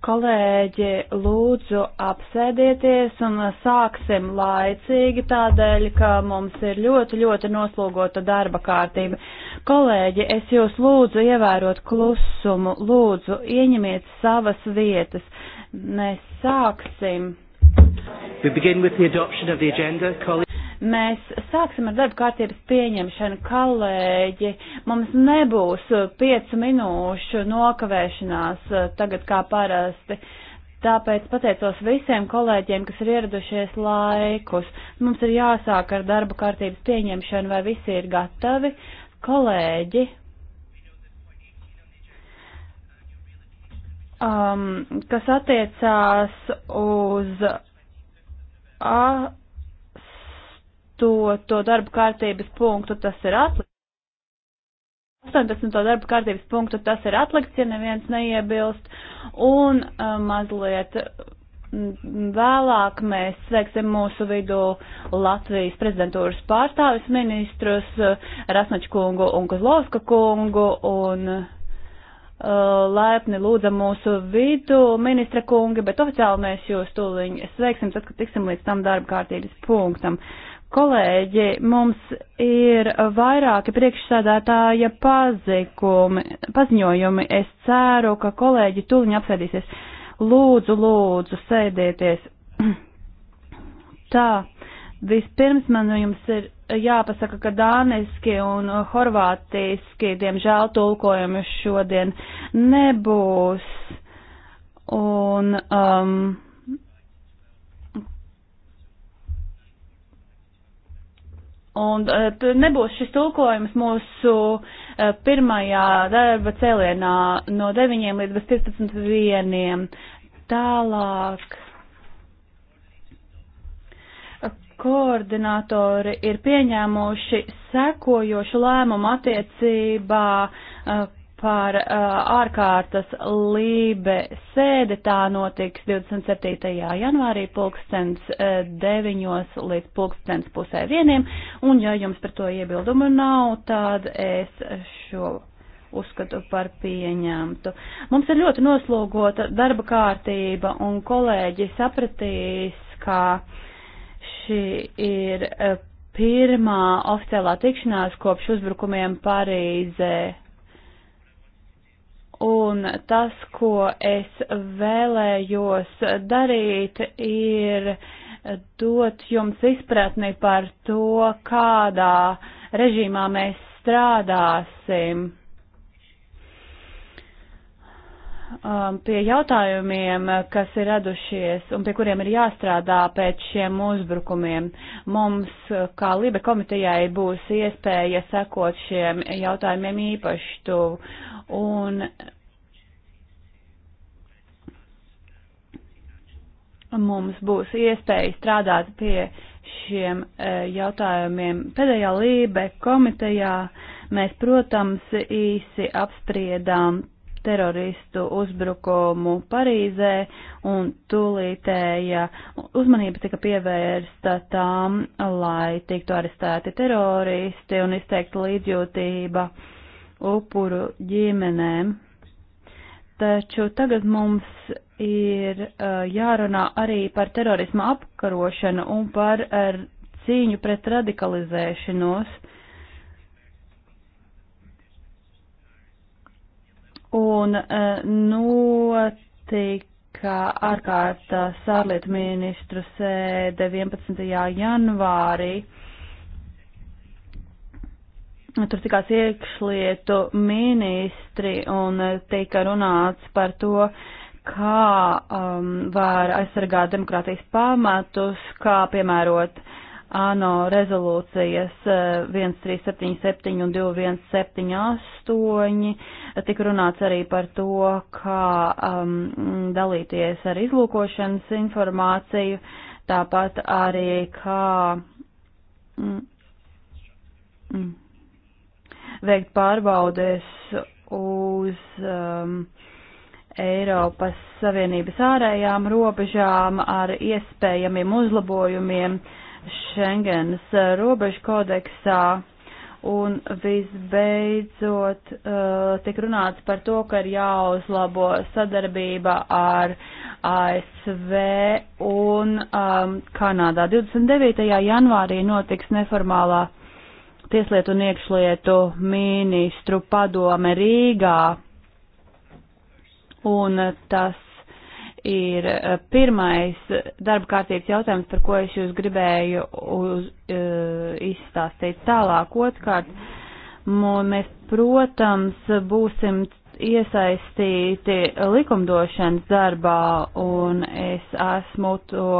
Kolēģi, lūdzu apsēdieties un sāksim laicīgi tādēļ, ka mums ir ļoti, ļoti noslogota darba kārtība. Kolēģi, es jūs lūdzu ievērot klusumu, lūdzu ieņemiet savas vietas. Mēs sāksim. We begin with the adoption of the agenda, colleagues. Mēs sāksim ar darba kārtības pieņemšanu. Kolēģi, mums nebūs piecu minūšu nokavēšanās eh, tagad kā parasti. Tāpēc pateicos visiem kolēģiem, kas ir ieradušies laikus. Mums ir jāsāk ar darba kārtības pieņemšanu, vai visi ir gatavi. Kolēģi, um, kas attiecās uz a, to, to darbu kārtības punktu, tas ir atlikts. 18. darba kārtības punktu tas ir atlikts, ja neviens neiebilst, un mazliet vēlāk mēs sveiksim mūsu vidū Latvijas prezidentūras pārstāvis ministrus Rasnaču kungu un Kozlovska kungu, un uh, laipni lūdzam mūsu vidū ministra kungi, bet oficiāli mēs jūs tūliņ sveiksim, tad, kad tiksim līdz tam darba kārtības punktam. Uh, Kolēģi, mums ir vairāki priekšsēdētāja pazikumi, paziņojumi. Es ceru, ka kolēģi tuliņi apsēdīsies. Lūdzu, lūdzu, sēdieties. Tā, vispirms man nu jums ir jāpasaka, ka dāniski un horvātiski, diemžēl, tulkojumi šodien nebūs. Un, um, Un eh, nebūs šis tulkojums mūsu eh, pirmajā darba cēlienā no 9 līdz 15.1. Tālāk koordinatori ir pieņēmuši sekojošu lēmumu attiecībā eh, par uh, ārkārtas lībe sēdi. Tā notiks 27. janvārī pulkstens uh, 9 līdz pulkstens pusē vieniem. Un ja jums par to iebildumu nav, tad es šo uzskatu par pieņemtu. Mums ir ļoti noslogota darba kārtība un kolēģi sapratīs, ka šī ir uh, pirmā oficiālā tikšanās kopš uzbrukumiem Parīzē Un tas, ko es vēlējos darīt, ir dot jums izpratni par to, kādā režīmā mēs strādāsim. um, pie jautājumiem, kas ir radušies un pie kuriem ir jāstrādā pēc šiem uzbrukumiem. Mums, kā Libe komitejai, būs iespēja sekot šiem jautājumiem īpaši tuvu. Un mums būs iespēja strādāt pie šiem eh, jautājumiem pēdējā lībe komitejā. Mēs, protams, īsi apspriedām teroristu uzbrukumu Parīzē un tūlītēja uzmanība tika pievērsta tām, lai tiktu arestēti teroristi un izteikta līdzjūtība uh, upuru ģimenēm. Taču tagad mums ir uh, jārunā arī par terorismu apkarošanu un par uh, cīņu pret radikalizēšanos. Un uh, notika ārkārtas ārlietu ministru sēde 11. janvārī. Uh, Tur tikās iekšlietu ministri un eh, tika runāts par to, kā um, var aizsargāt demokrātijas pamatus, kā piemērot ANO rezolūcijas 1377 eh, un 2178. Tik runāts arī par to, kā um, dalīties ar izlūkošanas informāciju, tāpat arī kā. Mm, mm veikt pārbaudēs uz um, Eiropas Savienības ārējām robežām ar iespējamiem uzlabojumiem Schengens robežu kodeksā. Un visbeidzot uh, tik runāts par to, ka ir jāuzlabo sadarbība ar ASV un um, Kanādā. 29. janvārī notiks neformālā Tieslietu un iekšlietu ministru padome Rīgā, un tas ir eh, pirmais darba kārtības jautājums, par ko es jūs gribēju uz, uh, izstāstīt tālāk. Otkārt, mēs, protams, būsim iesaistīti likumdošanas darbā, un es esmu to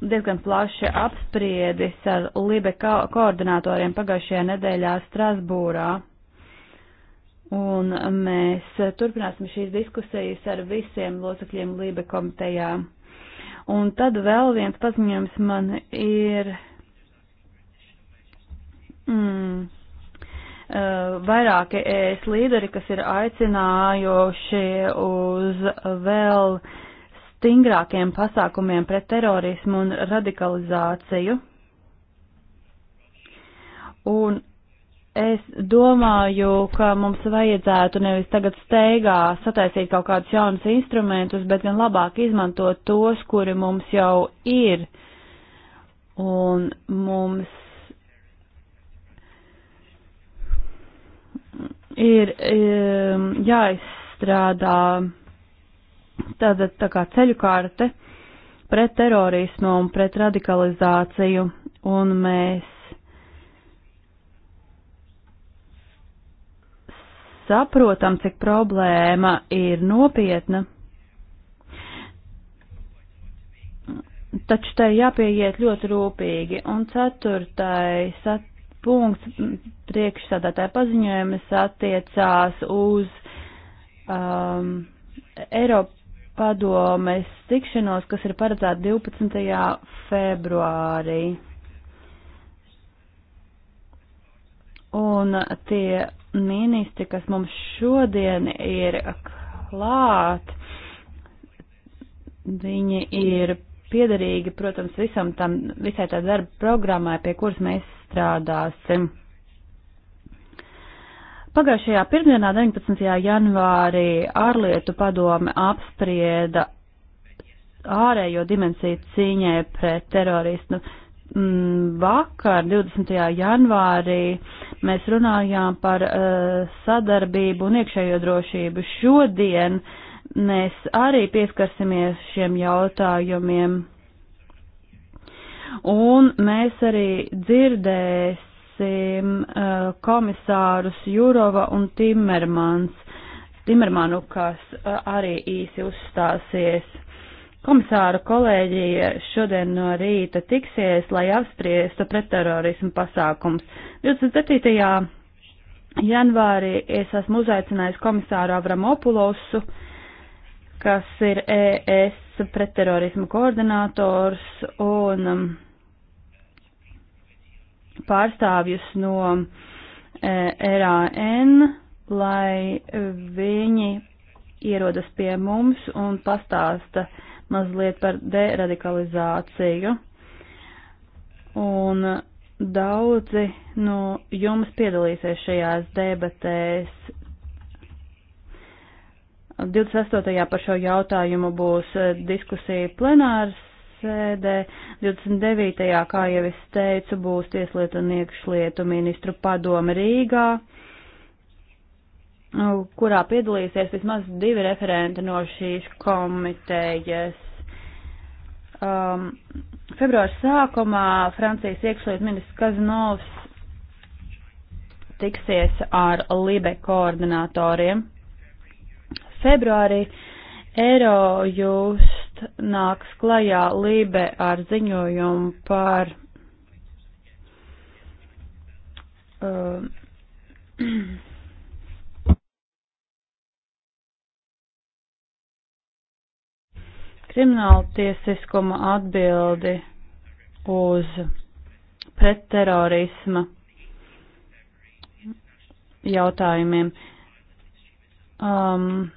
diezgan plaši apspriedis ar Libe ko koordinatoriem pagājušajā nedēļā Strasbūrā. Un mēs turpināsim šīs diskusijas ar visiem locekļiem Libe komitejā. Un tad vēl viens paziņojums man ir. Mm, eh, Vairāki es līderi, kas ir aicinājuši uz vēl uh, stingrākiem pasākumiem pret terorismu un radikalizāciju. Un es domāju, ka mums vajadzētu nevis tagad steigā sataisīt kaut kādus jaunus instrumentus, bet gan labāk izmantot tos, kuri mums jau ir. Un mums ir, ir um, jāizstrādā tāda tā kā ceļu karte pret terorismu un pret radikalizāciju, un mēs saprotam, cik problēma ir nopietna. Taču tai jāpieiet ļoti rūpīgi. Un ceturtais at, punkts priekšsādātāja paziņojumas attiecās uz um, Eiropas padomes tikšanos, kas ir paredzēta 12. februārī. Un tie ministri, kas mums šodien ir klāt, viņi ir piederīgi, protams, visam tam, visai tā darba programmai, pie kuras mēs strādāsim. Pagājušajā pirmdienā, 19. janvārī, ārlietu padome apsprieda ārējo dimensiju cīņai pret terorismu. Mm, vakar, 20. janvārī, mēs runājām par uh, sadarbību un iekšējo drošību. Šodien mēs arī pieskarsimies šiem jautājumiem. Un mēs arī dzirdēs, apsveiksim eh, komisārus Jurova un Timermans, Timermanu, kas eh, arī īsi uzstāsies. Komisāru kolēģija šodien no rīta tiksies, lai apspriestu pretterorismu pasākums. 27. janvārī es esmu uzaicinājis komisāru Avramopulosu, kas ir ES pretterorismu koordinators un um, pārstāvjus no e, e RAN, lai viņi ierodas pie mums un pastāsta mazliet par deradikalizāciju. Un daudzi no jums piedalīsies šajās debatēs. 28. par šo jautājumu būs diskusija plenārs sēdē 29. kā jau es teicu, būs tieslietu un iekšlietu ministru padome Rīgā, kurā piedalīsies vismaz divi referenti no šīs komitejas. Um, februāra sākumā Francijas iekšlietu ministrs Kazanovs tiksies ar Libe koordinatoriem. Februārī Eiro jūs rīt nāks klajā Lībe ar ziņojumu par uh, um, krimināla tiesiskuma atbildi uz pretterorisma jautājumiem. Um,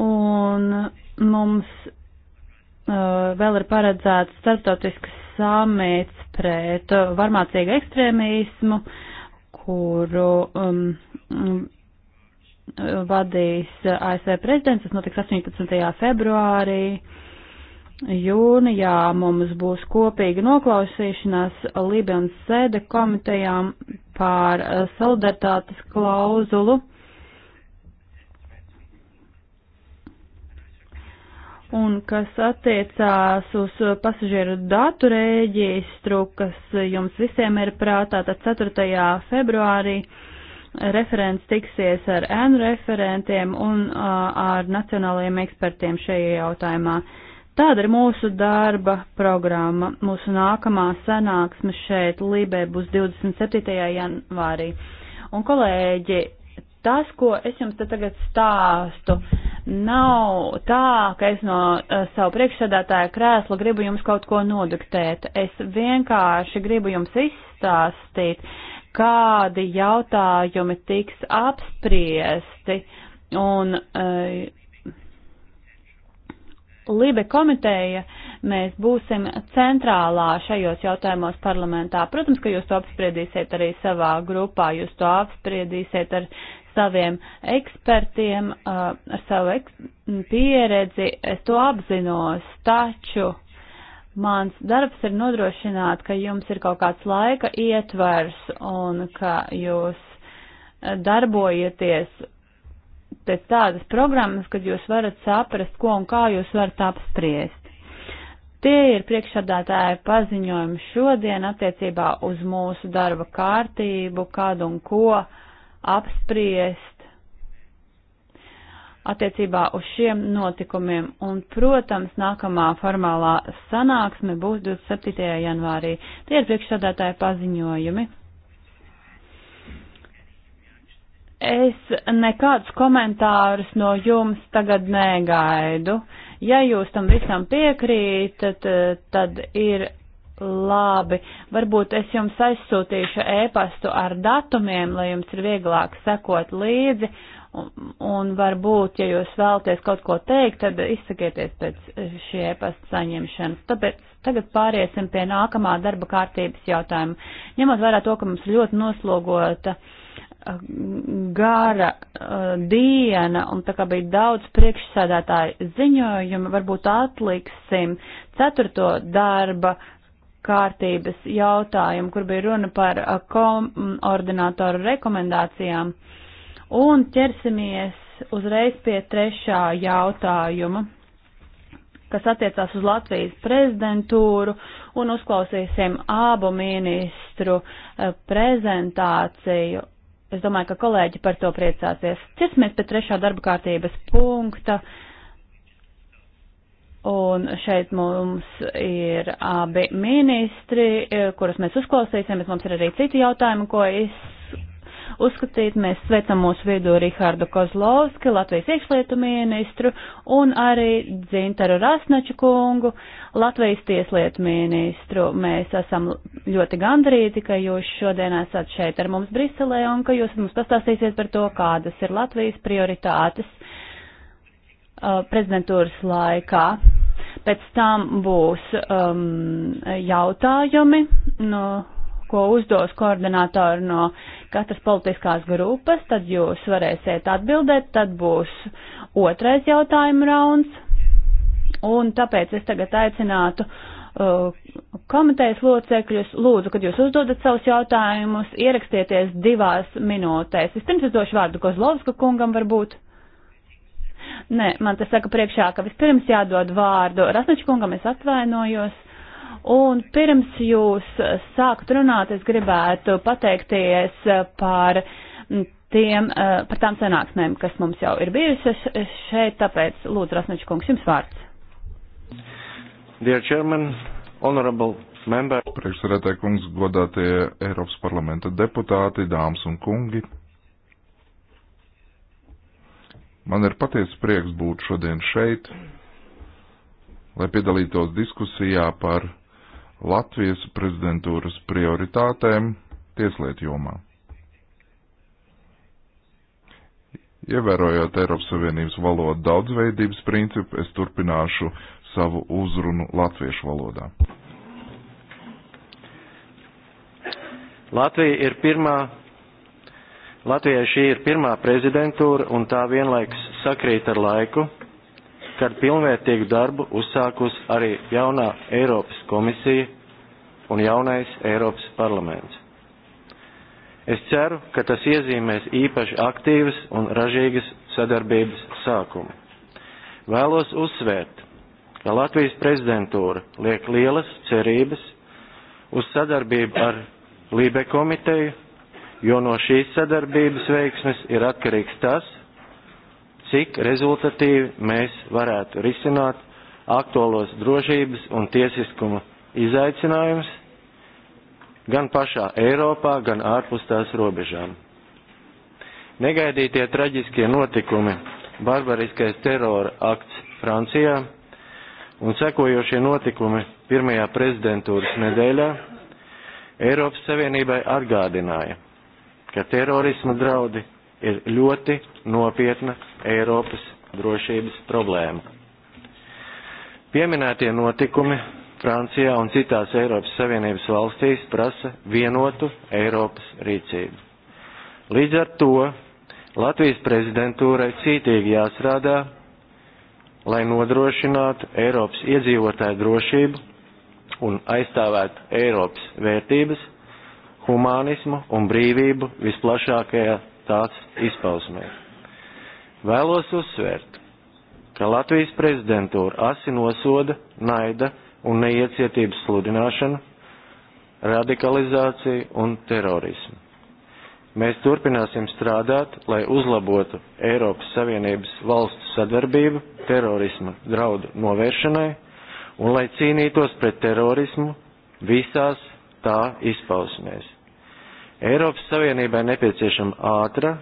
Un mums uh, vēl ir paredzēts starptautisks samīts pret varmācīgu ekstrēmismu, kuru um, mm, vadīs ASV prezidents. Tas notiks 18. februārī. Jūnijā mums būs kopīga noklausīšanās Libijas sēde komitejām par solidaritātes klauzulu un kas attiecās uz pasažieru datu rēģistru, kas jums visiem ir prātā, tad 4. februārī referents tiksies ar N referentiem un ar nacionālajiem ekspertiem šajā jautājumā. Tāda ir mūsu darba programma. Mūsu nākamā sanāksme šeit Lībē būs 27. janvārī. Un kolēģi, tas, ko es jums te tagad stāstu, nav tā, ka es no uh, savu priekšsēdētāja krēsla gribu jums kaut ko noduktēt. Es vienkārši gribu jums izstāstīt, kādi jautājumi tiks apspriesti un uh, Libe komiteja, mēs būsim centrālā šajos jautājumos parlamentā. Protams, ka jūs to apspriedīsiet arī savā grupā, jūs to apspriedīsiet ar saviem ekspertiem, ar uh, savu pieredzi, es to apzinos, taču mans darbs ir nodrošināt, ka jums ir kaut kāds laika ietvers un ka jūs darbojaties pēc tādas programmas, kad jūs varat saprast, ko un kā jūs varat apspriest. Tie ir priekšsādātāja paziņojumi šodien attiecībā uz mūsu darba kārtību, kādu un ko uh, apspriest attiecībā uz šiem notikumiem. Un, protams, nākamā formālā sanāksme būs 27. janvārī. Tie ir priekšsādātāji paziņojumi. Es nekādus komentārus no jums tagad negaidu. Ja jūs tam visam piekrītat, tad ir Labi, varbūt es jums aizsūtīšu ēpastu ar datumiem, lai jums ir vieglāk sekot līdzi, un, un varbūt, ja jūs vēlaties kaut ko teikt, tad izsakieties pēc šī ēpasta saņemšanas. Tāpēc tagad pāriesim pie nākamā darba kārtības jautājuma. Ņemot vērā to, ka mums ļoti noslogota uh, gara uh, diena, un tā kā bija daudz priekšsēdētāju ziņojumu, varbūt atliksim ceturto darba kārtības jautājumu, kur bija runa par koordinātoru rekomendācijām. Un ķersimies uzreiz pie trešā jautājuma, kas attiecās uz Latvijas prezidentūru, un uzklausīsim abu ministru prezentāciju. Es domāju, ka kolēģi par to priecāsies. Ķersimies pie trešā darba kārtības punkta. Uh, Un šeit mums ir abi ministri, e, kurus mēs uzklausīsim, bet mums ir arī citi jautājumi, ko es uzskatīt. Mēs sveicam mūsu vidū Rihārdu Kozlovski, Latvijas iekšlietu ministru, un arī Dzintaru Rasnaču kungu, Latvijas tieslietu ministru. Mēs esam ļoti gandrīti, ka jūs šodien esat šeit ar mums Briselē un ka jūs mums pastāstīsiet par to, kādas ir Latvijas prioritātes e, prezidentūras laikā. Pēc tam būs um, jautājumi, no, nu, ko uzdos koordinātori no katras politiskās grupas, tad jūs varēsiet atbildēt, tad būs otrais jautājuma rauns. Un tāpēc es tagad aicinātu uh, komitejas locekļus, lūdzu, kad jūs uzdodat savus jautājumus, ierakstieties divās minūtēs. Vispirms es došu vārdu Kozlovska kungam varbūt. Uh, Nē, man te saka priekšā, ka vispirms jādod vārdu Rasnačkungam, es atvainojos. Un pirms jūs sākt runāt, es gribētu pateikties par tiem, par tām sanāksmēm, kas mums jau ir bijušas šeit, tāpēc lūdzu Rasnačkungs, jums vārds. Dear Chairman, Honorable Member. Priekšsarētāji kungs, godātie Eiropas parlamenta deputāti, dāmas un kungi. Man ir patiesa prieks būt šodien šeit, lai piedalītos diskusijā par Latvijas prezidentūras prioritātēm tieslietu jomā. Ievērojot Eiropas Savienības valodu daudzveidības principu, es turpināšu savu uzrunu latviešu valodā. Latvija ir pirmā Latvijai šī ir pirmā prezidentūra un tā vienlaiks sakrīt ar laiku, kad pilnvērtīgu darbu uzsākus arī jaunā Eiropas komisija un jaunais Eiropas parlaments. Es ceru, ka tas iezīmēs īpaši aktīvas un ražīgas sadarbības sākumu. Vēlos uzsvērt, ka Latvijas prezidentūra liek lielas cerības uz sadarbību ar Lībe komiteju jo no šīs sadarbības veiksmes ir atkarīgs tas, cik rezultatīvi mēs varētu risināt aktuālos drošības un tiesiskuma izaicinājumus gan pašā Eiropā, gan ārpus tās robežām. Negaidītie traģiskie notikumi, barbariskais terora akts Francijā un sekojošie notikumi pirmajā prezidentūras nedēļā Eiropas Savienībai atgādināja, ka terorisma draudi ir ļoti nopietna Eiropas drošības problēma. Pieminētie notikumi Francijā un citās Eiropas Savienības valstīs prasa vienotu Eiropas rīcību. Līdz ar to Latvijas prezidentūrai cītīgi jāstrādā, lai nodrošinātu Eiropas iedzīvotāju drošību un aizstāvētu Eiropas vērtības, humānismu un brīvību visplašākajā tās izpausmē. Vēlos uzsvērt, ka Latvijas prezidentūra asi nosoda naida un neiecietības sludināšanu, radikalizāciju un terorismu. Mēs turpināsim strādāt, lai uzlabotu Eiropas Savienības valstu sadarbību terorisma draudu novēršanai un lai cīnītos pret terorismu visās tā izpausmēs. Eiropas Savienībai nepieciešama ātra,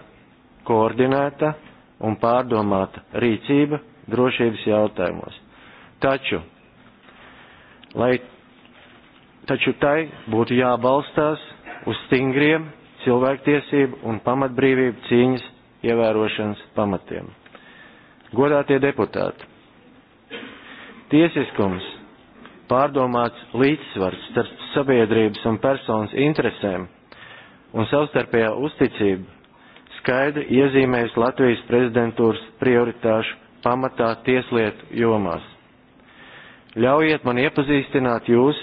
koordinēta un pārdomāta rīcība drošības jautājumos. Taču, lai, taču tai būtu jābalstās uz stingriem cilvēktiesību un pamatbrīvību cīņas ievērošanas pamatiem. Godātie deputāti, tiesiskums, pārdomāts līdzsvars starp sabiedrības un personas interesēm un savstarpējā uzticība skaidri iezīmējas Latvijas prezidentūras prioritāšu pamatā tieslietu jomās. Ļaujiet man iepazīstināt jūs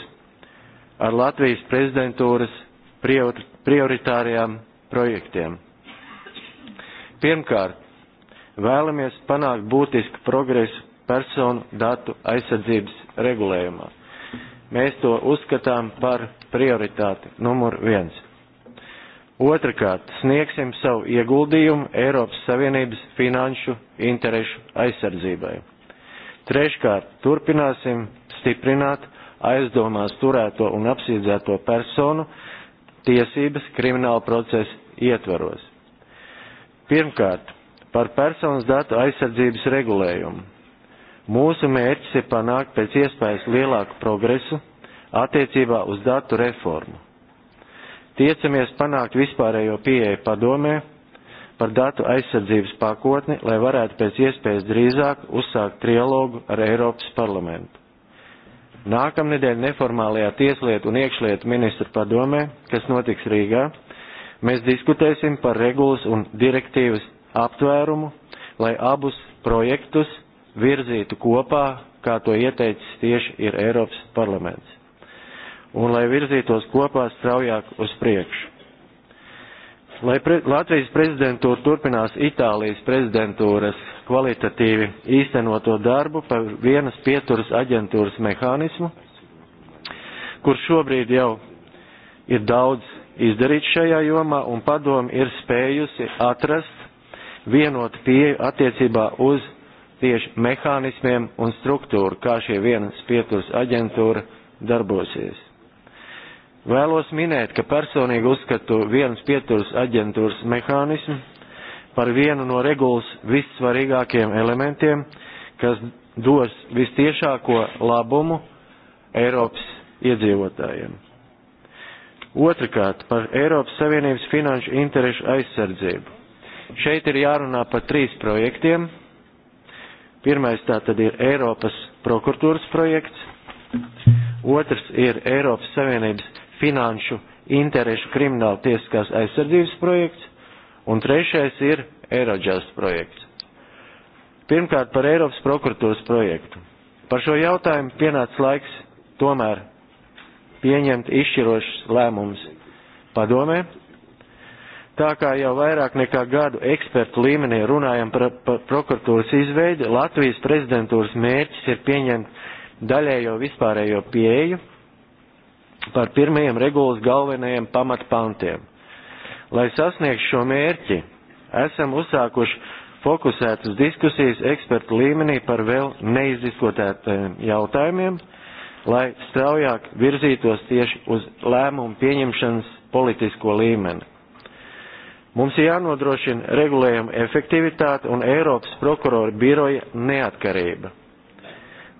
ar Latvijas prezidentūras prioritārajām projektiem. Pirmkārt, vēlamies panākt būtisku progresu personu datu aizsardzības regulējumā. Mēs to uzskatām par prioritāti numur viens. Otrakārt, sniegsim savu ieguldījumu Eiropas Savienības finanšu interešu aizsardzībai. Treškārt, turpināsim stiprināt aizdomās turēto un apsīdzēto personu tiesības krimināla procesa ietvaros. Pirmkārt, par personas datu aizsardzības regulējumu. Mūsu mērķis ir panākt pēc iespējas lielāku progresu attiecībā uz datu reformu Tiecamies panākt vispārējo pieeju padomē par datu aizsardzības pakotni, lai varētu pēc iespējas drīzāk uzsākt trialogu ar Eiropas parlamentu. Nākamnedēļ neformālajā tieslietu un iekšlietu ministru padomē, kas notiks Rīgā, mēs diskutēsim par regulas un direktīvas aptvērumu, lai abus projektus virzītu kopā, kā to ieteicis tieši ir Eiropas parlaments un lai virzītos kopā straujāk uz priekšu. Lai pre Latvijas prezidentūra turpinās Itālijas prezidentūras kvalitatīvi īstenoto darbu par vienas pieturas aģentūras mehānismu, kur šobrīd jau ir daudz izdarīts šajā jomā, un padomu ir spējusi atrast vienotu pieeju attiecībā uz tieši mehānismiem un struktūru, kā šī vienas pieturas aģentūra darbosies. Vēlos minēt, ka personīgi uzskatu vienas pieturas aģentūras mehānismu par vienu no regulas vissvarīgākiem elementiem, kas dos vistiešāko labumu Eiropas iedzīvotājiem. Otrakārt, par Eiropas Savienības finanšu interešu aizsardzību. Šeit ir jārunā par trīs projektiem. Pirmais tā tad ir Eiropas prokuratūras projekts, otrs ir Eiropas Savienības finanšu interešu krimināla tiesiskās aizsardzības projekts, un trešais ir Eirodžās projekts. Pirmkārt par Eiropas prokuratūras projektu. Par šo jautājumu pienāca laiks tomēr pieņemt izšķirošus lēmumus padomē, Tā kā jau vairāk nekā gadu ekspertu līmenī runājam par, par prokuratūras izveidi, Latvijas prezidentūras mērķis ir pieņemt daļējo vispārējo pieeju par pirmajiem regulas galvenajiem pamatpantiem. Lai sasniegtu šo mērķi, esam uzsākuši fokusētas diskusijas ekspertu līmenī par vēl neizdiskutētiem jautājumiem, lai straujāk virzītos tieši uz lēmumu pieņemšanas politisko līmeni. Mums ir jānodrošina regulējuma efektivitāte un Eiropas prokurora biroja neatkarība.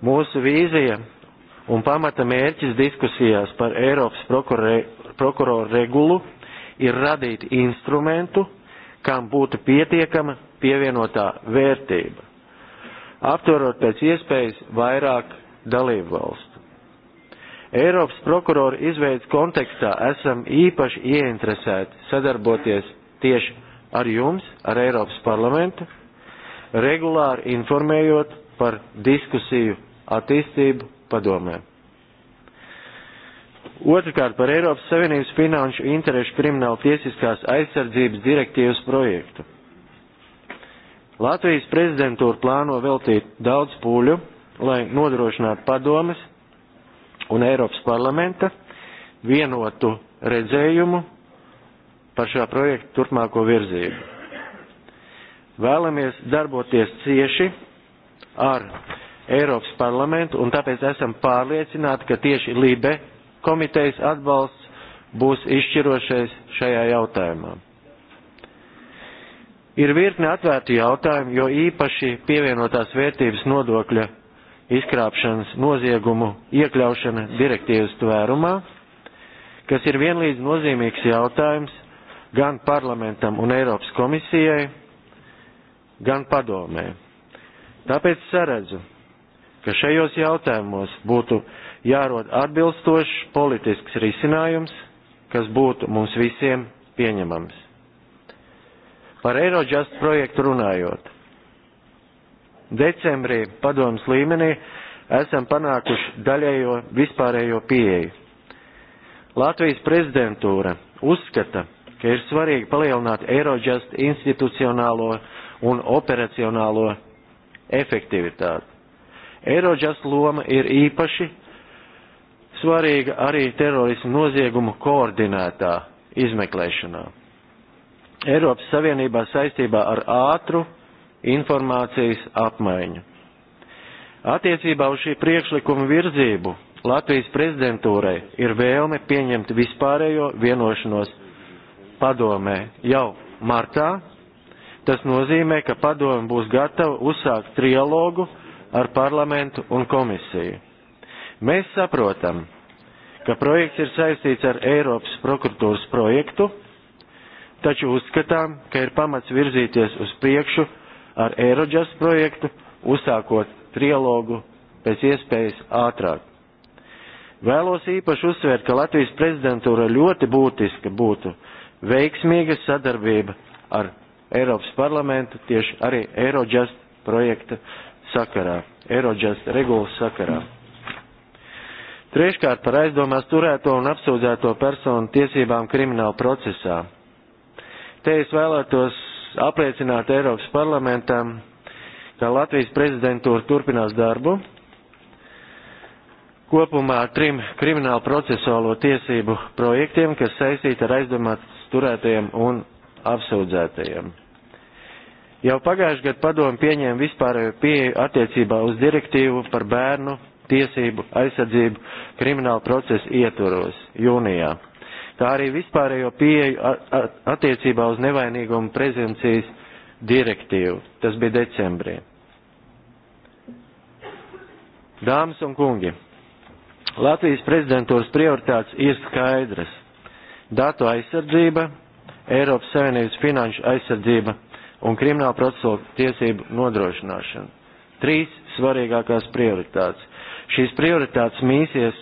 Mūsu vīzija un pamata mērķis diskusijās par Eiropas prokuroru regulu ir radīt instrumentu, kam būtu pietiekama pievienotā vērtība, aptverot pēc iespējas vairāk dalību valstu. Eiropas prokuroru izveidas kontekstā esam īpaši ieinteresēti sadarboties tieši ar jums, ar Eiropas parlamentu, regulāri informējot par diskusiju attīstību padomē. Otrakārt par Eiropas Savienības finanšu interešu krimināla tiesiskās aizsardzības direktīvas projektu. Latvijas prezidentūra plāno veltīt daudz pūļu, lai nodrošinātu padomes un Eiropas parlamenta vienotu redzējumu par šā projekta turpmāko virzību. Vēlamies darboties cieši ar Eiropas parlamentu, un tāpēc esam pārliecināti, ka tieši LIBE komitejas atbalsts būs izšķirošais šajā jautājumā. Ir virkne atvērtu jautājumu, jo īpaši pievienotās vērtības nodokļa izkrāpšanas noziegumu iekļaušana direktīvas tvērumā, kas ir vienlīdz nozīmīgs jautājums gan parlamentam un Eiropas komisijai, gan padomē. Tāpēc saredzu, ka šajos jautājumos būtu jārod atbilstošs politisks risinājums, kas būtu mums visiem pieņemams. Par Eirodžast projektu runājot. Decembrī padomas līmenī esam panākuši daļējo vispārējo pieeju. Latvijas prezidentūra uzskata, ka ir svarīgi palielināt Eirodžast institucionālo un operacionālo efektivitāti. Eirodžast loma ir īpaši svarīga arī terorismu noziegumu koordinētā izmeklēšanā. Eiropas Savienībā saistībā ar ātru informācijas apmaiņu. Attiecībā uz šī priekšlikuma virzību Latvijas prezidentūrai ir vēlme pieņemt vispārējo vienošanos padomē jau martā. Tas nozīmē, ka padome būs gatava uzsākt trialogu ar parlamentu un komisiju. Mēs saprotam, ka projekts ir saistīts ar Eiropas prokuratūras projektu, taču uzskatām, ka ir pamats virzīties uz priekšu ar Eirodžas projektu, uzsākot trilogu pēc iespējas ātrāk. Vēlos īpaši uzsvērt, ka Latvijas prezidentūra ļoti būtiska būtu veiksmīga sadarbība ar Eiropas parlamentu tieši arī Eirodžas projekta uh, sakarā, Eirodžas regulas sakarā. Treškārt par aizdomās turēto un apsūdzēto personu tiesībām krimināla procesā. Te es vēlētos apliecināt Eiropas parlamentam, ka Latvijas prezidentūra turpinās darbu kopumā trim kriminālu procesuālo tiesību projektiem, kas saistīti ar aizdomās turētajiem un apsūdzētajiem. Jau pagājuši gadu padomu pieņēma vispārējo pieeju attiecībā uz direktīvu par bērnu tiesību aizsardzību krimināla procesa ietvaros jūnijā, kā arī vispārējo pieeju attiecībā uz nevainīgumu prezumcijas direktīvu. Tas bija decembrī. Dāmas un kungi, Latvijas prezidentūras prioritātes ir skaidras. Datu aizsardzība, Eiropas Savienības finanšu aizsardzība un krimināla procesuālo tiesību nodrošināšanu. Trīs svarīgākās prioritātes. Šīs prioritātes mīsies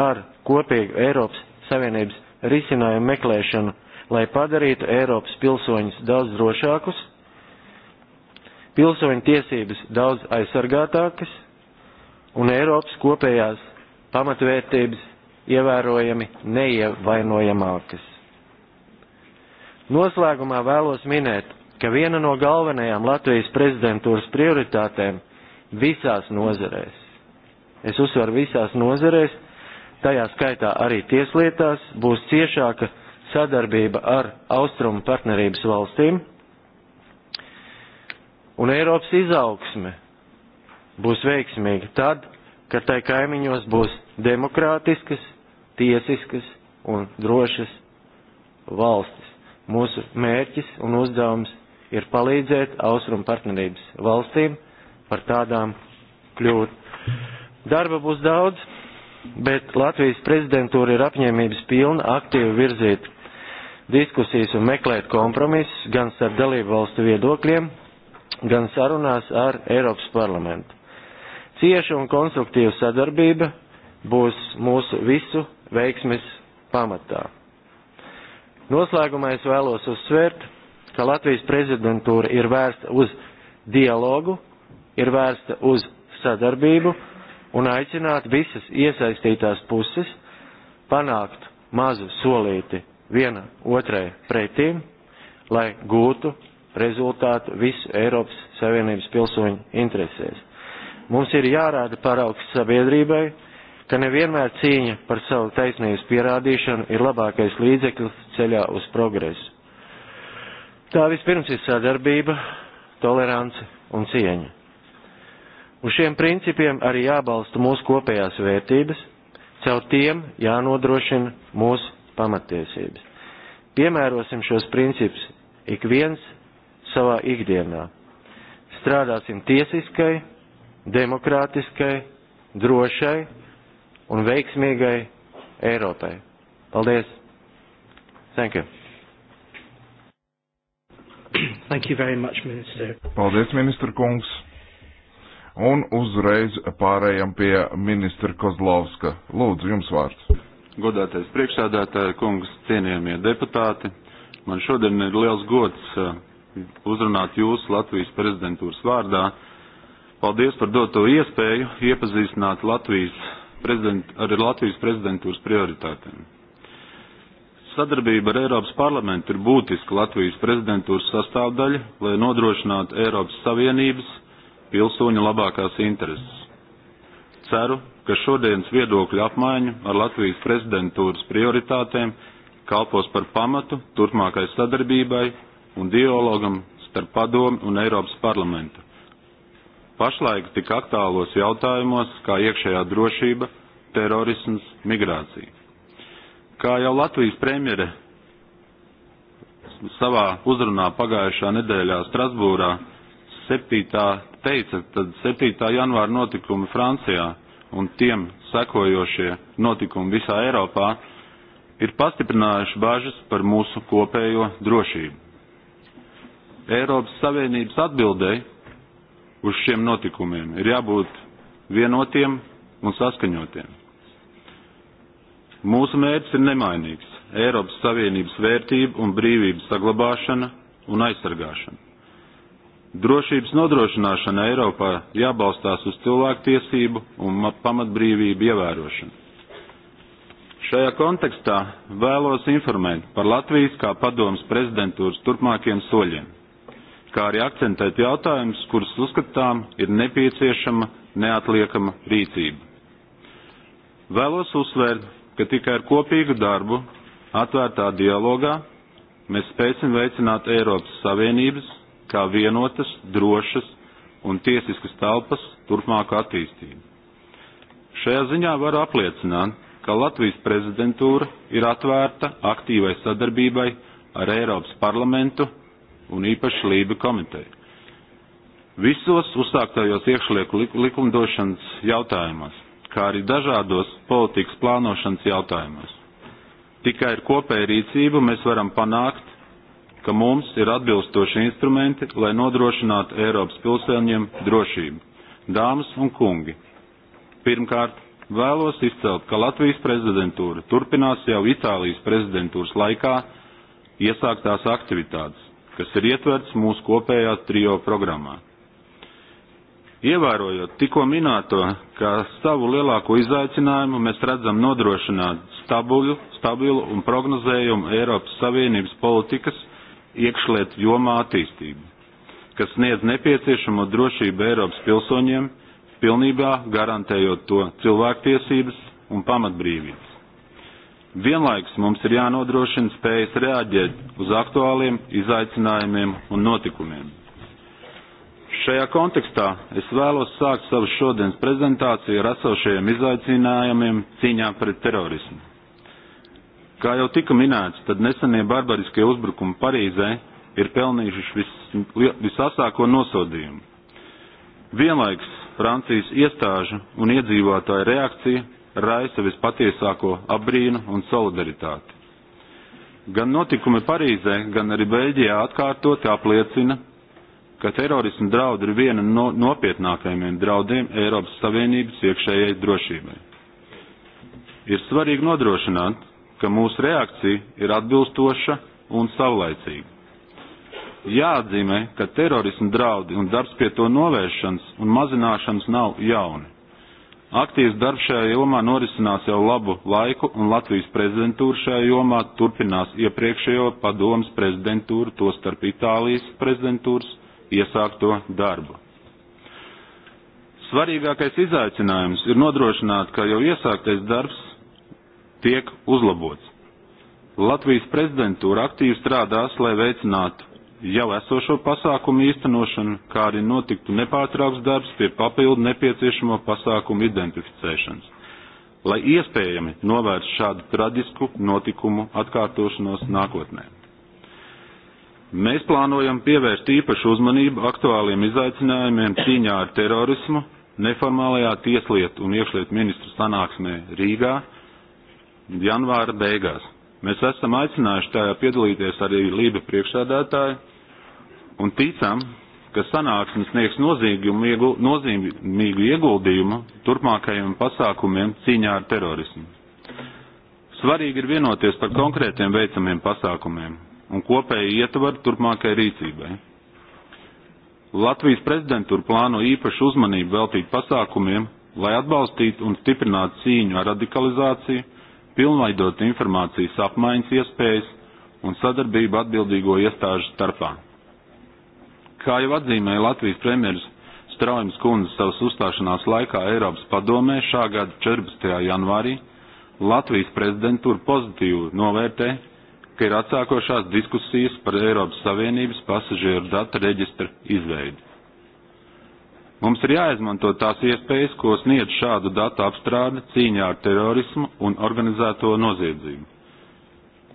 ar kopīgu Eiropas Savienības risinājumu meklēšanu, lai padarītu Eiropas pilsoņus daudz drošākus, pilsoņu tiesības daudz aizsargātākas un Eiropas kopējās pamatvērtības ievērojami neievainojamākas. Noslēgumā vēlos minēt ka viena no galvenajām Latvijas prezidentūras prioritātēm visās nozarēs, es uzsveru visās nozarēs, tajā skaitā arī tieslietās, būs ciešāka sadarbība ar austrumu partnerības valstīm, un Eiropas izaugsme būs veiksmīga tad, kad tai kaimiņos būs demokrātiskas, tiesiskas un drošas valstis. Mūsu mērķis un uzdevums ir palīdzēt austrumu partnerības valstīm par tādām kļūt. Darba būs daudz, bet Latvijas prezidentūra ir apņēmības pilna aktīvi virzīt diskusijas un meklēt kompromisus gan starp dalību valstu viedokļiem, gan sarunās ar Eiropas parlamentu. Cieša un konstruktīva sadarbība būs mūsu visu veiksmes pamatā. Noslēgumā es vēlos uzsvērt, ka Latvijas prezidentūra ir vērsta uz dialogu, ir vērsta uz sadarbību un aicināt visas iesaistītās puses panākt mazu solīti viena otrai pretīm, lai gūtu rezultātu visu Eiropas Savienības pilsoņu interesēs. Mums ir jārāda paraugs sabiedrībai, ka nevienmēr cīņa par savu taisnības pierādīšanu ir labākais līdzeklis ceļā uz progresu. Tā vispirms ir sadarbība, tolerance un cieņa. Uz šiem principiem arī jābalsta mūsu kopējās vērtības, caur tiem jānodrošina mūsu pamatiesības. Piemērosim šos principus ik viens savā ikdienā. Strādāsim tiesiskai, demokrātiskai, drošai un veiksmīgai Eiropai. Paldies! Thank you. Thank you very much, minister. Paldies, ministra kungs. Un uzreiz pārējām pie ministra Kozlovska. Lūdzu, jums vārds. Godātais priekšsādātāja kungs, cienījamie deputāti, man šodien ir liels gods eh, uzrunāt jūs Latvijas prezidentūras vārdā. Paldies par doto iespēju iepazīstināt Latvijas prezident, ar Latvijas prezidentūras prioritātēm. Sadarbība ar Eiropas parlamentu ir būtiska Latvijas prezidentūras sastāvdaļa, lai nodrošinātu Eiropas Savienības pilsoņu labākās intereses. Ceru, ka šodienas viedokļu apmaiņa ar Latvijas prezidentūras prioritātēm kalpos par pamatu turpmākai sadarbībai un dialogam starp padomu un Eiropas parlamentu. Pašlaik tik aktālos jautājumos kā iekšējā drošība, terorisms, migrācija. Kā jau Latvijas premjere savā uzrunā pagājušā nedēļā Strasbūrā 7. teica, tad 7. janvāra notikumi Francijā un tiem sekojošie notikumi visā Eiropā ir pastiprinājuši bažas par mūsu kopējo drošību. Eiropas Savienības atbildēji uz šiem notikumiem ir jābūt vienotiem un saskaņotiem. Mūsu mērķis ir nemainīgs - Eiropas Savienības vērtību un brīvības saglabāšana un aizsargāšana. Drošības nodrošināšana Eiropā jābalstās uz cilvēktiesību un pamatbrīvību ievērošanu. Šajā kontekstā vēlos informēt par Latvijas kā padomas prezidentūras turpmākiem soļiem, kā arī akcentēt jautājumus, kurus uzskatām ir nepieciešama neatliekama rīcība. Vēlos uzsvērt, ka tikai ar kopīgu darbu, atvērtā dialogā, mēs spēsim veicināt Eiropas Savienības kā vienotas, drošas un tiesiskas telpas turpmāku attīstību. Šajā ziņā var apliecināt, ka Latvijas prezidentūra ir atvērta aktīvai sadarbībai ar Eiropas parlamentu un īpaši Lība komiteju. Visos uzsāktajos iekšlieku likumdošanas jautājumos kā arī dažādos politikas plānošanas jautājumos. Tikai ar kopēju rīcību mēs varam panākt, ka mums ir atbilstoši instrumenti, lai nodrošinātu Eiropas pilsēņiem drošību. Dāmas un kungi, pirmkārt, vēlos izcelt, ka Latvijas prezidentūra turpinās jau Itālijas prezidentūras laikā iesāktās aktivitātes, kas ir ietverts mūsu kopējā trio programmā. Ievērojot tikko minēto, ka savu lielāko izaicinājumu mēs redzam nodrošināt stabilu, stabilu un prognozējumu Eiropas Savienības politikas iekšliet jomā attīstību, kas sniedz nepieciešamo drošību Eiropas pilsoņiem, pilnībā garantējot to cilvēktiesības un pamatbrīvības. Vienlaiks mums ir jānodrošina spējas reaģēt uz aktuāliem izaicinājumiem un notikumiem Šajā kontekstā es vēlos sākt savu šodienas prezentāciju ar esošajiem izaicinājumiem cīņā pret terorismu. Kā jau tika minēts, tad nesenie barbariskie uzbrukumi Parīzē ir pelnījuši vis, visasāko nosodījumu. Vienlaiks Francijas iestāžu un iedzīvotāju reakcija raisa vispatiesāko apbrīnu un solidaritāti. Gan notikumi Parīzē, gan arī Beļģijā atkārtoti apliecina, ka terorismu draudi ir viena no nopietnākajiem draudiem Eiropas Savienības iekšējai drošībai. Ir svarīgi nodrošināt, ka mūsu reakcija ir atbilstoša un savlaicīga. Jāatzīmē, ka terorismu draudi un darbs pie to novēršanas un mazināšanas nav jauni. Aktīvs darbs šajā jomā norisinās jau labu laiku, un Latvijas prezidentūra šajā jomā turpinās iepriekšējo padomas prezidentūru, tostarp Itālijas prezidentūras iesākto darbu. Svarīgākais izaicinājums ir nodrošināt, ka jau iesāktais darbs tiek uzlabots. Latvijas prezidentūra aktīvi strādās, lai veicinātu jau esošo pasākumu īstenošanu, kā arī notiktu nepārtraukts darbs pie papildu nepieciešamo pasākumu identificēšanas, lai iespējami novērst šādu traģisku notikumu atkārtošanos nākotnē. Mēs plānojam pievērst īpašu uzmanību aktuāliem izaicinājumiem cīņā ar terorismu neformālajā tieslietu un iekšlietu ministru sanāksmē Rīgā janvāra beigās. Mēs esam aicinājuši tajā piedalīties arī Lība priekšsēdētāju un ticam, ka sanāksme sniegs nozīmīgu ieguldījumu turpmākajiem pasākumiem cīņā ar terorismu. Svarīgi ir vienoties par konkrētiem veicamiem pasākumiem, un kopēju ietvaru turpmākai rīcībai. Latvijas prezidentūra plāno īpašu uzmanību veltīt pasākumiem, lai atbalstītu un stiprinātu cīņu ar radikalizāciju, pilnveidot informācijas apmaiņas iespējas un sadarbību atbildīgo iestāžu starpā. Kā jau atzīmēja Latvijas premjeras Straujums kundze savas uzstāšanās laikā Eiropas padomē šā gada 14. janvārī, Latvijas prezidentūra pozitīvi novērtē ka ir atsākošās diskusijas par Eiropas Savienības pasažieru data reģistra izveidi. Mums ir jāizmanto tās iespējas, ko sniedz šādu datu apstrāde cīņā ar terorismu un organizēto noziedzību.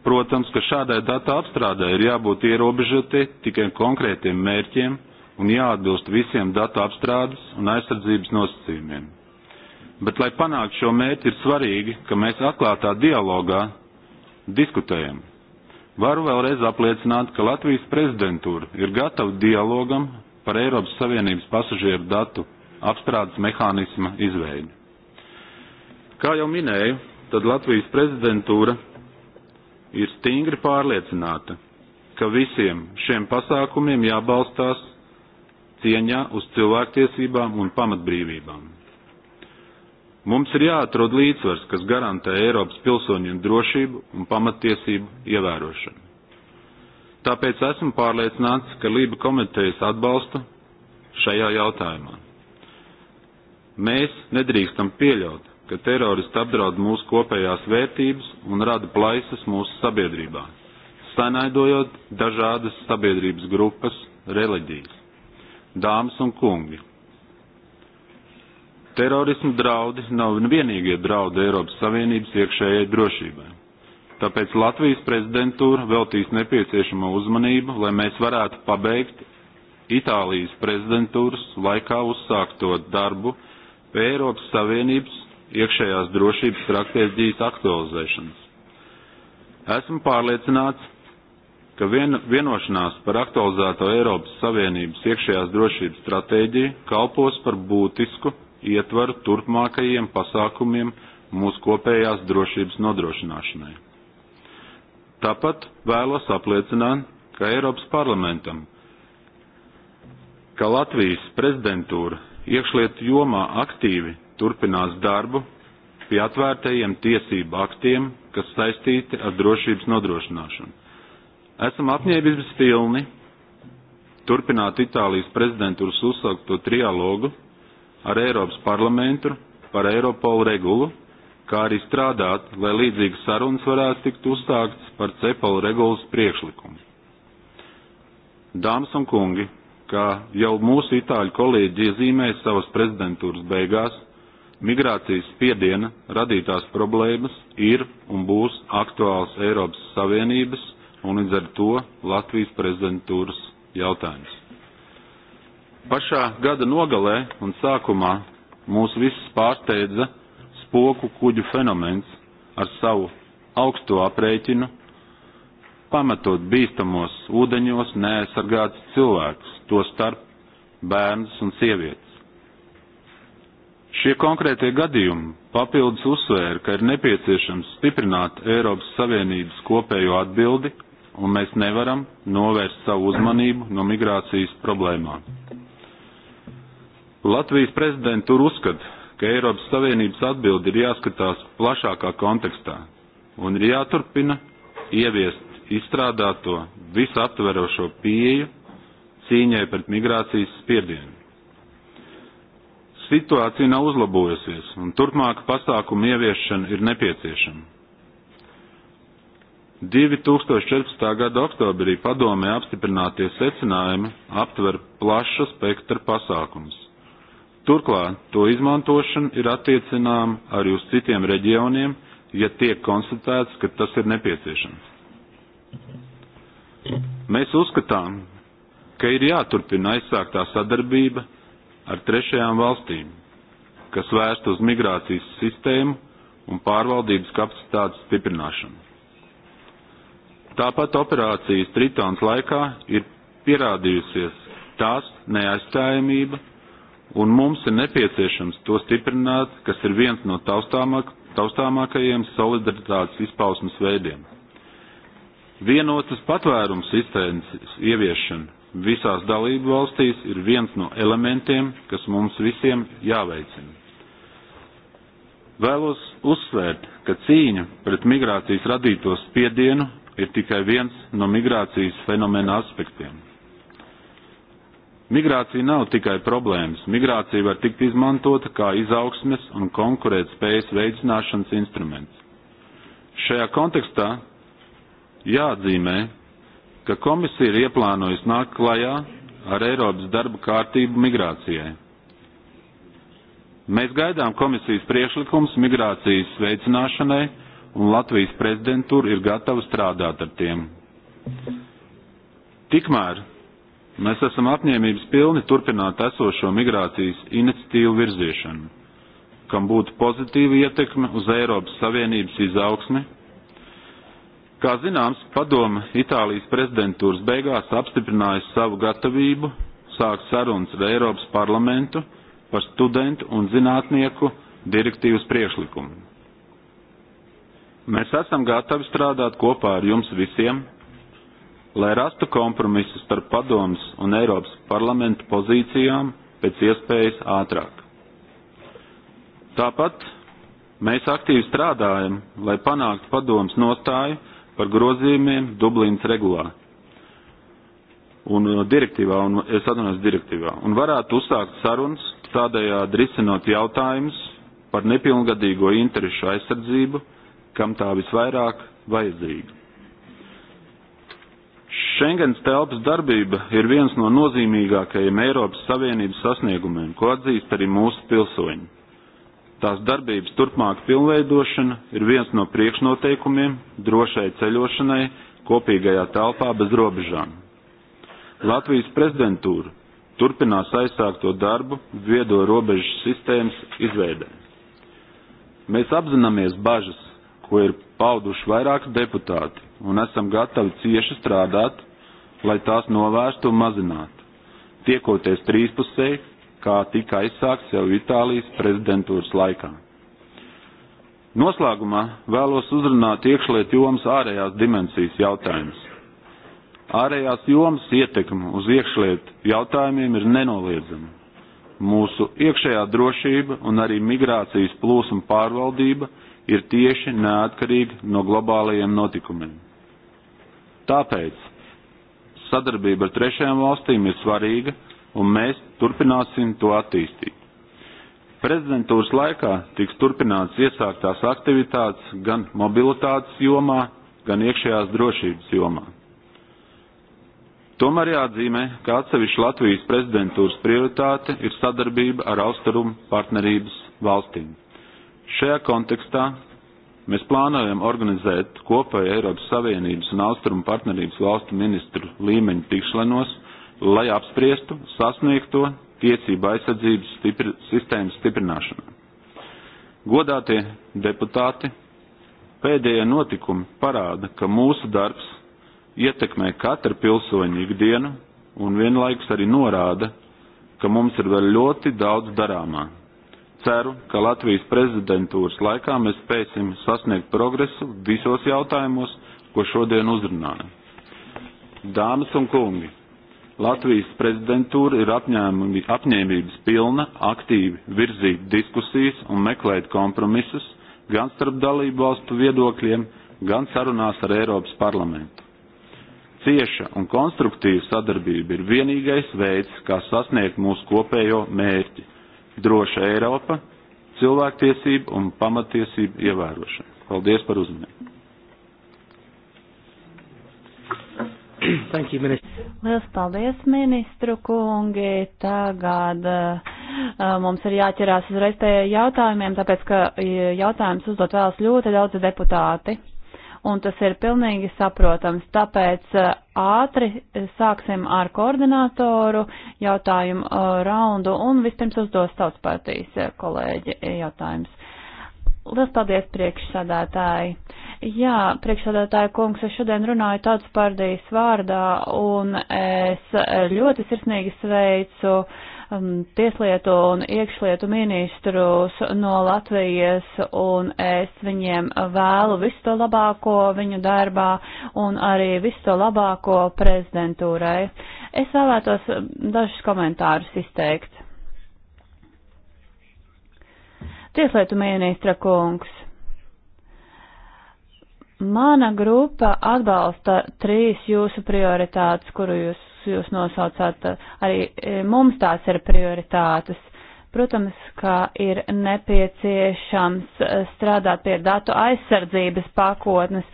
Protams, ka šādai datu apstrādē ir jābūt ierobežotie tikai konkrētiem mērķiem un jāatbilst visiem datu apstrādes un aizsardzības nosacījumiem. Bet, lai panāktu šo mērķi, ir svarīgi, ka mēs atklātā dialogā diskutējam Varu vēlreiz apliecināt, ka Latvijas prezidentūra ir gatava dialogam par Eiropas Savienības pasažieru datu apstrādes mehānisma izveidi. Kā jau minēju, tad Latvijas prezidentūra ir stingri pārliecināta, ka visiem šiem pasākumiem jābalstās cieņā uz cilvēktiesībām un pamatbrīvībām. Mums ir jāatrod līdzsvars, kas garantē Eiropas pilsoņiem drošību un pamatiesību ievērošanu. Tāpēc esmu pārliecināts, ka Lība komitejas atbalsta šajā jautājumā. Mēs nedrīkstam pieļaut, ka teroristi apdraud mūsu kopējās vērtības un rada plaisas mūsu sabiedrībā, sanaidojot dažādas sabiedrības grupas, reliģijas. Dāmas un kungi, Terorismu draudi nav vienīgie draudi Eiropas Savienības iekšējai drošībai. Tāpēc Latvijas prezidentūra veltīs nepieciešamo uzmanību, lai mēs varētu pabeigt Itālijas prezidentūras laikā uzsākto darbu pie Eiropas Savienības iekšējās drošības stratēģijas aktualizēšanas. Esmu pārliecināts, ka vien, vienošanās par aktualizēto Eiropas Savienības iekšējās drošības stratēģiju kalpos par būtisku ietvaru turpmākajiem pasākumiem mūsu kopējās drošības nodrošināšanai. Tāpat vēlos apliecināt, ka Eiropas parlamentam, ka Latvijas prezidentūra iekšlietu jomā aktīvi turpinās darbu pie atvērtajiem tiesību aktiem, kas saistīti ar drošības nodrošināšanu. Esam apņēmības pilni turpināt Itālijas prezidentūras uzsākto trialogu ar Eiropas parlamentu par Eiropolu regulu, kā arī strādāt, lai līdzīgas sarunas varētu tikt uzsāktas par cepalu regulas priekšlikumu. Dāmas un kungi, kā jau mūsu itāļu kolēģi iezīmēja savas prezidentūras beigās, migrācijas spiediena radītās problēmas ir un būs aktuāls Eiropas Savienības un līdz ar to Latvijas prezidentūras jautājums. Pašā gada nogalē un sākumā mūs visus pārsteidza spoku kuģu fenomens ar savu augsto aprēķinu, pametot bīstamos ūdeņos neaizsargāts cilvēks, to starp bērns un sievietes. Šie konkrētie gadījumi papildus uzsvēra, ka ir nepieciešams stiprināt Eiropas Savienības kopējo atbildi, un mēs nevaram novērst savu uzmanību no migrācijas problēmām. Latvijas prezidentūra uzskata, ka Eiropas Savienības atbildi ir jāskatās plašākā kontekstā un ir jāturpina ieviest izstrādāto visaptverošo pieeju cīņai pret migrācijas spiedienu. Situācija nav uzlabojusies un turpmāka pasākuma ieviešana ir nepieciešama. 2014. gada oktobrī padomē apstiprinātie secinājumi aptver plašu spektru pasākumus Turklāt to izmantošana ir attiecināma arī uz citiem reģioniem, ja tiek konstatēts, ka tas ir nepieciešams. Mēs uzskatām, ka ir jāturpina aizsāktā sadarbība ar trešajām valstīm, kas vērsta uz migrācijas sistēmu un pārvaldības kapacitātes stiprināšanu. Tāpat operācijas Tritons laikā ir pierādījusies tās neaizstājamība un mums ir nepieciešams to stiprināt, kas ir viens no taustāmāk, taustāmākajiem solidaritātes izpausmes veidiem. Vienotas patvērums sistēmas ieviešana visās dalību valstīs ir viens no elementiem, kas mums visiem jāveicina. Vēlos uzsvērt, ka cīņa pret migrācijas radīto spiedienu ir tikai viens no migrācijas fenomena aspektiem. Migrācija nav tikai problēmas. Migrācija var tikt izmantota kā izaugsmes un konkurētspējas veicināšanas instruments. Šajā kontekstā jāatzīmē, ka komisija ir ieplānojusi nākt klajā ar Eiropas darba kārtību migrācijai. Mēs gaidām komisijas priekšlikums migrācijas veicināšanai, un Latvijas prezidentūra ir gatava strādāt ar tiem. Tikmēr Mēs esam apņēmības pilni turpināt esošo migrācijas iniciatīvu virziešanu, kam būtu pozitīva ietekme uz Eiropas Savienības izaugsmi. Kā zināms, padoma Itālijas prezidentūras beigās apstiprināja savu gatavību sākt sarunas ar Eiropas parlamentu par studentu un zinātnieku direktīvas priekšlikumu. Mēs esam gatavi strādāt kopā ar jums visiem, lai rastu kompromisu starp padomas un Eiropas parlamenta pozīcijām pēc iespējas ātrāk. Tāpat mēs aktīvi strādājam, lai panāktu padomas nostāju par grozījumiem Dublīnas regulā un uh, direktīvā, un es atvainojos direktīvā, un varētu uzsākt sarunas, tādējādi risinot jautājumus par nepilngadīgo interešu aizsardzību, kam tā visvairāk vajadzīga. Šengens telpas darbība ir viens no nozīmīgākajiem Eiropas Savienības sasniegumiem, ko atzīst arī mūsu pilsoņi. Tās darbības turpmāka pilnveidošana ir viens no priekšnoteikumiem drošai ceļošanai kopīgajā telpā bez robežām. Latvijas prezidentūra turpinās aizsākto darbu viedo robežu sistēmas izveidē. Mēs apzināmies bažas, ko ir pauduši vairāki deputāti, un esam gatavi cieši strādāt, lai tās novērstu un mazinātu. Tiekoties trīspusēji, kā tika aizsākts jau Itālijas prezidentūras laikā. Noslēgumā vēlos uzrunāt iekšliet jomas ārējās dimensijas jautājumus. Ārējās jomas ietekme uz iekšliet jautājumiem ir nenoliedzama. Mūsu iekšējā drošība un arī migrācijas plūsma pārvaldība ir tieši neatkarīga no globālajiem notikumiem. Tāpēc Sadarbība ar trešajām valstīm ir svarīga, un mēs turpināsim to attīstīt. Prezidentūras laikā tiks turpināts iesāktās aktivitātes gan mobilitātes jomā, gan iekšējās drošības jomā. Tomēr jāatzīmē, ka atsevišķa Latvijas prezidentūras prioritāte ir sadarbība ar austrumu partnerības valstīm. Šajā kontekstā Mēs plānojam organizēt kopēju Eiropas Savienības un Austrumu partnerības valstu ministru līmeņu tikšanos, lai apspriestu sasniegto tiecību aizsardzības stipri, sistēmas stiprināšanu. Godātie deputāti, pēdējie notikumi parāda, ka mūsu darbs ietekmē katru pilsoņu ikdienu un vienlaikus arī norāda, ka mums ir vēl ļoti daudz darāmā. Ceru, ka Latvijas prezidentūras laikā mēs spēsim sasniegt progresu visos jautājumos, ko šodien uzrunājam. Dāmas un kungi, Latvijas prezidentūra ir apņēmumi, apņēmības pilna aktīvi virzīt diskusijas un meklēt kompromisus gan starp dalību valstu viedokļiem, gan sarunās ar Eiropas parlamentu. Cieša un konstruktīva sadarbība ir vienīgais veids, kā sasniegt mūsu kopējo mērķi droša Eiropa, cilvēktiesību un pamatiesību ievērošana. Paldies par uzmanību. Thank you, minister. Lielas paldies, ministru kungi. Tagad uh, mums ir jāķerās uzreiz pie jautājumiem, tāpēc, ka eh, jautājums uzdot vēlas ļoti daudz deputāti un tas ir pilnīgi saprotams. Tāpēc eh, ātri sāksim ar koordinātoru jautājumu eh, raundu un vispirms uzdos tautspārtīs eh, kolēģi jautājums. Liels paldies, priekšsādātāji! Jā, priekšsādātāja kungs, es šodien runāju tautas pārdīs vārdā un es ļoti sirsnīgi sveicu uh, um, tieslietu un iekšlietu ministrus no Latvijas, un es viņiem vēlu visu to labāko viņu darbā un arī visu to labāko prezidentūrai. Es vēlētos um, dažus komentārus izteikt. Tieslietu ministra kungs. Mana grupa atbalsta trīs jūsu prioritātes, kuru jūs jūs nosaucāt, arī e, mums tās ir prioritātes. Protams, ka ir nepieciešams e, strādāt pie datu aizsardzības pakotnes.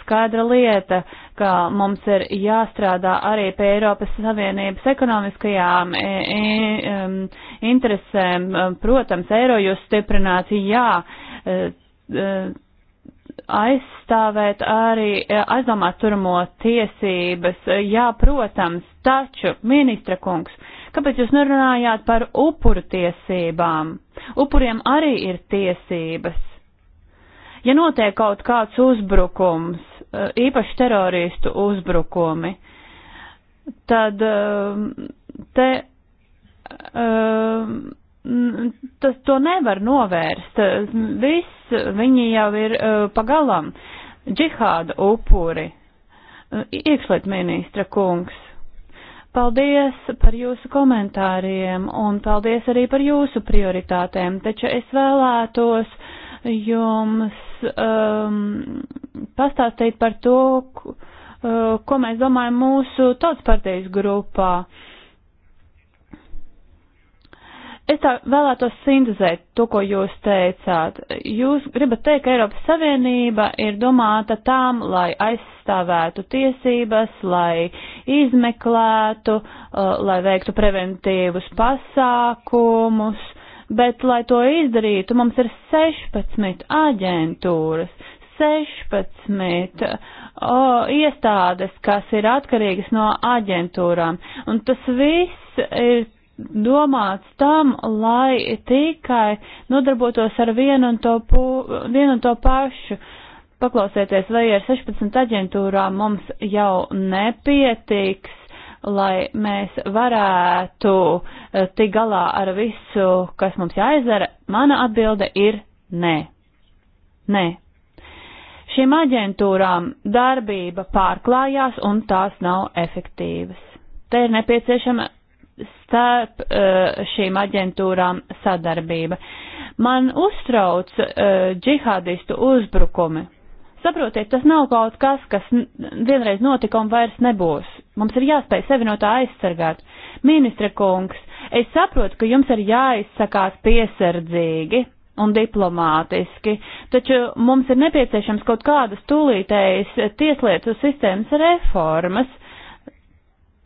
Skaidra lieta, ka mums ir jāstrādā arī pie Eiropas Savienības ekonomiskajām e, interesēm. Protams, eiro jūs stiprināt, jā aizstāvēt arī eh, aizdomās turamo tiesības. Jā, protams, taču, ministra kungs, kāpēc jūs nerunājāt par upuru tiesībām? Upuriem arī ir tiesības. Ja notiek kaut kāds uzbrukums, eh, īpaši teroristu uzbrukumi, tad eh, te. Um, tas to nevar novērst. Viss viņi jau ir e, pagalam. Džihāda upuri. E, iekšliet ministra kungs. Paldies par jūsu komentāriem un paldies arī par jūsu prioritātēm, taču es vēlētos jums um, pastāstīt par to, e, ko mēs domājam mūsu tautas partijas grupā. Uh, Es tā vēlētos sintezēt to, ko jūs teicāt. Jūs gribat teikt, ka Eiropas Savienība ir domāta tām, lai aizstāvētu tiesības, lai izmeklētu, uh, lai veiktu preventīvus pasākumus, bet, lai to izdarītu, mums ir 16 aģentūras, 16 o, iestādes, kas ir atkarīgas no aģentūrām. Un tas viss ir domāts tam, lai tikai nodarbotos ar vienu un to, pu, vienu un to pašu. Paklausieties, vai ar 16 aģentūrām mums jau nepietiks, lai mēs varētu eh, tik galā ar visu, kas mums jāizdara? Mana atbilde ir nē. Nē. Šīm aģentūrām darbība pārklājās un tās nav efektīvas. Te ir nepieciešama starp eh, šīm aģentūrām sadarbība. Man uztrauc eh, džihādistu uzbrukumi. Saprotiet, tas nav kaut kas, kas vienreiz notika un vairs nebūs. Mums ir jāspēj sevi no tā aizsargāt. Ministra kungs, es saprotu, ka jums ir jāizsakās piesardzīgi un diplomātiski, taču mums ir nepieciešams kaut kādas tūlītējas tieslietu sistēmas reformas,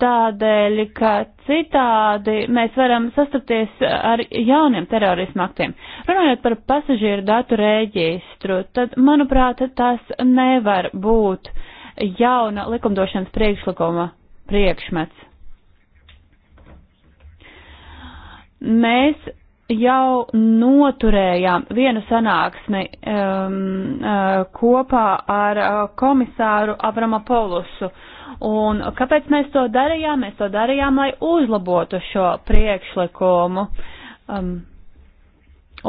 tādēļ, ka citādi mēs varam sastapties ar jauniem terorismu aktiem. Runājot par pasažieru datu rēģistru, tad, manuprāt, tas nevar būt jauna likumdošanas priekšlikuma priekšmets. Mēs jau noturējām vienu sanāksmi um, uh, kopā ar uh, komisāru Avramapolusu. Uh, Un kāpēc mēs to darījām? Mēs to darījām, lai uzlabotu šo priekšlikumu. Um,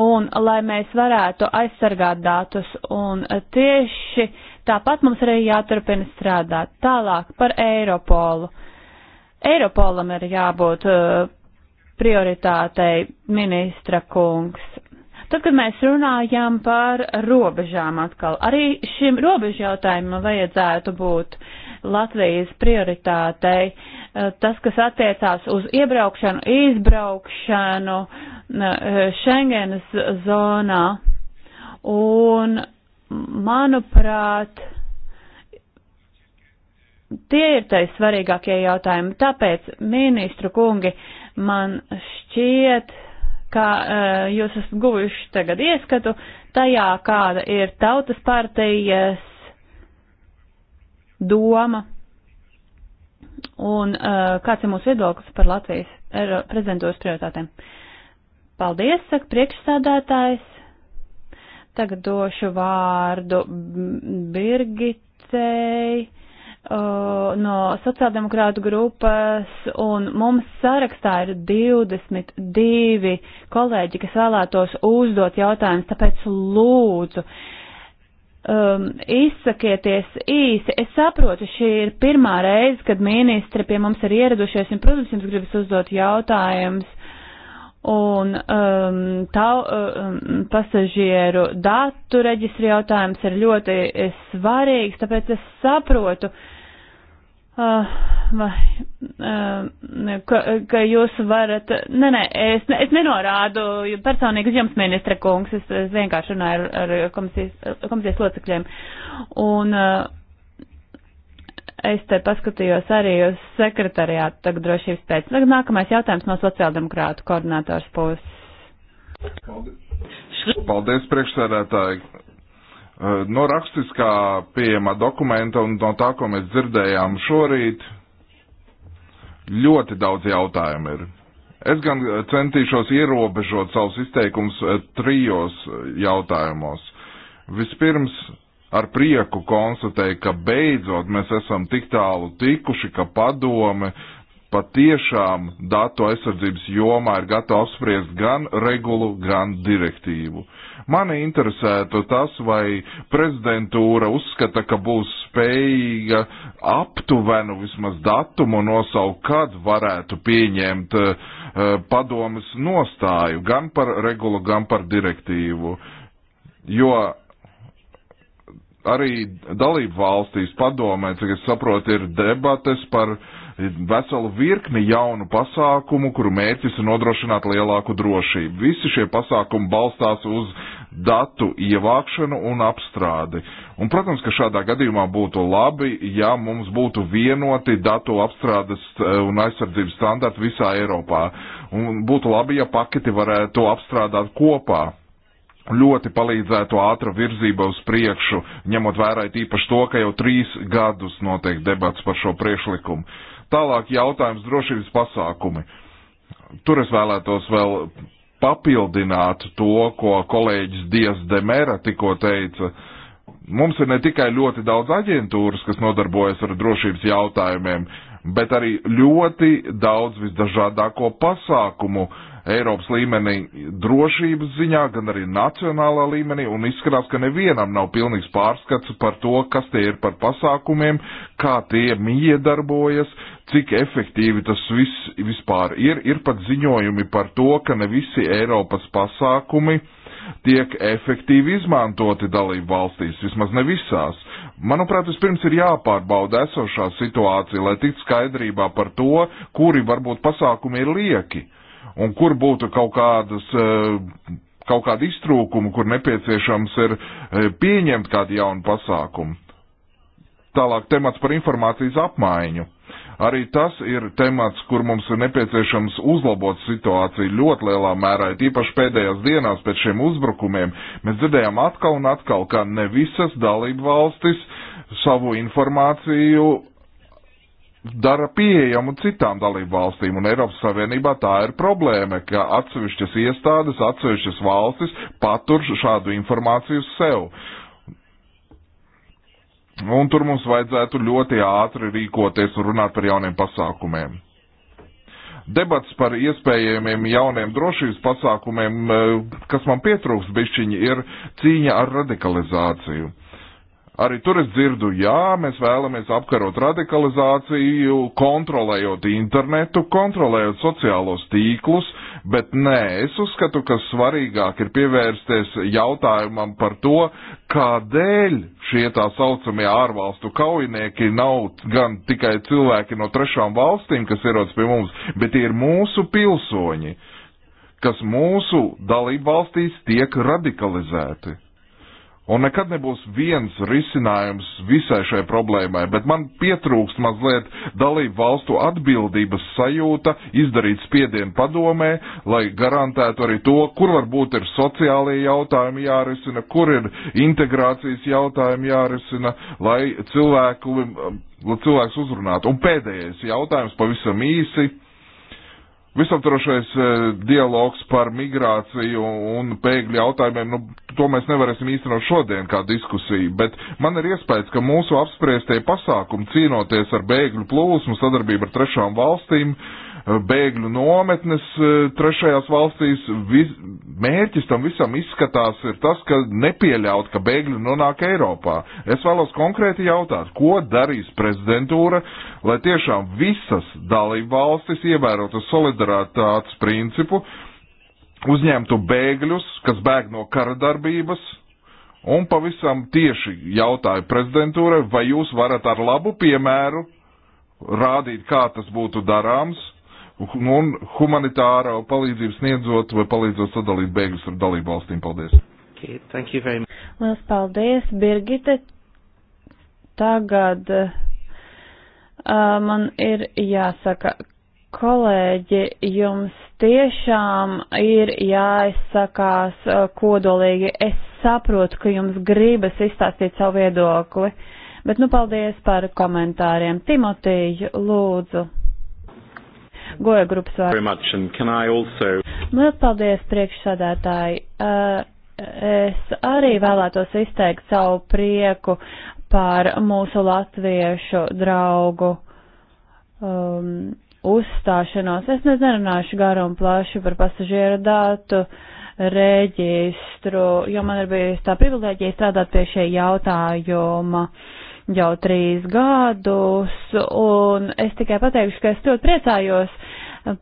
Un, lai mēs varētu aizsargāt datus, un tieši tāpat mums arī jāturpina strādāt. Tālāk par Eiropolu. Eiropolam ir jābūt uh, prioritātei ministra kungs. Tad, kad mēs runājam par robežām atkal, arī šim robežu jautājumam vajadzētu būt uh, Latvijas prioritātei. Eh, tas, kas attiecās uz iebraukšanu, izbraukšanu eh, Schengenas zonā. Un, manuprāt, tie ir tai svarīgākie jautājumi. Tāpēc, ministru kungi, man šķiet, ka uh, jūs esat guvuši tagad ieskatu tajā, kāda ir tautas partijas doma un uh, kāds ir mūsu viedoklis par Latvijas prezidentūras prioritātēm. Paldies, saka priekšsādātājs. Tagad došu vārdu Birgitei uh, no sociāldemokrātu grupas, un mums sarakstā ir 22 kolēģi, kas vēlētos uzdot jautājumus, tāpēc lūdzu uh, um, izsakieties īsi. Es saprotu, šī ir pirmā reize, kad ministri pie mums ir ieradušies, un, protams, jums gribas uzdot jautājumus. Un um, tā um, pasažieru datu reģistri jautājums ir ļoti eh, svarīgs, tāpēc es saprotu, uh, Ah, vai, ah, ka, ka jūs varat, nē, nē, es, es nenorādu personīgi uz jums, ministra kungs, es, es vienkārši runāju ar, ar komisijas, komisijas locekļiem. Un ah, es te paskatījos arī uz sekretariātu tagad drošības pēc. Tagad nākamais jautājums no sociāldemokrātu koordinātors puses. Paldies, Paldies priekšsēdētāji. Eh, no rakstiskā pieejamā dokumenta un no tā, ko mēs dzirdējām šorīt, ļoti daudz jautājumu ir. Es gan centīšos ierobežot savus izteikumus eh, trijos eh, jautājumos. Vispirms ar prieku konstatēju, ka beidzot mēs esam tik tālu tikuši, ka padome patiešām datu aizsardzības jomā ir gatava apspriest gan regulu, gan direktīvu. Mani interesētu tas, vai prezidentūra uzskata, ka būs spējīga aptuvenu vismaz datumu nosaukt, kad varētu pieņemt uh, padomas nostāju gan par regulu, gan par direktīvu. Jo arī dalību valstīs padomē, cik es saprotu, ir debates par uh, veselu virkni jaunu pasākumu, kuru mērķis ir nodrošināt lielāku drošību. Visi šie pasākumi balstās uz datu ievākšanu un apstrādi. Un, protams, ka šādā gadījumā būtu labi, ja mums būtu vienoti datu apstrādes eh, un aizsardzības standarti visā Eiropā. Un būtu labi, ja paketi varētu apstrādāt kopā ļoti palīdzētu ātra virzība uz priekšu, ņemot vērā īpaši to, ka jau trīs gadus notiek debats par šo priešlikumu. Tālāk jautājums drošības pasākumi. Tur es vēlētos vēl papildināt to, ko kolēģis Dievs Demera tikko teica. Mums ir ne tikai ļoti daudz aģentūras, kas nodarbojas ar drošības jautājumiem, bet arī ļoti daudz visdažādāko pasākumu, uh, Eiropas līmenī drošības ziņā, gan arī nacionālā līmenī, un izskatās, ka nevienam nav pilnīgs pārskats par to, kas tie ir par pasākumiem, kā tie miedarbojas, cik efektīvi tas viss vispār ir. Ir pat ziņojumi par to, ka ne visi Eiropas pasākumi tiek efektīvi izmantoti dalību valstīs, vismaz ne visās. Manuprāt, vispirms ir jāpārbauda esošā situācija, lai tiktu skaidrībā par to, kuri varbūt pasākumi ir lieki un kur būtu kaut kādas, eh, kaut kāda iztrūkuma, kur nepieciešams ir eh, pieņemt kādu jaunu pasākumu. Tālāk temats par informācijas apmaiņu. Arī tas ir temats, kur mums ir nepieciešams uzlabot situāciju ļoti lielā mērā, īpaši pēdējās dienās pēc šiem uzbrukumiem. Mēs dzirdējām atkal un atkal, ka ne visas dalību valstis savu informāciju dara pieejamu citām dalību valstīm, un Eiropas Savienībā tā ir problēma, ka atsevišķas iestādes, atsevišķas valstis patur šādu informāciju sev. Un tur mums vajadzētu ļoti ātri rīkoties un runāt par jauniem pasākumiem. Debats par iespējamiem jauniem drošības pasākumiem, eh, kas man pietrūks bišķiņi, ir cīņa ar radikalizāciju Arī tur es dzirdu, jā, mēs vēlamies apkarot radikalizāciju, kontrolējot internetu, kontrolējot sociālos tīklus, bet nē, es uzskatu, ka svarīgāk ir pievērsties jautājumam par to, kādēļ šie tā saucamie ārvalstu kaujinieki nav gan tikai cilvēki no trešām valstīm, kas ierodas pie mums, bet tie ir mūsu pilsoņi, kas mūsu dalību valstīs tiek radikalizēti. Un nekad nebūs viens risinājums visai šai problēmai, bet man pietrūkst mazliet dalību valstu atbildības sajūta izdarīt spiedienu padomē, lai garantētu arī to, kur varbūt ir sociālie jautājumi jārisina, kur ir integrācijas jautājumi jārisina, lai cilvēku, lai cilvēks uzrunātu. Un pēdējais jautājums pavisam īsi Visaptrošais e, dialogs par migrāciju un pēgļu jautājumiem, nu, to mēs nevarēsim īstenot šodien kā diskusiju, bet man ir iespējas, ka mūsu apspriestie pasākumi cīnoties ar bēgļu plūsmu sadarbību ar trešām valstīm uh, Eh, bēgļu nometnes eh, trešajās valstīs. Vis, mērķis tam visam izskatās ir tas, ka nepieļaut, ka bēgļi nonāk Eiropā. Es vēlos konkrēti jautāt, ko darīs prezidentūra, lai tiešām visas dalību valstis ievērotu solidaritātes principu, uzņemtu bēgļus, kas bēg no kara darbības, Un pavisam tieši jautāju prezidentūrai, vai jūs varat ar labu piemēru rādīt, kā tas būtu darāms, un humanitāra palīdzību sniedzot vai palīdzot sadalīt bēgļus ar dalību valstīm. Paldies! Okay, thank you very much. Lielas paldies, Birgite. Tagad uh, man ir jāsaka, kolēģi, jums tiešām ir jāizsakās uh, kodolīgi. Es saprotu, ka jums gribas izstāstīt savu viedokli, bet nu paldies par komentāriem. Timotiju, lūdzu goja grupas vārdu. Liels paldies, priekšsādātāji. Uh, es arī vēlētos izteikt savu prieku par mūsu latviešu draugu um, uzstāšanos. Es nezināšu garu un plaši par pasažieru datu reģistru, jo man ir bijusi tā privilēģija strādāt pie šī jautājuma jau trīs gadus, un es tikai pateikšu, ka es ļoti priecājos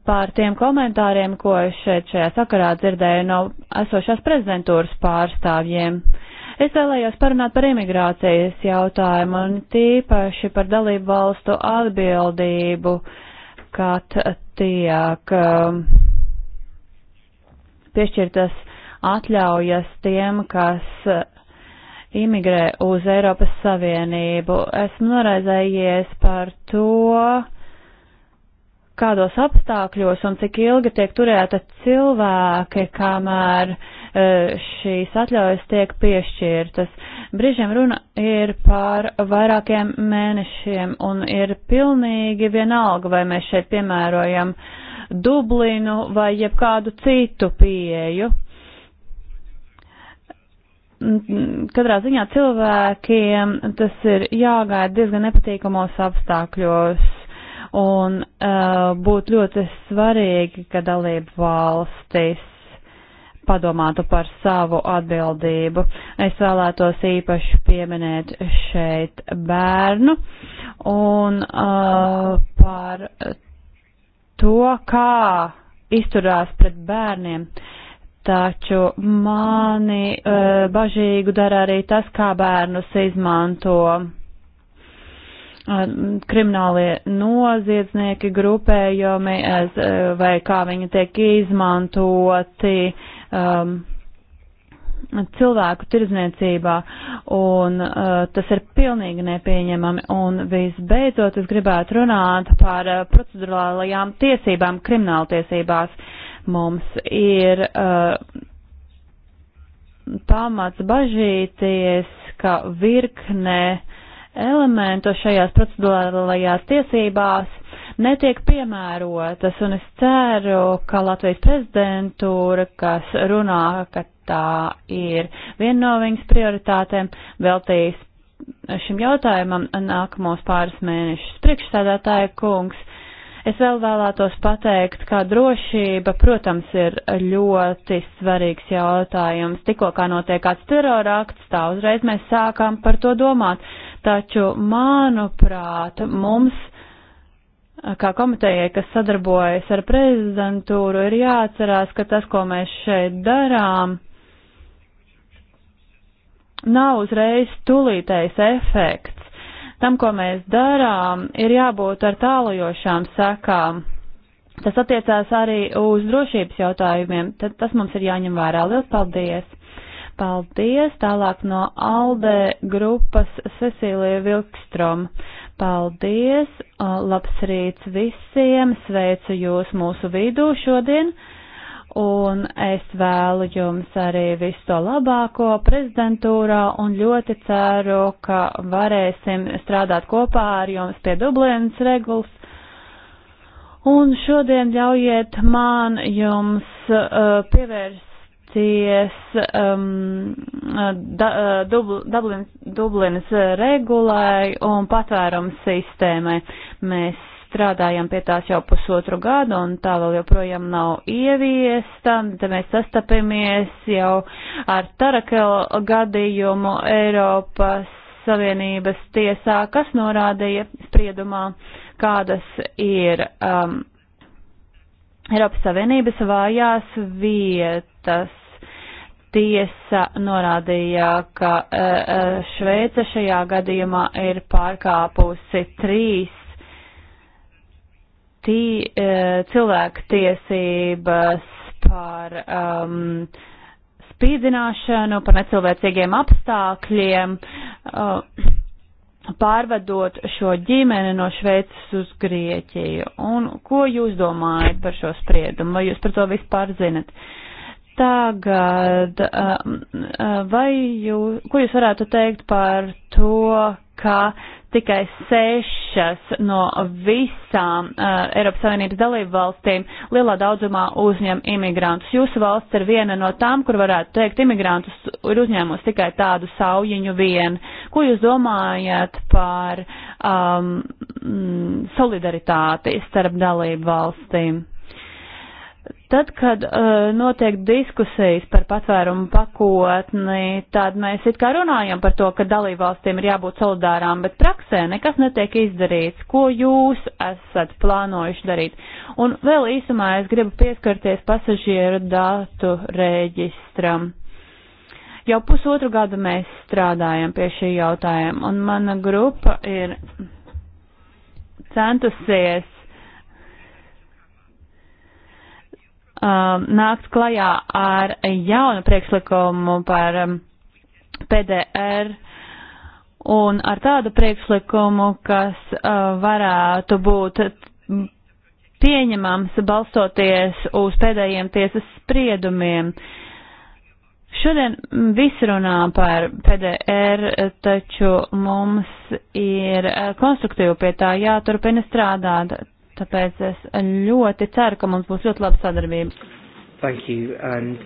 par tiem komentāriem, ko es šeit šajā sakarā dzirdēju no esošās prezidentūras pārstāvjiem. Es vēlējos parunāt par imigrācijas jautājumu un tīpaši par dalību valstu atbildību, kad tiek um, piešķirtas atļaujas tiem, kas uh, imigrē uz Eiropas Savienību. Esmu noraizējies par to, kādos apstākļos un cik ilgi tiek turēta cilvēki, kamēr e, šīs atļaujas tiek piešķirtas. Brīžiem runa ir par vairākiem mēnešiem un ir pilnīgi vienalga, vai mēs šeit piemērojam Dublinu vai jebkādu citu pieeju. Katrā ziņā cilvēkiem tas ir jāgaida diezgan nepatīkamos apstākļos un uh, būtu ļoti svarīgi, ka dalību valstis padomātu par savu atbildību. Es vēlētos īpaši pieminēt šeit bērnu un uh, par to, kā izturās pret bērniem. Taču mani uh, bažīgu dara arī tas, kā bērnus izmanto kriminālie noziedznieki grupējumi e, vai kā viņi tiek izmantoti um, cilvēku tirzniecībā, un uh, tas ir pilnīgi nepieņemami. Un visbeidzot, es gribētu runāt par uh, procedurālajām tiesībām krimināltiesībās. Mums ir uh, pamats bažīties, ka virkne elementos šajās procedurālajās tiesībās netiek piemērotas, un es ceru, ka Latvijas prezidentūra, kas runā, ka tā ir viena no viņas prioritātēm, veltīs šim jautājumam nākamos pāris mēnešus. Priekšstādātāja kungs, es vēl vēlētos pateikt, ka drošība, protams, ir ļoti svarīgs jautājums. Tikko kā notiek kāds terora akts, tā uzreiz mēs sākām par to domāt Taču, manuprāt, mums, kā komitejai, kas sadarbojas ar prezidentūru, ir jāatcerās, ka tas, ko mēs šeit darām, nav uzreiz tulītais efekts. Tam, ko mēs darām, ir jābūt ar tālojošām sekām. Tas attiecās arī uz drošības jautājumiem, tad tas mums ir jāņem vērā. Lielas paldies! Paldies! Tālāk no Alde grupas Cecīlija Vilkstrom. Paldies! Labs rīts visiem! Sveicu jūs mūsu vidū šodien! Un es vēlu jums arī visu to labāko prezidentūrā un ļoti ceru, ka varēsim strādāt kopā ar jums pie dublēnas regulas. Un šodien ļaujiet man jums uh, pievērst ties um, da, dubl, Dublin, Dublinas regulai un patvērums sistēmai. Mēs strādājam pie tās jau pusotru gadu un tā vēl joprojām nav ieviesta. Tad mēs sastapamies jau ar Tarakela gadījumu Eiropas Savienības tiesā, kas norādīja spriedumā, kādas ir um, Eiropas Savienības vājās vietas. Tiesa norādīja, ka e, e, Šveice šajā gadījumā ir pārkāpusi trīs tī, e, cilvēku tiesības par um, spīdzināšanu, par necilvēcīgiem apstākļiem. Uh, pārvadot šo ģimeni no Šveices uz Grieķiju. Un ko jūs domājat par šo spriedumu? Vai jūs par to vispār zinat? Tagad, um, vai jūs, ko jūs varētu teikt par to, ka tikai sešas no visām uh, Eiropas Savienības dalību valstīm lielā daudzumā uzņem imigrantus. Jūsu valsts ir viena no tām, kur varētu teikt, imigrantus ir uzņēmusi tikai tādu saujiņu vien. Ko jūs domājat par um, mm, solidaritāti starp dalību valstīm? Tad, kad uh, notiek diskusijas par patvērumu pakotni, tad mēs it kā runājam par to, ka dalībvalstīm ir jābūt solidārām, bet praksē nekas netiek izdarīts. Ko jūs esat plānojuši darīt? Un vēl īsumā es gribu pieskarties pasažieru datu reģistram. Jau pusotru gadu mēs strādājam pie šī jautājuma, un mana grupa ir centusies um, nākt klajā ar jaunu priekšlikumu par um, PDR un ar tādu priekšlikumu, kas uh, varētu būt pieņemams balstoties uz pēdējiem tiesas spriedumiem. Šodien visi runā par PDR, taču mums ir uh, konstruktīvi pie tā jāturpina strādāt tāpēc es ļoti ceru, ka mums būs ļoti laba sadarbība. Thank you, and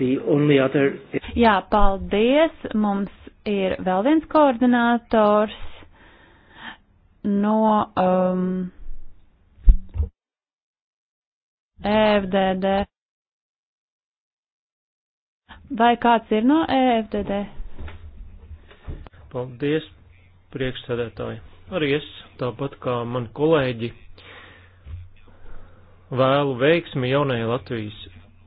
the only other... Jā, paldies, mums ir vēl viens koordinators no um, EFDD. Vai kāds ir no EFDD? Paldies, priekšsēdētāji. Arī es, tāpat kā mani kolēģi, vēlu veiksmi jaunajai Latvijas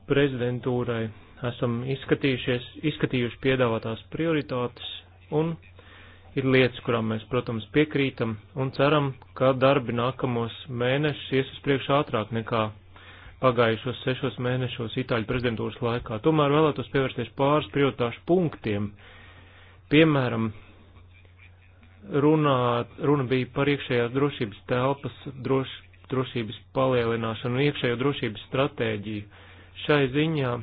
prezidentūrai. Esam izskatījuši piedāvātās prioritātes un ir lietas, kurām mēs, protams, piekrītam un ceram, ka darbi nākamos mēnešus ies uz priekšu ātrāk nekā pagājušos sešos mēnešos Itāļu prezidentūras laikā. Tomēr vēlētos pievērsties pāris prioritāšu punktiem. Piemēram, runā, runa bija par iekšējās drošības telpas droš, drošības palielināšanu un iekšējo drošības stratēģiju. Šai ziņā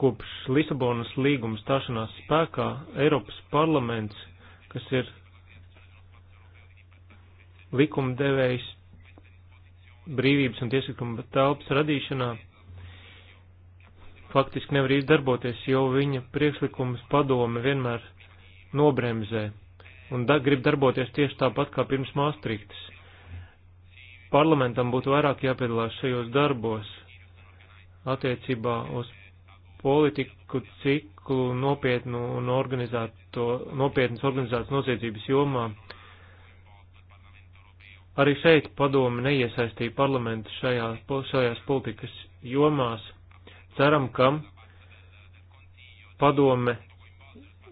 kopš Lisabonas līguma stāšanās spēkā Eiropas parlaments, kas ir likumdevējs brīvības un tiesiskuma telpas radīšanā, faktiski nevar izdarboties, jo viņa priekšlikums padome vienmēr nobremzē un da grib darboties tieši tāpat kā pirms Māstriktas parlamentam būtu vairāk jāpiedalās šajos darbos attiecībā uz politiku ciklu nopietnu un organizēto, nopietnas organizētas noziedzības jomā. Arī šeit padomi neiesaistīja parlamentu šajā, šajās politikas jomās. Ceram, ka padome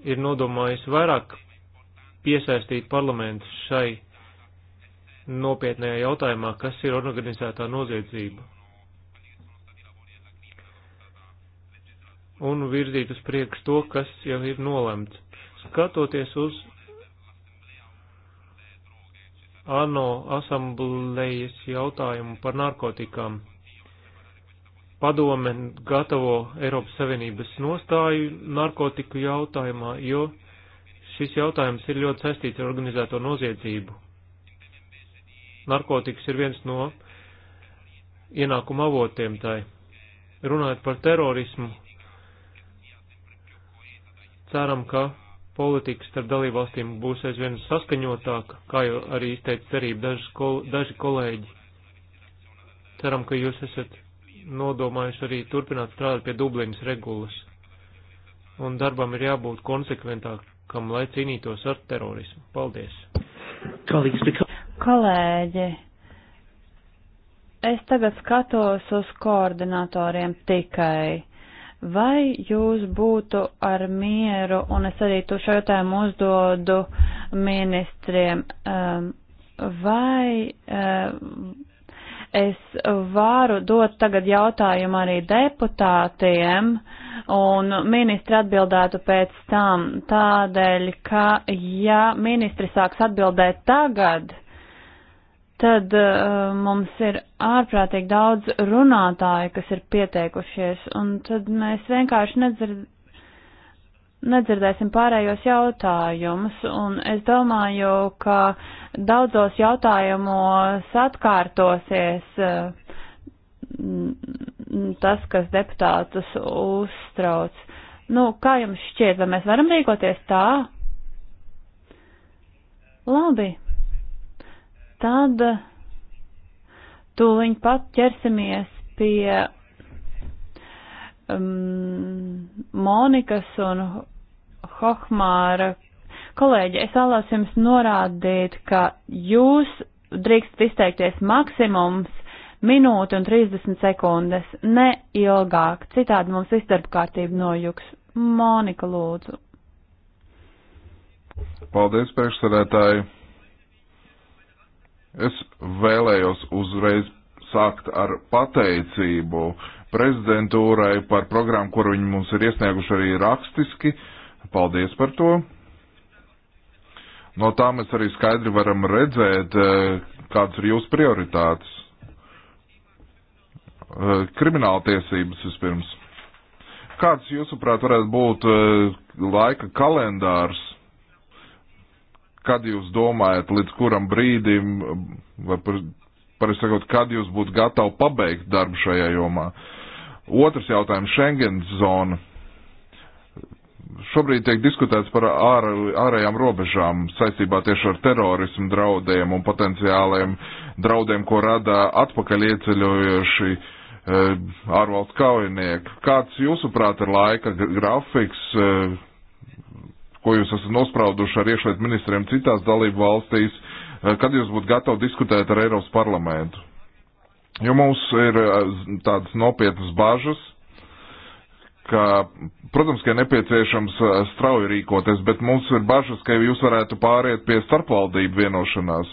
ir nodomājusi vairāk piesaistīt parlamentu šai nopietnējā jautājumā, kas ir organizētā noziedzība. Un virzīt uz priekšu to, kas jau ir nolemts. Skatoties uz ANO asamblējas jautājumu par narkotikām. Padome gatavo Eiropas Savienības nostāju narkotiku jautājumā, jo šis jautājums ir ļoti saistīts ar organizēto noziedzību narkotikas ir viens no ienākuma avotiem tai. Runājot par terorismu, ceram, ka politika starp dalībvalstīm būs aizvien saskaņotāka, kā jau arī izteica cerība daži, kol, daži kolēģi. Ceram, ka jūs esat nodomājuši arī turpināt strādāt pie Dublinas regulas. Un darbam ir jābūt konsekventākam, lai cīnītos ar terorismu. Paldies! Kolīgs, because... Kolēģi, es tagad skatos uz koordinatoriem tikai. Vai jūs būtu ar mieru, un es arī to šo jautājumu uzdodu ministriem, um, vai um, es varu dot tagad jautājumu arī deputātiem, un ministri atbildētu pēc tam tādēļ, ka ja ministri sāks atbildēt tagad, tad uh, mums ir ārprātīgi daudz runātāju, kas ir pieteikušies, un tad mēs vienkārši nedzird, nedzirdēsim pārējos jautājumus, un es domāju, ka daudzos jautājumos atkārtosies uh, tas, kas deputātus uztrauc. Nu, kā jums šķiet, vai mēs varam rīkoties tā? Labi, tad tūliņ pat ķersimies pie um, Monikas un Hohmāra kolēģi. Es vēlos jums norādīt, ka jūs drīkstat izteikties maksimums minūti un 30 sekundes, ne ilgāk. Citādi mums izdarba kārtība nojuks. Monika, lūdzu. Paldies, priekšsēdētāji. Es vēlējos uzreiz sākt ar pateicību prezidentūrai par programmu, kuru viņi mums ir iesnieguši arī rakstiski. Paldies par to! No tā mēs arī skaidri varam redzēt, eh, kādas ir jūsu prioritātes. Eh, Krimināla tiesības vispirms. Kāds, jūsuprāt, varētu būt eh, laika kalendārs kad jūs domājat, līdz kuram brīdim, vai par, par sakot, kad jūs būtu gatavi pabeigt darbu šajā jomā? Otrs jautājums - Schengen zona. Šobrīd tiek diskutēts par ār, ārējām robežām saistībā tieši ar terorismu draudiem un potenciāliem draudiem, ko rada atpakaļ ieceļojoši uh, eh, ārvalstu kaujinieki. Kāds jūsuprāt ir laika grafiks, eh, ko jūs esat nosprauduši ar iekšlietu ministriem citās dalību valstīs, eh, kad jūs būtu gatavi diskutēt ar Eiropas parlamentu? Jo mums ir eh, tādas nopietnas bažas, ka, protams, ka ir nepieciešams eh, strauji rīkoties, bet mums ir bažas, ka jūs varētu pāriet pie starpvaldību vienošanās,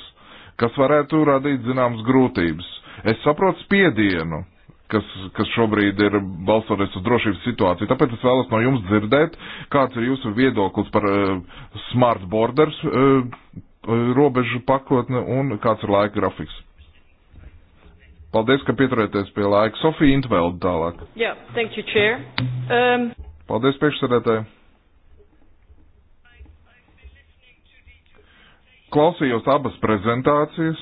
kas varētu radīt zināmas grūtības. Es saprotu spiedienu, kas, kas šobrīd ir balstoties uz drošības situāciju. Tāpēc es vēlos no jums dzirdēt, kāds ir jūsu viedoklis par uh, smart borders uh, robežu pakotni un kāds ir laika grafiks. Paldies, ka pieturēties pie laika. Sofija Intvelda tālāk. Jā, yeah, thank you, chair. Um... Paldies, priekšsēdētāji. Klausījos abas prezentācijas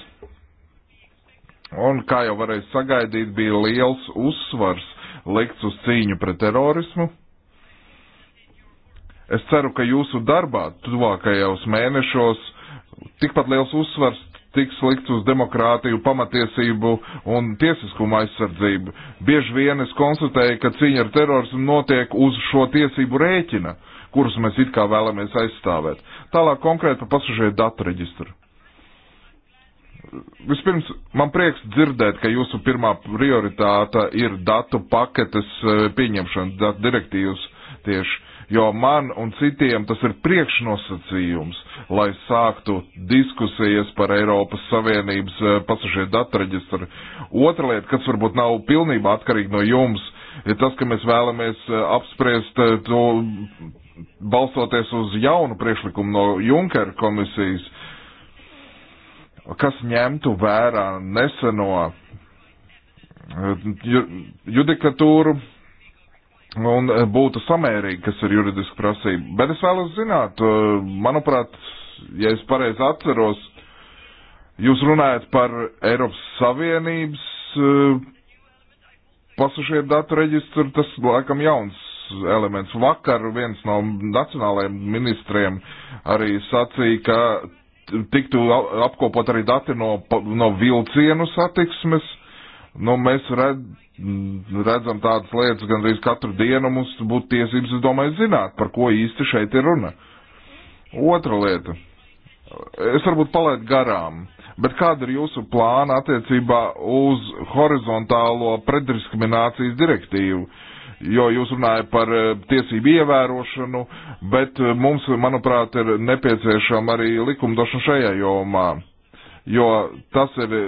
Un, kā jau varēja sagaidīt, bija liels uzsvars likts uz cīņu pret terorismu. Es ceru, ka jūsu darbā tuvākajos mēnešos tikpat liels uzsvars tiks likts uz demokrātiju, pamatiesību un tiesiskumu aizsardzību. Bieži vien es konstatēju, ka cīņa ar terorismu notiek uz šo tiesību rēķina, kurus mēs it kā vēlamies aizstāvēt. Tālāk konkrēti par pasažieru datu reģistru. Vispirms, man prieks dzirdēt, ka jūsu pirmā prioritāte ir datu paketes e, pieņemšana, datu direktīvas tieši, jo man un citiem tas ir priekšnosacījums, lai sāktu diskusijas par Eiropas Savienības e, pasažieru datu reģistru. Otra lieta, kas varbūt nav pilnībā atkarīga no jums, ir tas, ka mēs vēlamies e, apspriest to balstoties uz jaunu priekšlikumu no Junkera komisijas kas ņemtu vērā neseno eh, judikatūru un eh, būtu samērīgi, kas ir juridiski prasība. Bet es vēlos zināt, eh, manuprāt, ja es pareizi atceros, jūs runājat par Eiropas Savienības pasažieru datu reģistru, tas laikam jauns elements. Vakar viens no nacionālajiem ministriem arī sacīja, ka tiktu apkopot arī dati no, no vilcienu satiksmes. Nu, mēs red, redzam tādas lietas gandrīz katru dienu, mums būtu tiesības, es domāju, zināt, par ko īsti šeit ir runa. Otra lieta. Es varbūt palaidu garām, bet kāda ir jūsu plāna attiecībā uz horizontālo preddiskriminācijas direktīvu? Uh, jo jūs runājat par eh, tiesību ievērošanu, bet eh, mums, manuprāt, ir nepieciešama arī likumdošana šajā jomā, jo tas ir eh,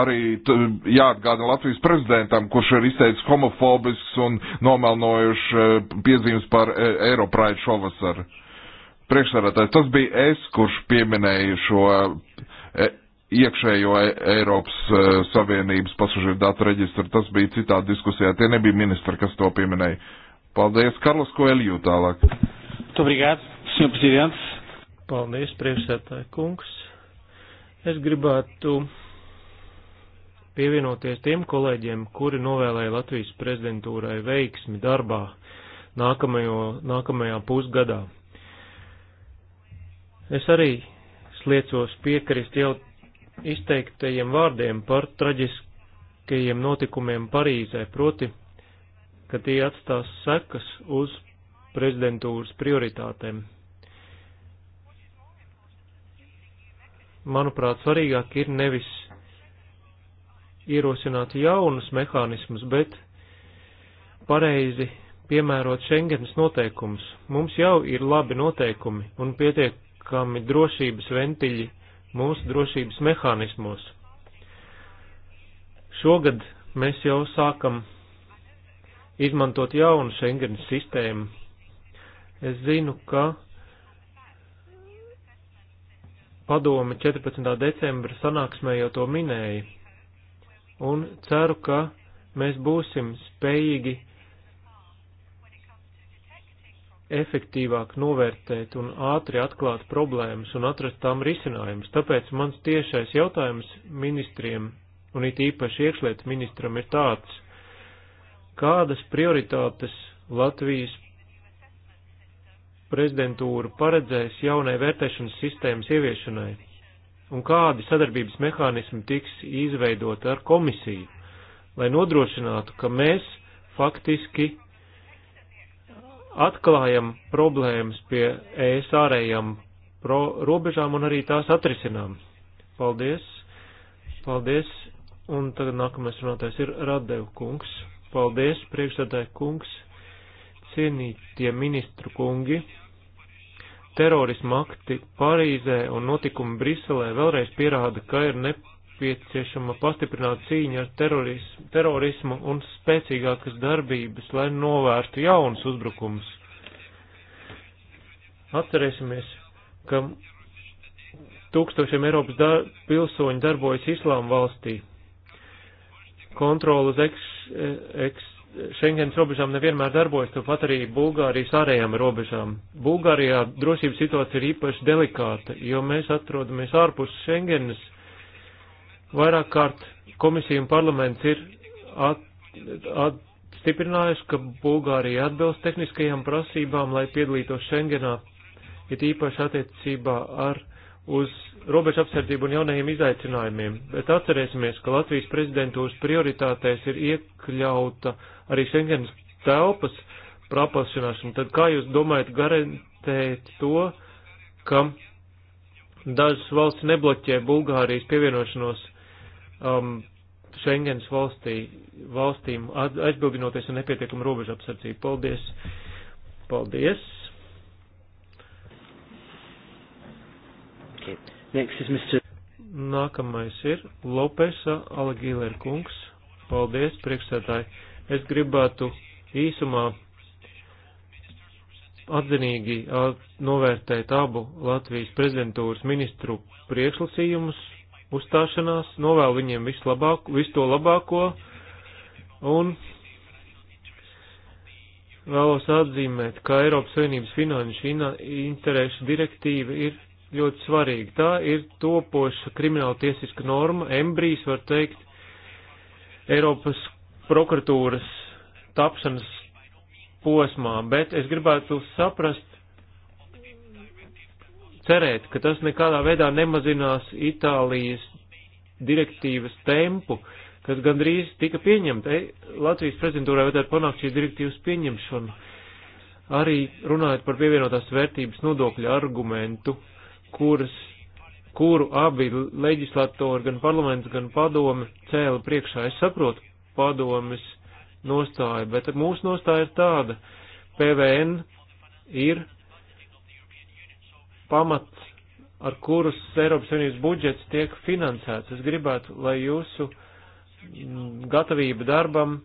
arī jāatgādina Latvijas prezidentam, kurš ir izteicis homofobisks un nomelnojuši piezīmes par Eiropraidu šovasar. Priekšsarētājs, tas bija es, kurš pieminēja šo iekšējo e- Eiropas e, Savienības pasažieru datu reģistru. Tas bija citā diskusijā. Tie nebija ministri, kas to pieminēja. Paldies, Karlos Koelju tālāk. Obrigāts, senjor prezidents. Paldies, priekšsētāji kungs. Es gribētu pievienoties tiem kolēģiem, kuri novēlēja Latvijas prezidentūrai veiksmi darbā nākamajo, nākamajā pusgadā. Es arī sliecos piekrist jau izteiktajiem vārdiem par traģiskajiem notikumiem Parīzē, proti, ka tie atstās sekas uz prezidentūras prioritātēm. Manuprāt, svarīgāk ir nevis ierosināt jaunus mehānismus, bet pareizi piemērot Schengenas noteikumus. Mums jau ir labi noteikumi un pietiekami drošības ventiļi mūsu drošības mehānismos. Šogad mēs jau sākam izmantot jaunu Schengen sistēmu. Es zinu, ka padome 14. decembra sanāksmē jau to minēja, un ceru, ka mēs būsim spējīgi efektīvāk novērtēt un ātri atklāt problēmas un atrast tām risinājumus. Tāpēc mans tiešais jautājums ministriem un it īpaši iekšlietu ministram ir tāds, kādas prioritātes Latvijas prezidentūra paredzēs jaunai vērtēšanas sistēmas ieviešanai un kādi sadarbības mehānismi tiks izveidot ar komisiju, lai nodrošinātu, ka mēs faktiski atklājam problēmas pie ES ārējām robežām un arī tās atrisinām. Paldies! Paldies! Un tagad nākamais runātājs ir Radev kungs. Paldies, priekšsēdētāji kungs, cienītie ministru kungi. Terorisma akti Parīzē un notikumi Briselē vēlreiz pierāda, ka ir nepieciešams nepieciešama pastiprināta cīņa ar terorismu, terorismu un spēcīgākas darbības, lai novērstu jaunus uzbrukumus. Atcerēsimies, ka tūkstošiem Eiropas dar pilsoņu darbojas islāma valstī. Kontrola uz eks, eks, Schengens robežām nevienmēr darbojas, tāpat arī Bulgārijas ārējām robežām. Bulgārijā drošības situācija ir īpaši delikāta, jo mēs atrodamies ārpus Schengenas Vairāk kārt komisija un parlaments ir at, atstiprinājuši, ka Bulgārija atbilst tehniskajām prasībām, lai piedalītos Schengenā, ir īpaši attiecībā ar uz robežu apsardzību un jaunajiem izaicinājumiem, bet atcerēsimies, ka Latvijas prezidentūras prioritātēs ir iekļauta arī Schengens telpas praplašanāšana. Tad kā jūs domājat garantēt to, ka dažas valsts nebloķē Bulgārijas pievienošanos um, Schengens valstī, valstīm aizbildinoties ar nepietiekumu robežu apsardzību. Paldies! Paldies! Okay. Next is Mr. Nākamais ir Lopesa Alagīlēr kungs. Paldies, priekšsētāji. Es gribētu īsumā atzinīgi uh, novērtēt abu Latvijas prezidentūras ministru priekšlasījumus uzstāšanās, novēlu viņiem visu, labāko, visu to labāko un vēlos atzīmēt, ka Eiropas Savienības finanšu interešu direktīva ir ļoti svarīga. Tā ir topoša krimināla tiesiska norma, embrijs var teikt, Eiropas prokuratūras tapšanas posmā, bet es gribētu saprast, cerēt, ka tas nekādā veidā nemazinās Itālijas direktīvas tempu, kas gandrīz tika pieņemta. E, Latvijas prezidentūrā vajadzētu panākt šīs direktīvas pieņemšanu. Arī runājot par pievienotās vērtības nodokļu argumentu, kuras, kuru abi leģislatori, gan parlaments, gan padome cēla priekšā. Es saprotu padomes nostāju, bet mūsu nostāja ir tāda. PVN ir pamats, ar kurus Eiropas Savienības budžets tiek finansēts. Es gribētu, lai jūsu mm, gatavība darbam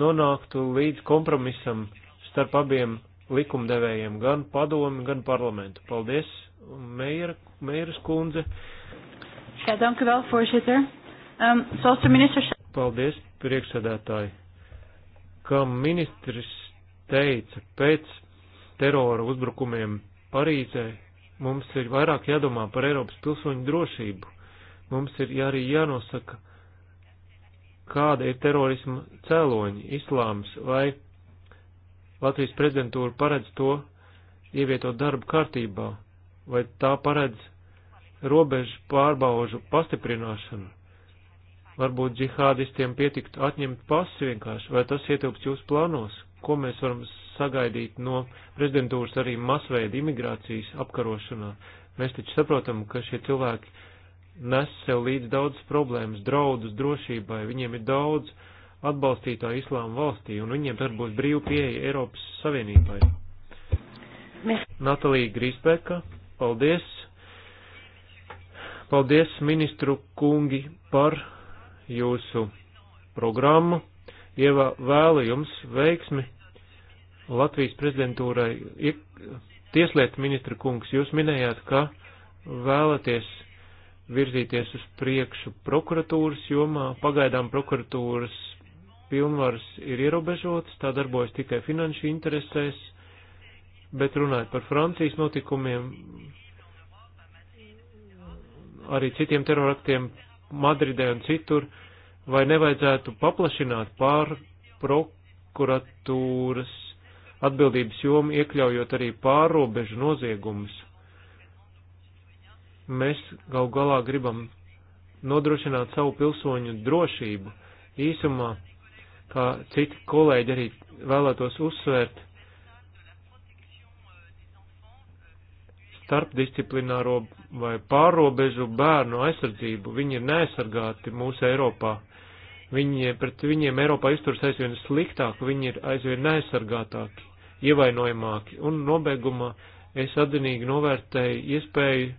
nonāktu līdz kompromisam starp abiem likumdevējiem, gan padomi, gan parlamentu. Paldies, Meira, Meiras kundze. Jā, danku vēl, foršiter. Um, ehm, ministrs. Paldies, priekšsēdētāji. Kā ministrs teica, pēc terora uzbrukumiem Parīzē Mums ir vairāk jādomā par Eiropas pilsoņu drošību. Mums ir arī jānosaka, kāda ir terorisma cēloņi, islāms vai Latvijas prezidentūra paredz to ievietot darbu kārtībā, vai tā paredz robežu pārbaužu pastiprināšanu. Varbūt džihādistiem pietiktu atņemt pasi vienkārši, vai tas ietilps jūsu plānos? ko mēs varam sagaidīt no prezidentūras arī masveida imigrācijas apkarošanā. Mēs taču saprotam, ka šie cilvēki nes sev līdz daudz problēmas, draudus drošībai, viņiem ir daudz atbalstītāju islāma valstī, un viņiem tad būs brīva pieeja Eiropas Savienībai. Mēs... Natalija Grīspēka, paldies! Paldies, ministru kungi, par jūsu programmu. Ieva vēlu jums veiksmi Latvijas prezidentūrai. Tieslietu ministra kungs, jūs minējāt, ka vēlaties virzīties uz priekšu prokuratūras jomā. Pagaidām prokuratūras pilnvaras ir ierobežotas, tā darbojas tikai finanšu interesēs, bet runājot par Francijas notikumiem, arī citiem teroraktiem Madridē un citur, uh, vai nevajadzētu paplašināt pār prokuratūras atbildības jomu, iekļaujot arī pārobežu noziegumus. Mēs gal galā gribam nodrošināt savu pilsoņu drošību. Īsumā, kā citi kolēģi arī vēlētos uzsvērt, starpdisciplināro vai pārobežu bērnu aizsardzību, viņi ir neaizsargāti mūsu Eiropā. Viņi, pret viņiem Eiropā izturas aizvien sliktāk, viņi ir aizvien neaizsargātāki, ievainojamāki. Un nobeigumā es atzinīgi novērtēju iespēju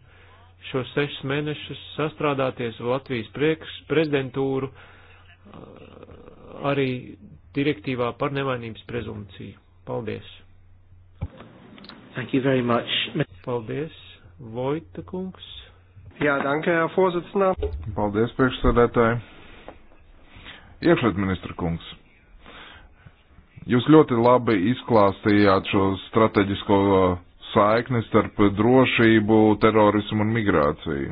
šos sešus mēnešus sastrādāties ar Latvijas priekš, prezidentūru arī direktīvā par nevainības prezumciju. Paldies! Thank you very much. Paldies, Vojta kungs. Jā, danke, Herr Vorsitzender. Paldies, priekšsēdētāji. Iekšliet ministra kungs, jūs ļoti labi izklāstījāt šo strateģisko uh, saikni starp drošību, terorismu un migrāciju.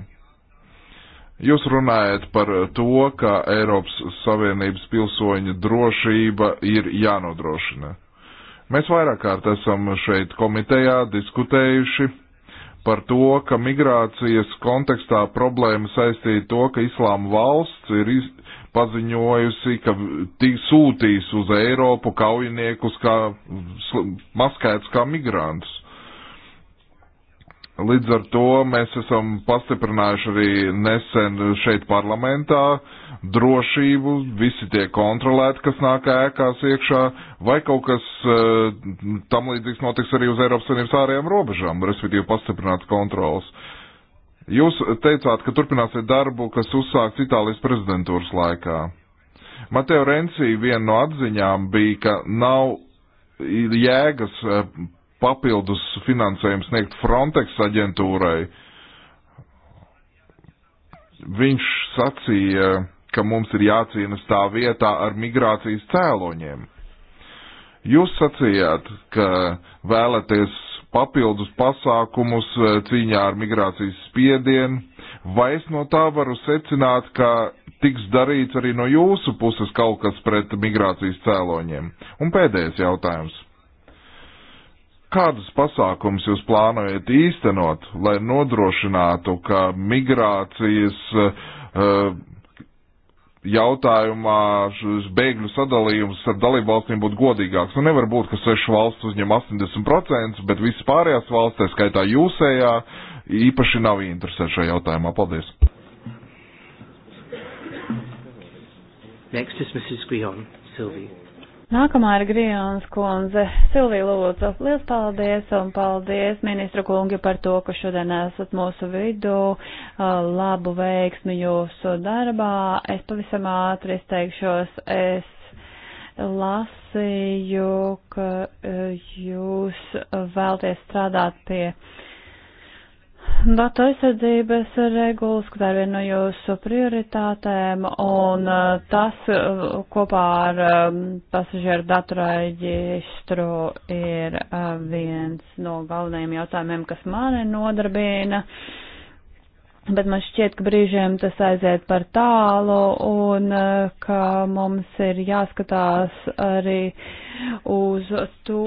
Jūs runājat par to, ka Eiropas Savienības pilsoņa drošība ir jānodrošina. Mēs vairāk kārt esam šeit komitejā diskutējuši par to, ka migrācijas kontekstā problēma saistīja to, ka Islāma valsts ir iz, paziņojusi, ka sūtīs uz Eiropu kaujiniekus kā maskēts kā migrantus. Līdz ar to mēs esam pastiprinājuši arī nesen šeit parlamentā drošību, visi tie kontrolēti, kas nāk ēkās iekšā, vai kaut kas eh, tam līdzīgs notiks arī uz Eiropas Savienības ārējām robežām, respektīvi pastiprināts kontrols. Uh, Jūs teicāt, ka turpināsiet darbu, kas uzsākts Itālijas prezidentūras laikā. Mateo Renci viena no atziņām bija, ka nav jēgas eh, papildus finansējumu sniegt Frontex aģentūrai. Viņš sacīja, ka mums ir jācīnas tā vietā ar migrācijas cēloņiem. Jūs sacījāt, ka vēlaties papildus pasākumus e, cīņā ar migrācijas spiedienu, vai es no tā varu secināt, ka tiks darīts arī no jūsu puses kaut kas pret migrācijas cēloņiem? Un pēdējais jautājums. Kādus pasākumus jūs plānojat īstenot, lai nodrošinātu, ka migrācijas uh, jautājumā bēgļu sadalījums ar dalībvalstīm būtu godīgāks. Nu, nevar būt, ka sešu valsts uzņem 80%, bet visas pārējās valsts, tā skaitā jūsējā, īpaši nav interesēta šajā jautājumā. Paldies! Next is Mrs. Guillaume, Sylvie. Nākamā ir Grijāns kundze. Silvija lūdzu, liels paldies un paldies ministra kungi par to, ka šodien esat mūsu vidū. Uh, labu veiksmi jūsu darbā. Es pavisam ātri izteikšos. Es lasīju, ka uh, jūs vēlties strādāt pie Data aizsardzības regulas, kas ir viena no jūsu prioritātēm, un uh, tas uh, kopā ar um, pasažieru datu reģistru ir uh, viens no galvenajiem jautājumiem, kas mani nodarbina. Bet man šķiet, ka brīžiem tas aiziet par tālu un ka mums ir jāskatās arī uz to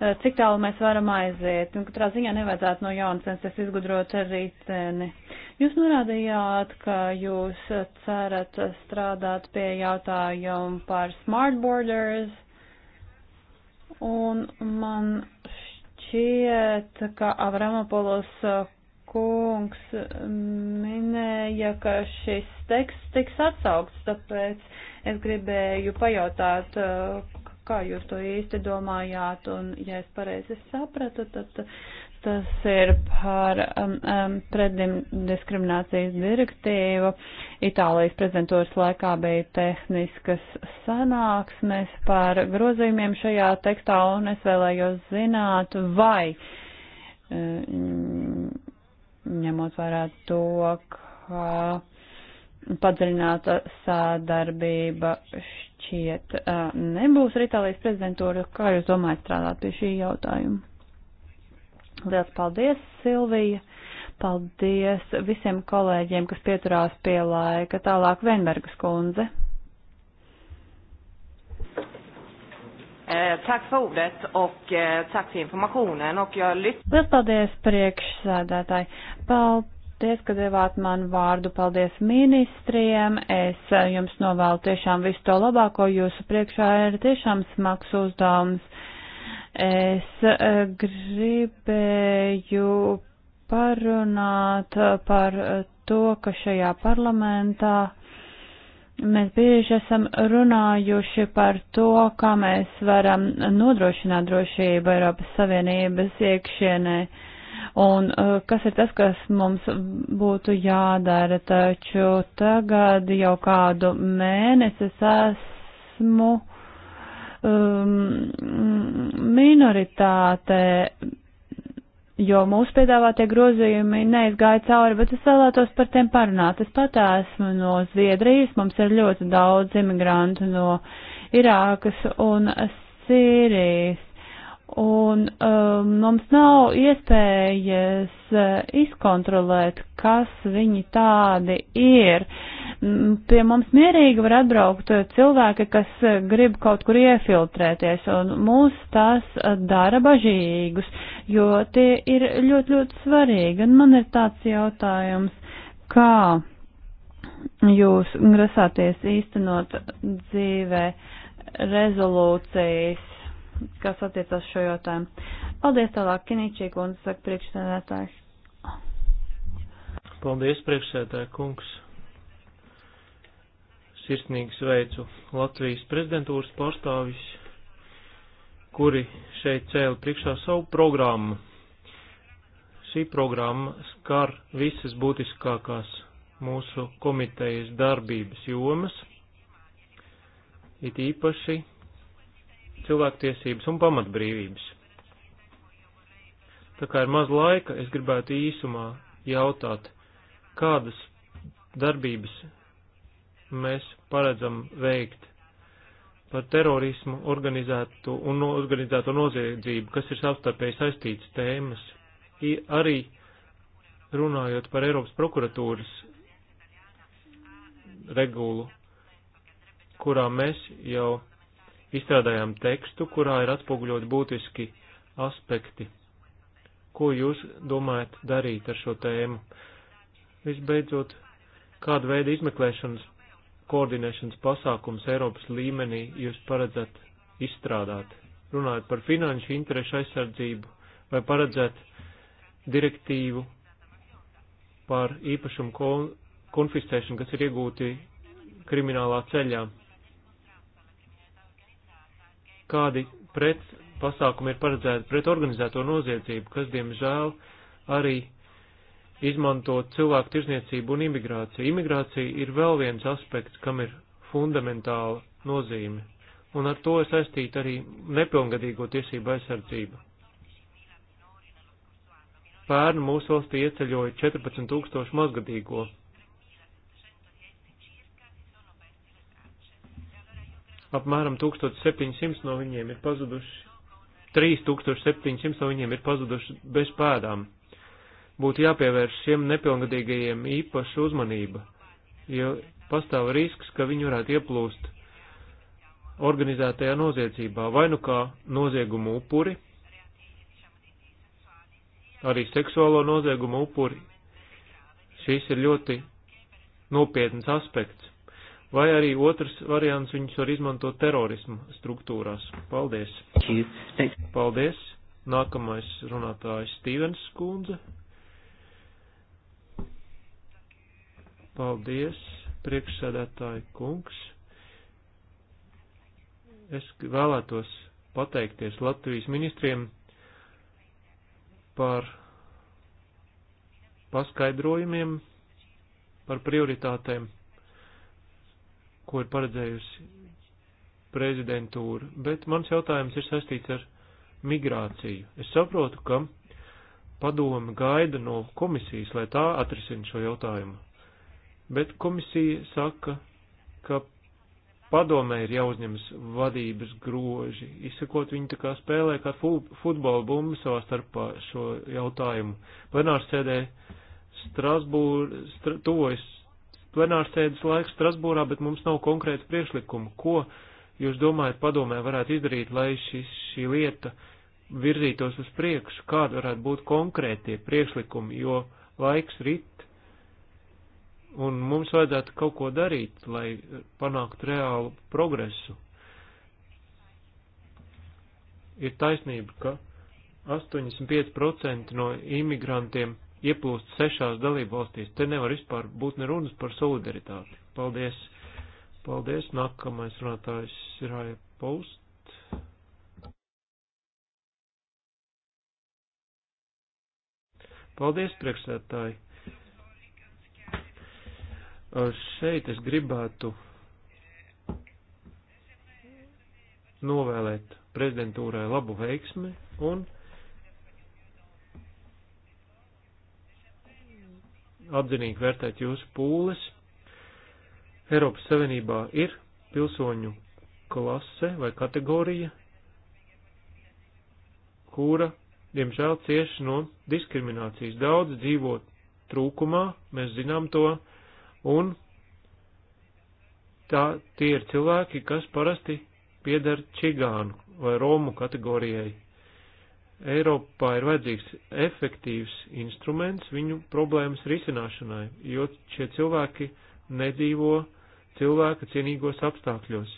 Eh, cik tālu mēs varam aiziet, un katrā ziņā nevajadzētu no jauna censties izgudrot rīteni. Jūs norādījāt, ka jūs cerat strādāt pie jautājumu par smart borders, un man šķiet, ka Avramopolos eh, kungs minēja, ka šis teksts tiks atsaukts, tāpēc es gribēju pajautāt, eh, kā jūs to īsti domājāt, un, ja es pareizi sapratu, tad tas ir par um, um, preddiskriminācijas direktīvu. Itālijas prezidentūras laikā bija tehniskas sanāksmes par grozījumiem šajā tekstā, un es vēlējos zināt, vai. Um, ņemot vērā to, ka padziļināta sādarbība šķiet nebūs ar Itālijas prezidentūru. Kā jūs domājat strādāt pie šī jautājuma? Liels paldies, Silvija! Paldies visiem kolēģiem, kas pieturās pie laika. Tālāk Venbergas kundze. Tack för ordet och tack för informationen och jag lyssnar. Liels paldies priekšsēdētāji. Paldies Paldies, ka devāt man vārdu. Paldies ministriem. Es eh, jums novēlu tiešām visu to labāko. Jūsu priekšā ir tiešām smags uzdevums. Es eh, gribēju parunāt eh, par to, ka šajā parlamentā mēs bieži esam runājuši par to, kā mēs varam nodrošināt drošību Eiropas Savienības iekšienē un uh, kas ir tas, kas mums būtu jādara. Taču tagad jau kādu mēnesi esmu um, minoritātē jo mūsu piedāvātie grozījumi neizgāja cauri, bet es vēlētos par tiem parunāt. Es pat esmu no Zviedrijas, mums ir ļoti daudz imigrantu no Irākas un Sīrijas. Un um, mums nav iespējas uh, izkontrolēt, kas viņi tādi ir. Pie mums mierīgi var atbraukt uh, cilvēki, kas uh, grib kaut kur iefiltrēties, un mūs tas uh, dara bažīgus, jo tie ir ļoti, ļoti svarīgi. Un man ir tāds jautājums, kā jūs grasāties īstenot dzīvē rezolūcijas kas attiecas šo jautājumu. Paldies tālāk, Kinīčī kundze, saka priekšsēdētājs. Paldies, priekšsēdētāja kungs. Sirsnīgi sveicu Latvijas prezidentūras pārstāvis, kuri šeit cēla priekšā savu programmu. Šī programma skar visas būtiskākās mūsu komitejas darbības jomas, it īpaši cilvēktiesības un pamatbrīvības. Tā kā ir maz laika, es gribētu īsumā jautāt, kādas darbības mēs paredzam veikt par terorismu, organizētu un organizēto noziedzību, kas ir savstarpēji saistīts tēmas, I, arī runājot par Eiropas prokuratūras regulu, kurā mēs jau izstrādājām tekstu, kurā ir atspoguļot būtiski aspekti. Ko jūs domājat darīt ar šo tēmu? Visbeidzot, kādu veidu izmeklēšanas koordinēšanas pasākums Eiropas līmenī jūs paredzat izstrādāt? Runājot par finanšu interešu aizsardzību vai paredzēt direktīvu par īpašumu konfiscēšanu, kas ir iegūti kriminālā ceļā kādi pret pasākumi ir paredzēti pret organizēto noziedzību, kas, diemžēl, arī izmanto cilvēku tirzniecību un imigrāciju. Imigrācija ir vēl viens aspekts, kam ir fundamentāla nozīme, un ar to saistīta arī nepilngadīgo tiesību aizsardzība. Pērn mūsu valstī ieceļoja 14 tūkstoši mazgadīgo apmēram 1700 no viņiem ir pazuduši, 3700 no viņiem ir pazuduši bez pēdām. Būtu jāpievērš šiem nepilngadīgajiem īpaša uzmanība, jo pastāv risks, ka viņi varētu ieplūst organizētajā noziedzībā, vai nu kā noziegumu upuri, arī seksuālo noziegumu upuri. Šis ir ļoti nopietns aspekts vai arī otrs variants viņus var izmantot terorismu struktūrās. Paldies! Paldies! Nākamais runātājs Stīvens Kundze. Paldies, priekšsēdētāji kungs. Es vēlētos pateikties Latvijas ministriem par paskaidrojumiem, par prioritātēm ko ir paredzējusi prezidentūra, bet mans jautājums ir saistīts ar migrāciju. Es saprotu, ka padome gaida no komisijas, lai tā atrisina šo jautājumu, bet komisija saka, ka padomē ir jāuzņemas vadības groži, izsakot viņi tā kā spēlē kā futbola bumbu savā starpā šo jautājumu. Plenārs sēdē Strasbūr, stra, tuvojas plenārsēdes laiks Strasbūrā, bet mums nav konkrēts priekšlikumu, ko jūs domājat padomē varētu izdarīt, lai šis, šī lieta virzītos uz priekšu, kāda varētu būt konkrētie priekšlikumi, jo laiks rit, un mums vajadzētu kaut ko darīt, lai panāktu reālu progresu. Ir taisnība, ka 85% no imigrantiem ieplūst sešās dalību valstīs. Te nevar vispār būt nerunas par solidaritāti. Paldies! Paldies! Nākamais runātājs ir Haja Post. Paldies, priekšsētāji! Šeit es gribētu novēlēt prezidentūrai labu veiksmi un atzinīgi vērtēt jūsu pūles. Eiropas Savienībā ir pilsoņu klase vai kategorija, kura, diemžēl, cieš no diskriminācijas. Daudz dzīvo trūkumā, mēs zinām to, un tā tie ir cilvēki, kas parasti piedara čigānu vai romu kategorijai. Eiropā ir vajadzīgs efektīvs instruments viņu problēmas risināšanai, jo šie cilvēki nedzīvo cilvēka cienīgos apstākļos.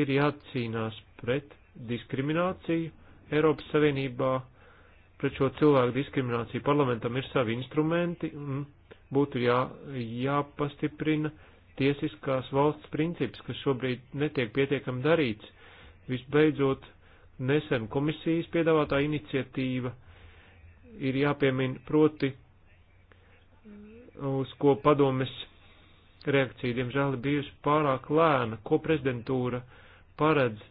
Ir jācīnās pret diskrimināciju Eiropas Savienībā, pret šo cilvēku diskrimināciju parlamentam ir savi instrumenti un būtu jā, jāpastiprina tiesiskās valsts princips, kas šobrīd netiek pietiekam darīts. Visbeidzot, nesen komisijas piedāvātā iniciatīva ir jāpiemina proti, uz ko padomes reakcija, diemžēl, bijusi pārāk lēna, ko prezidentūra paredz,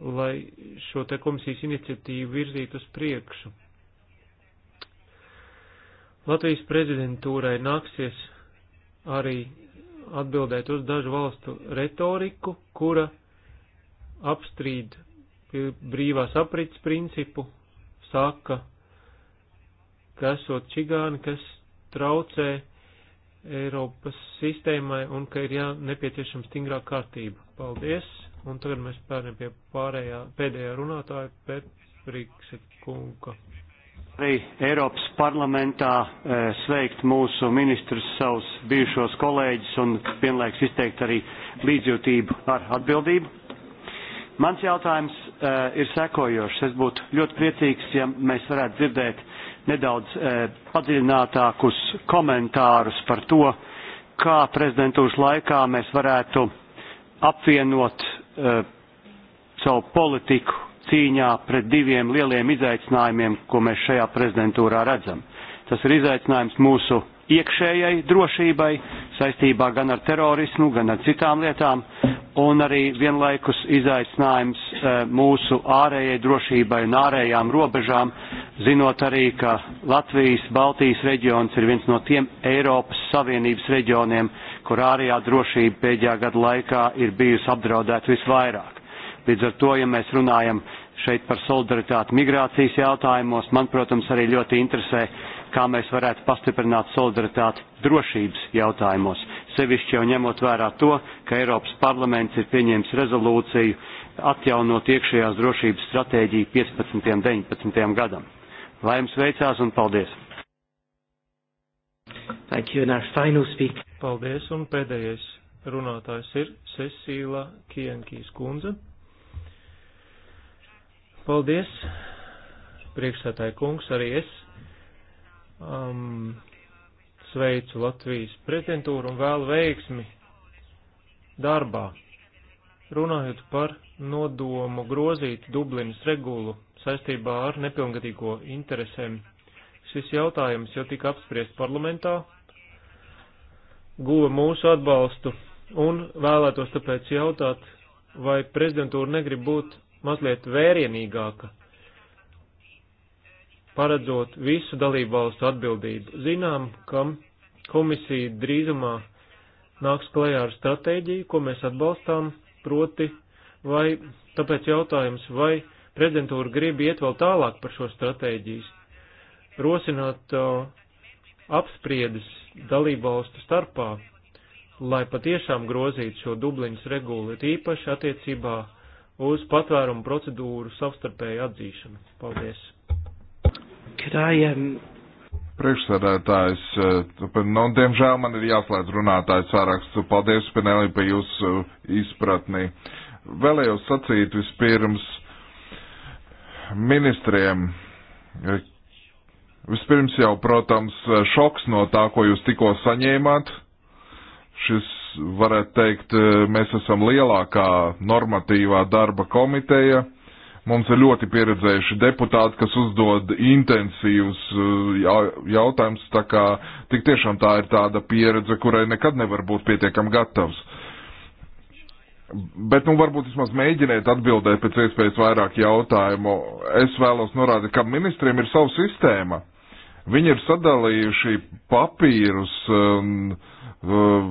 lai šo te komisijas iniciatīvu virzītu uz priekšu. Latvijas prezidentūrai nāksies arī atbildēt uz dažu valstu retoriku, kura apstrīd brīvās aprits principu, saka, ka esot čigāni, kas traucē Eiropas sistēmai un ka ir jā, nepieciešama stingrāk kārtība. Paldies! Un tagad mēs pārējām pie pārējā, pēdējā runātāja Petriksa kunga. Arī Eiropas parlamentā e, sveikt mūsu ministrus, savus bijušos kolēģus un vienlaiks izteikt arī līdzjūtību ar atbildību. Mans jautājums uh, ir sekojošas. Es būtu ļoti priecīgs, ja mēs varētu dzirdēt nedaudz uh, padziļinātākus komentārus par to, kā prezidentūras laikā mēs varētu apvienot uh, savu politiku cīņā pret diviem lieliem izaicinājumiem, ko mēs šajā prezidentūrā redzam. Tas ir izaicinājums mūsu iekšējai drošībai, saistībā gan ar terorismu, gan ar citām lietām, un arī vienlaikus izaicinājums eh, mūsu ārējai drošībai un ārējām robežām, zinot arī, ka Latvijas Baltijas reģions ir viens no tiem Eiropas Savienības reģioniem, kur ārējā drošība pēdējā gada laikā ir bijusi apdraudēta visvairāk. Līdz ar to, ja mēs runājam šeit par solidaritāti migrācijas jautājumos, man, protams, arī ļoti interesē, kā mēs varētu pastiprināt solidaritāti drošības jautājumos, sevišķi jau ņemot vērā to, ka Eiropas parlaments ir pieņēmis rezolūciju atjaunot iekšējās drošības stratēģiju 15. un 19. gadam. Lai jums veicās un paldies! Thank you, and our final speaker. Paldies, un pēdējais runātājs ir Cecīla Kienkīs kundze. Paldies, priekšsētāji kungs, arī es. Um, sveicu Latvijas prezidentūru un vēlu veiksmi darbā. Runājot par nodomu grozīt Dublinas regulu saistībā ar nepilngadīgo interesēm, šis jautājums jau tika apspriests parlamentā, guva mūsu atbalstu un vēlētos tāpēc jautāt, vai prezidentūra negrib būt mazliet vērienīgāka paredzot visu dalību valstu atbildību. Zinām, ka komisija drīzumā nāks klajā ar stratēģiju, ko mēs atbalstām, proti, vai tāpēc jautājums, vai prezidentūra grib iet vēl tālāk par šo stratēģijas, rosināt uh, apspriedes dalību valstu starpā, lai patiešām grozītu šo Dubliņas regulu, tīpaši attiecībā uz patvērumu procedūru savstarpēju atzīšanu. Paldies! Could I, um... Priekšsēdētājs, eh, nu, diemžēl man ir jāslēdz runātājs sāraksts. Paldies, Penelī, par jūsu izpratni. Vēlējos sacīt vispirms ministriem, Vispirms jau, protams, šoks no tā, ko jūs tikko saņēmāt. Šis, varētu teikt, eh, mēs esam lielākā normatīvā darba komiteja. Mums ir ļoti pieredzējuši deputāti, kas uzdod intensīvus uh, jautājumus, tā kā tik tiešām tā ir tāda pieredze, kurai nekad nevar būt pietiekam gatavs. Bet, nu, varbūt vismaz mēģiniet atbildēt pēc iespējas vairāk jautājumu. Es vēlos norādīt, ka ministriem ir sava sistēma. Viņi ir sadalījuši papīrus. Um, um,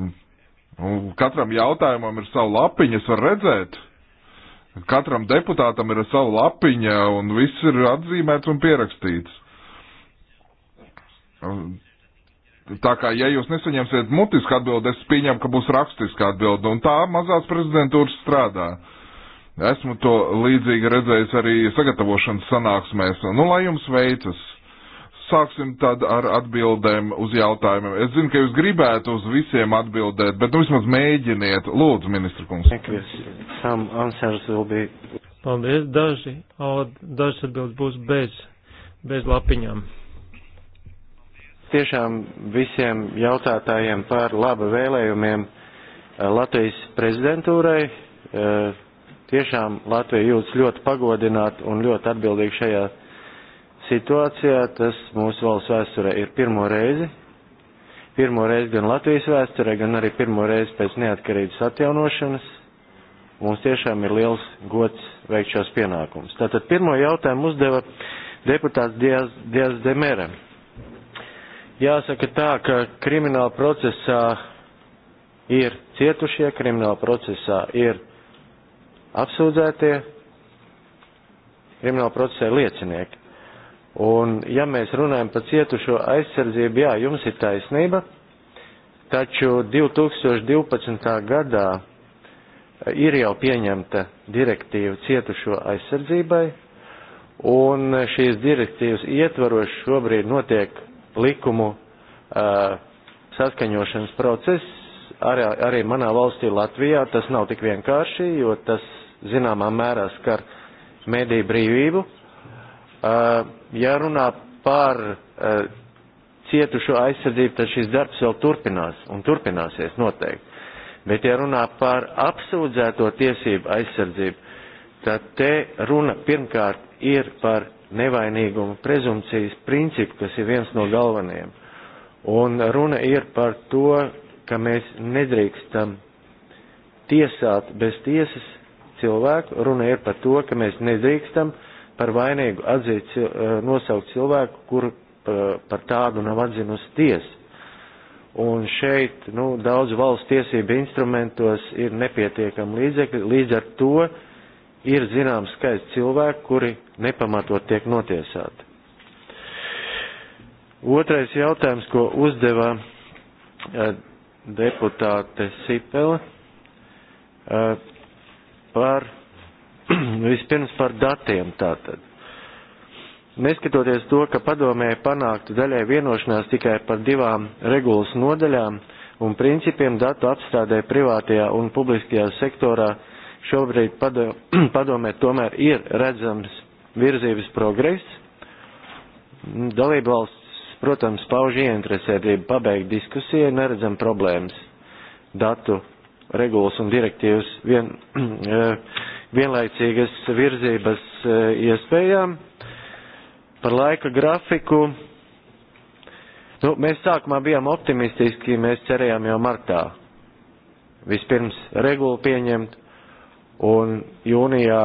Katram jautājumam ir sava lapiņa, es varu redzēt, uh, Katram deputātam ir sava lapiņa un viss ir atzīmēts un pierakstīts. Tā kā, ja jūs nesaņemsiet mutisku atbildi, es pieņemu, ka būs rakstiska atbildi, un tā mazās prezidentūras strādā. Esmu to līdzīgi redzējis arī sagatavošanas sanāksmēs. Nu, lai jums veicas! sāksim tad ar atbildēm uz jautājumiem. Es zinu, ka jūs gribētu uz visiem atbildēt, bet nu vismaz mēģiniet. Lūdzu, ministra kungs. Be... Paldies. Daži, daži atbildes būs bez, bez lapiņām. Tiešām visiem jautātājiem par laba vēlējumiem eh, Latvijas prezidentūrai. Eh, tiešām Latvija jūtas ļoti pagodināta un ļoti atbildīga šajā situācijā. Tas mūsu valsts vēsturē ir pirmo reizi. Pirmo reizi gan Latvijas vēsturē, gan arī pirmo reizi pēc neatkarības atjaunošanas. Mums tiešām ir liels gods veikt šos pienākumus. Tātad pirmo jautājumu uzdeva deputāts Dias, Dias Demera. Jāsaka tā, ka krimināla procesā ir cietušie, krimināla procesā ir apsūdzētie, krimināla procesā ir liecinieki. Un, ja mēs runājam par cietušo aizsardzību, jā, jums ir taisnība, taču 2012. gadā e, ir jau pieņemta direktīva cietušo aizsardzībai, un šīs direktīvas ietvaros šobrīd notiek likumu uh, saskaņošanas process. Arī, arī manā valstī Latvijā tas nav tik vienkārši, jo tas zināmā mērā skar mediju brīvību. Uh, ja runā par cietušo aizsardzību, tad šis darbs vēl turpinās un turpināsies noteikti. Bet ja runā par apsūdzēto tiesību aizsardzību, tad te runa pirmkārt ir par nevainīgumu prezumcijas principu, kas ir viens no galvenajiem. Un runa ir par to, ka mēs nedrīkstam tiesāt bez tiesas cilvēku, runa ir par to, ka mēs nedrīkstam par vainīgu atzīt, eh, nosaukt cilvēku, kur eh, par tādu nav atzinusi tiesa. Un šeit nu, daudz valsts tiesību instrumentos ir nepietiekami līdzekļi, līdz ar to ir zināms skaits cilvēku, kuri nepamatot tiek notiesāti. Otrais jautājums, ko uzdevā eh, deputāte Sipele par Vispirms par datiem tātad. Neskatoties to, ka padomē panākta daļai vienošanās tikai par divām regulas nodaļām un principiem datu apstrādē privātajā un publiskajā sektorā, šobrīd padomē tomēr ir redzams virzības progress. Dalībvalsts, protams, pauž ieinteresētību pabeigt diskusiju, neredzam problēmas datu regulas un direktīvas vien, eh, vienlaicīgas virzības eh, iespējām. Par laika grafiku. Nu, mēs sākumā bijām optimistiski, mēs cerējām jau martā vispirms regulu pieņemt un jūnijā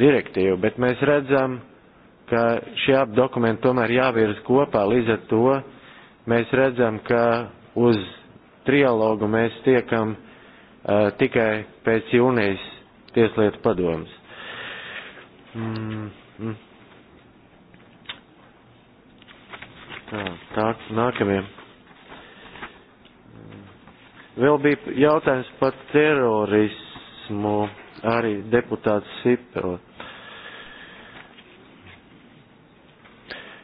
direktīvu, bet mēs redzam, ka šie ap dokumenti tomēr jāvirz kopā, līdz ar to mēs redzam, ka uz trialogu mēs tiekam uh, tikai pēc jūnijas tieslietu padomas. Mm -hmm. Tā, tā, nākamie. Vēl bija jautājums par terorismu, arī deputāts Sipela.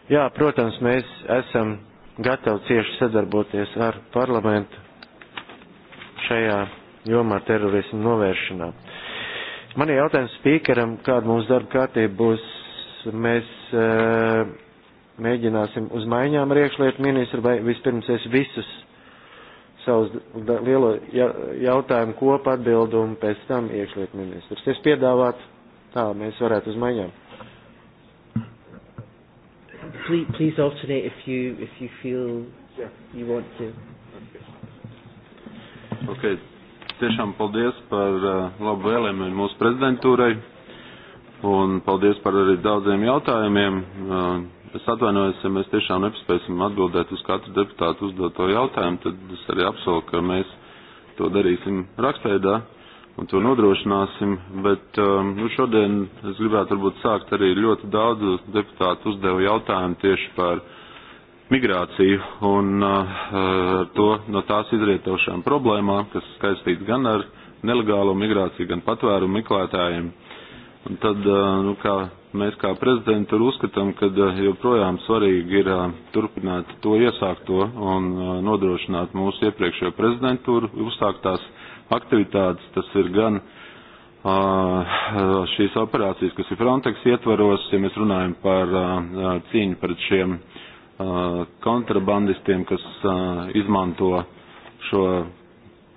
Jā, protams, mēs esam gatavi cieši sadarboties ar parlamentu šajā jomā terorismu novēršanā. Man ir jautājums spīkeram, kāda mūsu darba kārtība būs. Mēs uh, mēģināsim uz maiņām ar iekšlietu ministru, vai vispirms es visus savus lielo jautājumu kopu atbildu un pēc tam iekšlietu ministrs. Es piedāvātu, tā mēs varētu uz maiņām. Please, please alternate if you, if you feel yeah. you want to. Okay. okay tiešām paldies par eh, labu vēlējumu mūsu prezidentūrai un paldies par arī daudziem jautājumiem. Eh, es atvainojos, ja mēs tiešām nepaspēsim atbildēt uz katru deputātu uzdoto jautājumu, tad es arī apsolu, ka mēs to darīsim rakstveidā un to nodrošināsim, bet eh, nu, šodien es gribētu varbūt sākt arī ļoti daudz deputātu uzdevu jautājumu tieši par migrāciju un uh, to no tās izrietošām problēmām, kas saistīts gan ar nelegālo migrāciju, gan patvērumu meklētājiem. Un tad, uh, nu, kā mēs kā prezidenti tur uzskatām, ka uh, joprojām svarīgi ir uh, turpināt to iesākto un uh, nodrošināt mūsu iepriekšējo prezidentūru uzsāktās aktivitātes. Tas ir gan uh, šīs operācijas, kas ir Frontex ietvaros, ja mēs runājam par cīņu pret šiem kontrabandistiem, kas izmanto šo,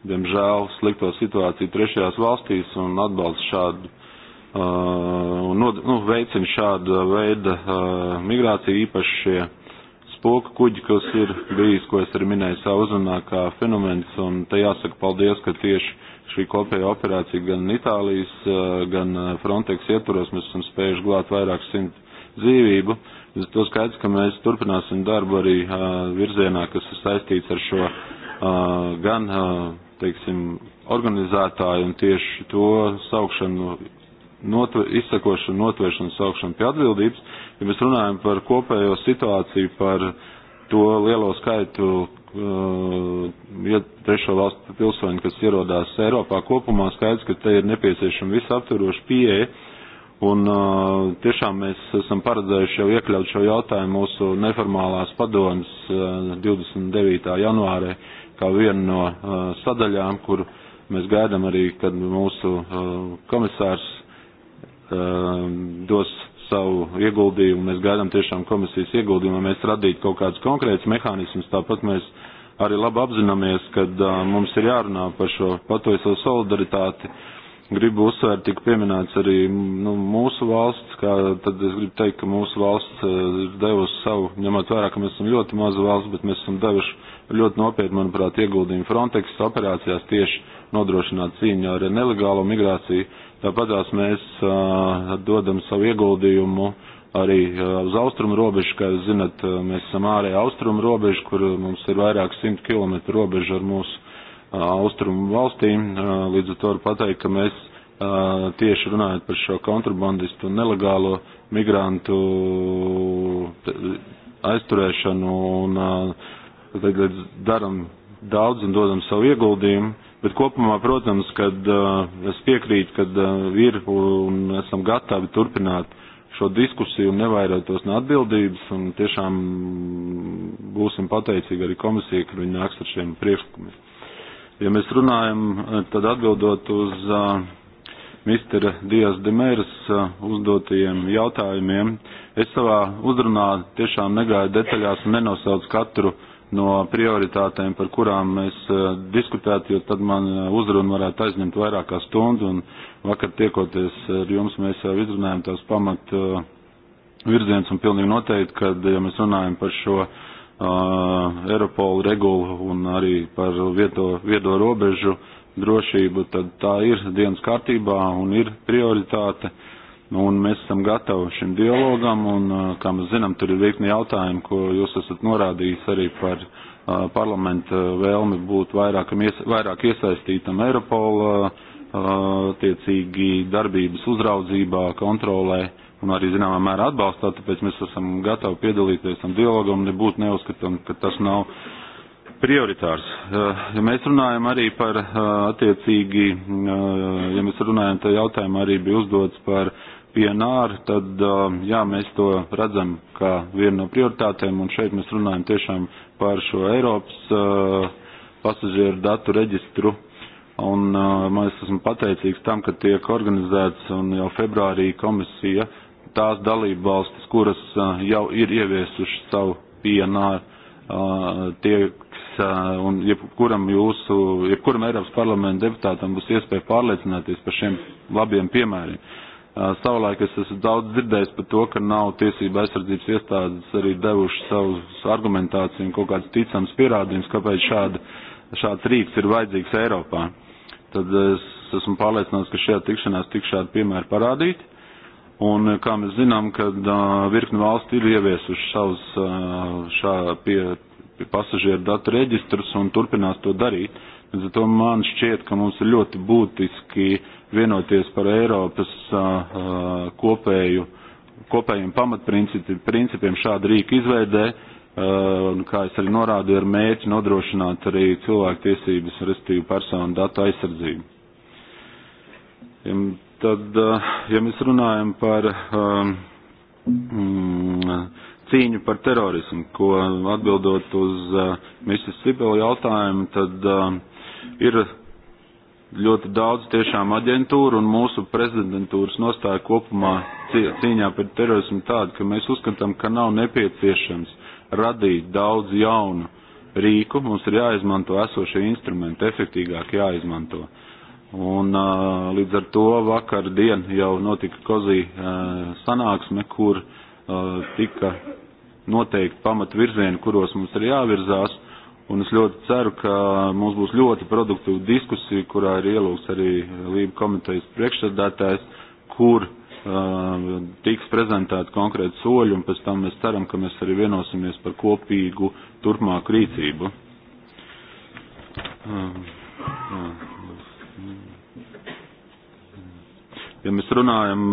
diemžēl, slikto situāciju trešajās valstīs un atbalsta šādu un nu, veicina šādu veidu migrāciju, īpaši šie spoku kuģi, kas ir bijis, ko es arī minēju savu uzrunā, kā fenomens, un te jāsaka paldies, ka tieši šī kopējā operācija gan Itālijas, gan Frontex ietvaros mēs esam spējuši glāt vairāk simt dzīvību. Uh, Uz to skaidrs, ka mēs turpināsim darbu arī uh, virzienā, kas ir saistīts ar šo uh, gan, uh, teiksim, organizētāju un tieši to saukšanu, notu, izsakošanu, notvēršanu, saukšanu pie atbildības. Ja mēs runājam par kopējo situāciju, par to lielo skaitu uh, trešo valstu pilsoņu, kas ierodās Eiropā kopumā, skaidrs, ka te ir nepieciešama visaptvaroša pieeja. Uh, Un uh, tiešām mēs esam paredzējuši jau iekļaut šo jautājumu mūsu neformālās padomas uh, 29. janvārē kā vienu no uh, sadaļām, kur mēs gaidām arī, kad mūsu uh, komisārs uh, dos savu ieguldījumu. Mēs gaidām tiešām komisijas ieguldījumu, lai mēs radītu kaut kādus konkrētus mehānismus. Tāpat mēs arī labi apzināmies, ka uh, mums ir jārunā par šo patvoiso solidaritāti gribu uzsvērt, tik pieminēts arī nu, mūsu valsts, kā tad es gribu teikt, ka mūsu valsts eh, ir devusi savu, ņemot vērā, ka mēs esam ļoti maza valsts, bet mēs esam devuši ļoti nopietni, manuprāt, ieguldījumu Frontex operācijās tieši nodrošināt cīņu ar nelegālo migrāciju. Tāpatās mēs uh, dodam savu ieguldījumu arī uh, uz austrumu robežu, kā jūs zinat, uh, mēs esam ārēja austrumu robežu, kur mums ir vairāk simt kilometru robežu ar mūsu austrumu valstīm. Līdz ar to var pateikt, ka mēs tieši runājot par šo kontrabandistu un nelegālo migrantu aizturēšanu un daram daudz un dodam savu ieguldījumu. Bet kopumā, protams, kad es piekrītu, kad ir un esam gatavi turpināt šo diskusiju un nevairētos no atbildības, un tiešām būsim pateicīgi arī komisijai, ka viņi nāks ar šiem priekšlikumiem. Ja mēs runājam, eh, tad atbildot uz uh, eh, Mr. Dijas Demēras uh, eh, uzdotajiem jautājumiem, es savā uzrunā tiešām negāju detaļās un nenosaucu katru no prioritātēm, par kurām mēs uh, diskutētu, jo tad man uzruna varētu aizņemt vairāk kā stundu, un vakar tiekoties ar jums mēs jau izrunājam tās pamat uh, virziens, un pilnīgi noteikti, kad, ja mēs runājam par šo uh, Eiropola regulu un arī par vieto, viedo robežu drošību, tad tā ir dienas kārtībā un ir prioritāte. Un mēs esam gatavi šim dialogam un, kā mēs zinām, tur ir virkni jautājumu, ko jūs esat norādījis arī par uh, parlamenta vēlmi būt vairāk, vairāk iesaistītam Eiropola uh, tiecīgi darbības uzraudzībā, kontrolē. Uh, un arī zināmā mērā atbalstāt, tāpēc mēs esam gatavi piedalīties tam dialogam un nebūtu neuzskatām, ka tas nav prioritārs. Eh, ja mēs runājam arī par eh, attiecīgi, eh, ja mēs runājam, tad jautājumu arī bija uzdots par pienāru, tad jā, mēs to redzam kā vienu no prioritātēm, un šeit mēs runājam tiešām par šo Eiropas pasažieru datu reģistru. Un uh, es esmu pateicīgs tam, ka tiek organizēts un jau februārī komisija uh, tās dalību valstis, kuras jau ir ieviesuši savu PNR, tieks, un jebkuram jūsu, jebkuram Eiropas parlamenta deputātam būs iespēja pārliecināties par šiem labiem piemēriem. Savulaik es esmu daudz dzirdējis par to, ka nav tiesība aizsardzības iestādes arī devuši savus argumentāciju un kaut kāds ticams pierādījums, kāpēc šāda, šāds rīks ir vajadzīgs Eiropā. Tad es esmu pārliecināts, ka šajā tikšanās tik šādi piemēri parādīti. Un, eh, kā mēs zinām, kad uh, virkni valsti ir ieviesuši savus uh, šā pie, pie pasažieru datu reģistrus un turpinās to darīt. Līdz ar to man šķiet, ka mums ir ļoti būtiski vienoties par Eiropas uh, kopēju, kopējiem pamatprincipiem šāda rīka izveidē, uh, un, kā es arī norādu, ir mērķi nodrošināt arī cilvēku tiesības, respektīvi personu datu aizsardzību. Ja Tad, ja mēs runājam par um, cīņu par terorismu, ko atbildot uz uh, Mrs. Sibela jautājumu, tad uh, ir ļoti daudz tiešām aģentūru un mūsu prezidentūras nostāja kopumā cīņā par terorismu tāda, ka mēs uzskatām, ka nav nepieciešams radīt daudz jaunu rīku, mums ir jāizmanto esošie instrumenti, efektīgāk jāizmanto. Uh, Un uh, līdz ar to vakar dien jau notika kozī uh, sanāksme, kur uh, tika noteikti pamatvirzieni, kuros mums ir jāvirzās. Un es ļoti ceru, ka mums būs ļoti produktīva diskusija, kurā ir ielūgs arī Lība komitejas priekšsēdētājs, kur uh, tiks prezentēti konkrēti soļi, un pēc tam mēs ceram, ka mēs arī vienosimies par kopīgu turpmāku rīcību. Uh, uh. Ja mēs runājam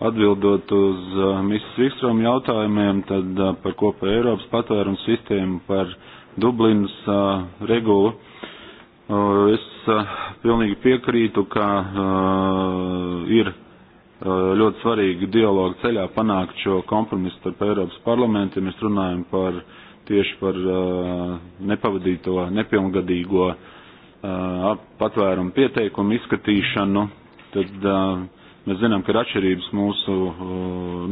atbildot uz Mrs. Vikstrom jautājumiem, tad par kopēju Eiropas patvērumu sistēmu, par Dublinas regulu, es pilnīgi piekrītu, ka ir ļoti svarīgi dialogu ceļā panākt šo kompromisu starp Eiropas parlamentu, ja mēs runājam par tieši par nepavadīto, nepilngadīgo patvērumu pieteikumu izskatīšanu tad mēs zinām, ka ir atšķirības mūsu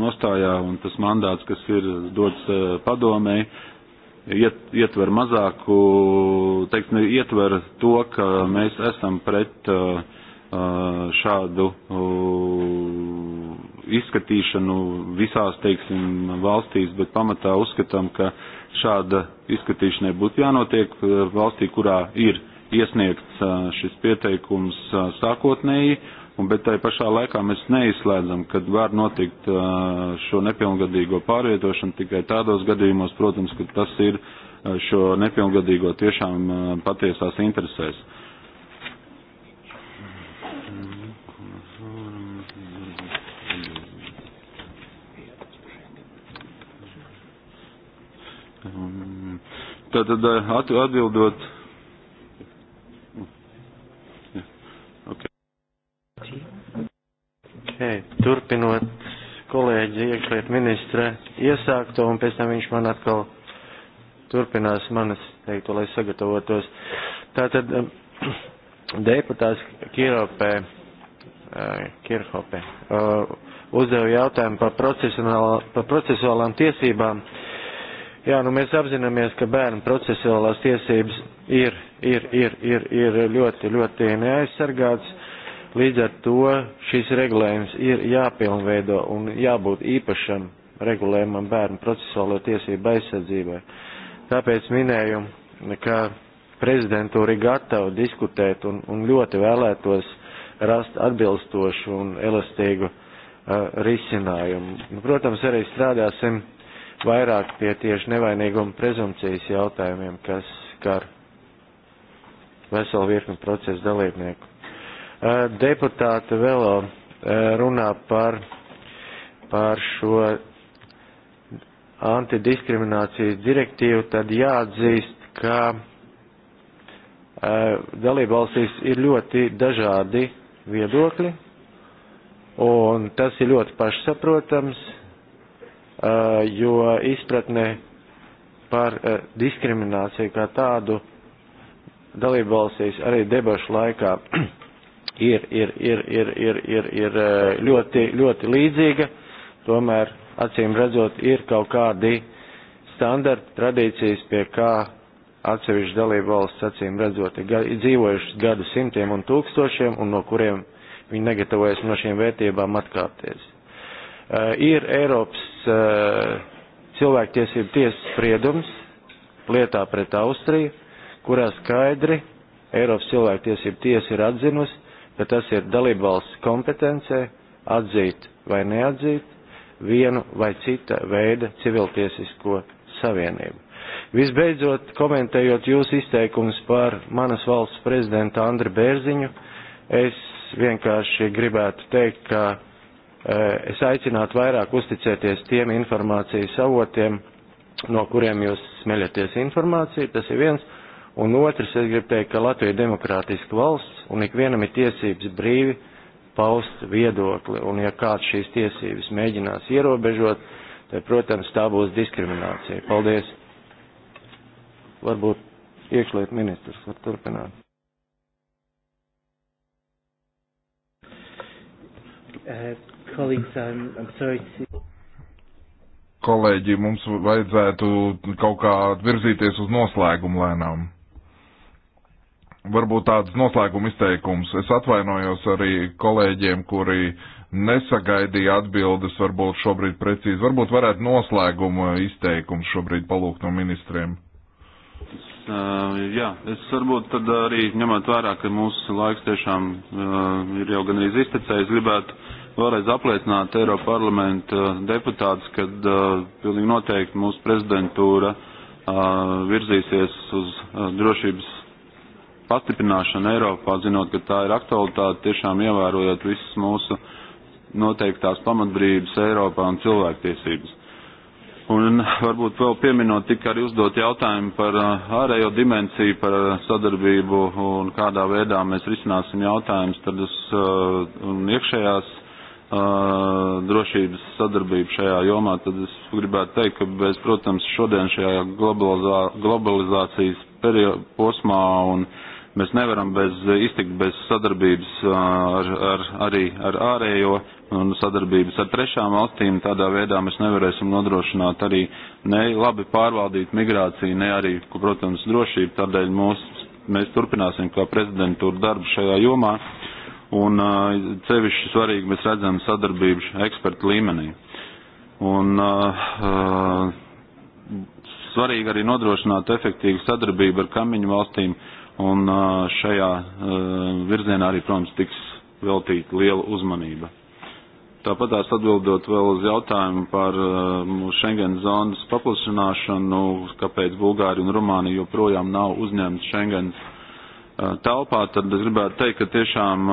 nostājā un tas mandāts, kas ir dots padomēji, iet, ietver mazāku, teiksim, ietver to, ka mēs esam pret šādu izskatīšanu visās, teiksim, valstīs, bet pamatā uzskatām, ka šāda izskatīšanai būtu jānotiek valstī, kurā ir iesniegts šis pieteikums sākotnēji Un, bet tai pašā laikā mēs neizslēdzam, ka var notikt uh, šo nepilngadīgo pārvietošanu tikai tādos gadījumos, protams, ka tas ir uh, šo nepilngadīgo tiešām uh, patiesās interesēs. Mm. Tātad atbildot Okay, turpinot kolēģi iekšlietu ministra iesākto, un pēc tam viņš man atkal turpinās manas teikto, lai sagatavotos. Tātad um, deputāts Kiropē, Kirhope, uzdeva jautājumu par, par procesuālām tiesībām. Jā, nu mēs apzināmies, ka bērnu procesuālās tiesības ir, ir, ir, ir, ir ļoti, ļoti neaizsargāts. Līdz ar to šis regulējums ir jāpilnveido un jābūt īpašam regulējumam bērnu procesuālo tiesību aizsardzībai. Tāpēc minēju, ka prezidentūra ir gatava diskutēt un, un ļoti vēlētos rast atbilstošu un elastīgu uh, risinājumu. Nu, protams, arī strādāsim vairāk pie tieši nevainīguma prezumcijas jautājumiem, kas skar veselu virkni procesu dalībnieku. Deputāta Velo runā par, par šo antidiskriminācijas direktīvu, tad jāatzīst, ka dalībvalstīs ir ļoti dažādi viedokļi, un tas ir ļoti pašsaprotams, jo izpratne par diskrimināciju kā tādu dalībvalstīs arī debašu laikā ir, ir, ir, ir, ir, ir, ir eh, ļoti, ļoti līdzīga, tomēr acīm redzot ir kaut kādi standarti, tradīcijas, pie kā atsevišķi dalību valsts acīm redzot ir dzīvojušas gadu simtiem un tūkstošiem, un no kuriem viņi negatavojas no šīm vērtībām atkāpties. Eh, ir Eiropas eh, cilvēktiesību tiesas spriedums lietā pret Austriju, kurā skaidri Eiropas cilvēktiesību tiesa ir atzinusi, ka tas ir dalībvalsts kompetencē atzīt vai neatzīt vienu vai cita veida civiltiesisko savienību. Visbeidzot, komentējot jūsu izteikumus par manas valsts prezidentu Andri Bērziņu, es vienkārši gribētu teikt, ka e, es aicinātu vairāk uzticēties tiem informācijas avotiem, no kuriem jūs smeļaties informāciju, tas ir viens, Un otrs, es gribu teikt, ka Latvija ir demokrātiska valsts, un ikvienam ir tiesības brīvi paust viedokli, un ja kāds šīs tiesības mēģinās ierobežot, tad, protams, tā būs diskriminācija. Paldies! Varbūt iekšliet ministrs var turpināt. Uh, colleagues, I'm, I'm sorry to kolēģi, mums vajadzētu kaut kā virzīties uz noslēgumu lēnām varbūt tāds noslēguma izteikums. Es atvainojos arī kolēģiem, kuri nesagaidīja atbildes, varbūt šobrīd precīzi. Varbūt varētu noslēguma izteikums šobrīd palūgt no ministriem. Uh, jā, es varbūt tad arī ņemot vērā, ka mūsu laiks tiešām uh, ir jau gan arī iztecējis, gribētu vēlreiz apliecināt Eiropa parlamenta deputātus, ka uh, pilnīgi noteikti mūsu prezidentūra uh, virzīsies uz uh, drošības pastiprināšana Eiropā, zinot, ka tā ir aktualitāte, tiešām ievērojot visas mūsu noteiktās pamatbrības Eiropā un cilvēktiesības. Un varbūt vēl pieminot tika arī uzdot jautājumu par uh, ārējo dimensiju, par uh, sadarbību un kādā veidā mēs risināsim jautājumus, tad es uh, un iekšējās drošības sadarbību šajā jomā, tad es gribētu teikt, ka mēs, protams, šodien šajā globalizā, globalizācijas posmā un uh, Mēs nevaram bez, iztikt bez sadarbības uh, ar, ar, arī ar ārējo un sadarbības ar trešām valstīm. Tādā veidā mēs nevarēsim nodrošināt arī ne labi pārvaldīt migrāciju, ne arī, protams, drošību. Tādēļ mūs, mēs turpināsim kā prezidentūra darbu šajā jomā un cevišķi uh, svarīgi mēs redzam sadarbību ekspertu līmenī. Un, uh, uh, svarīgi arī nodrošināt efektīvu sadarbību ar kamiņu valstīm, Un šajā virzienā arī, protams, tiks veltīta liela uzmanība. Tāpat tās atbildot vēl uz jautājumu par mūsu Schengen zonas paplašināšanu, kāpēc Bulgārija un Rumānija joprojām nav uzņemts Schengens telpā, tad es gribētu teikt, ka tiešām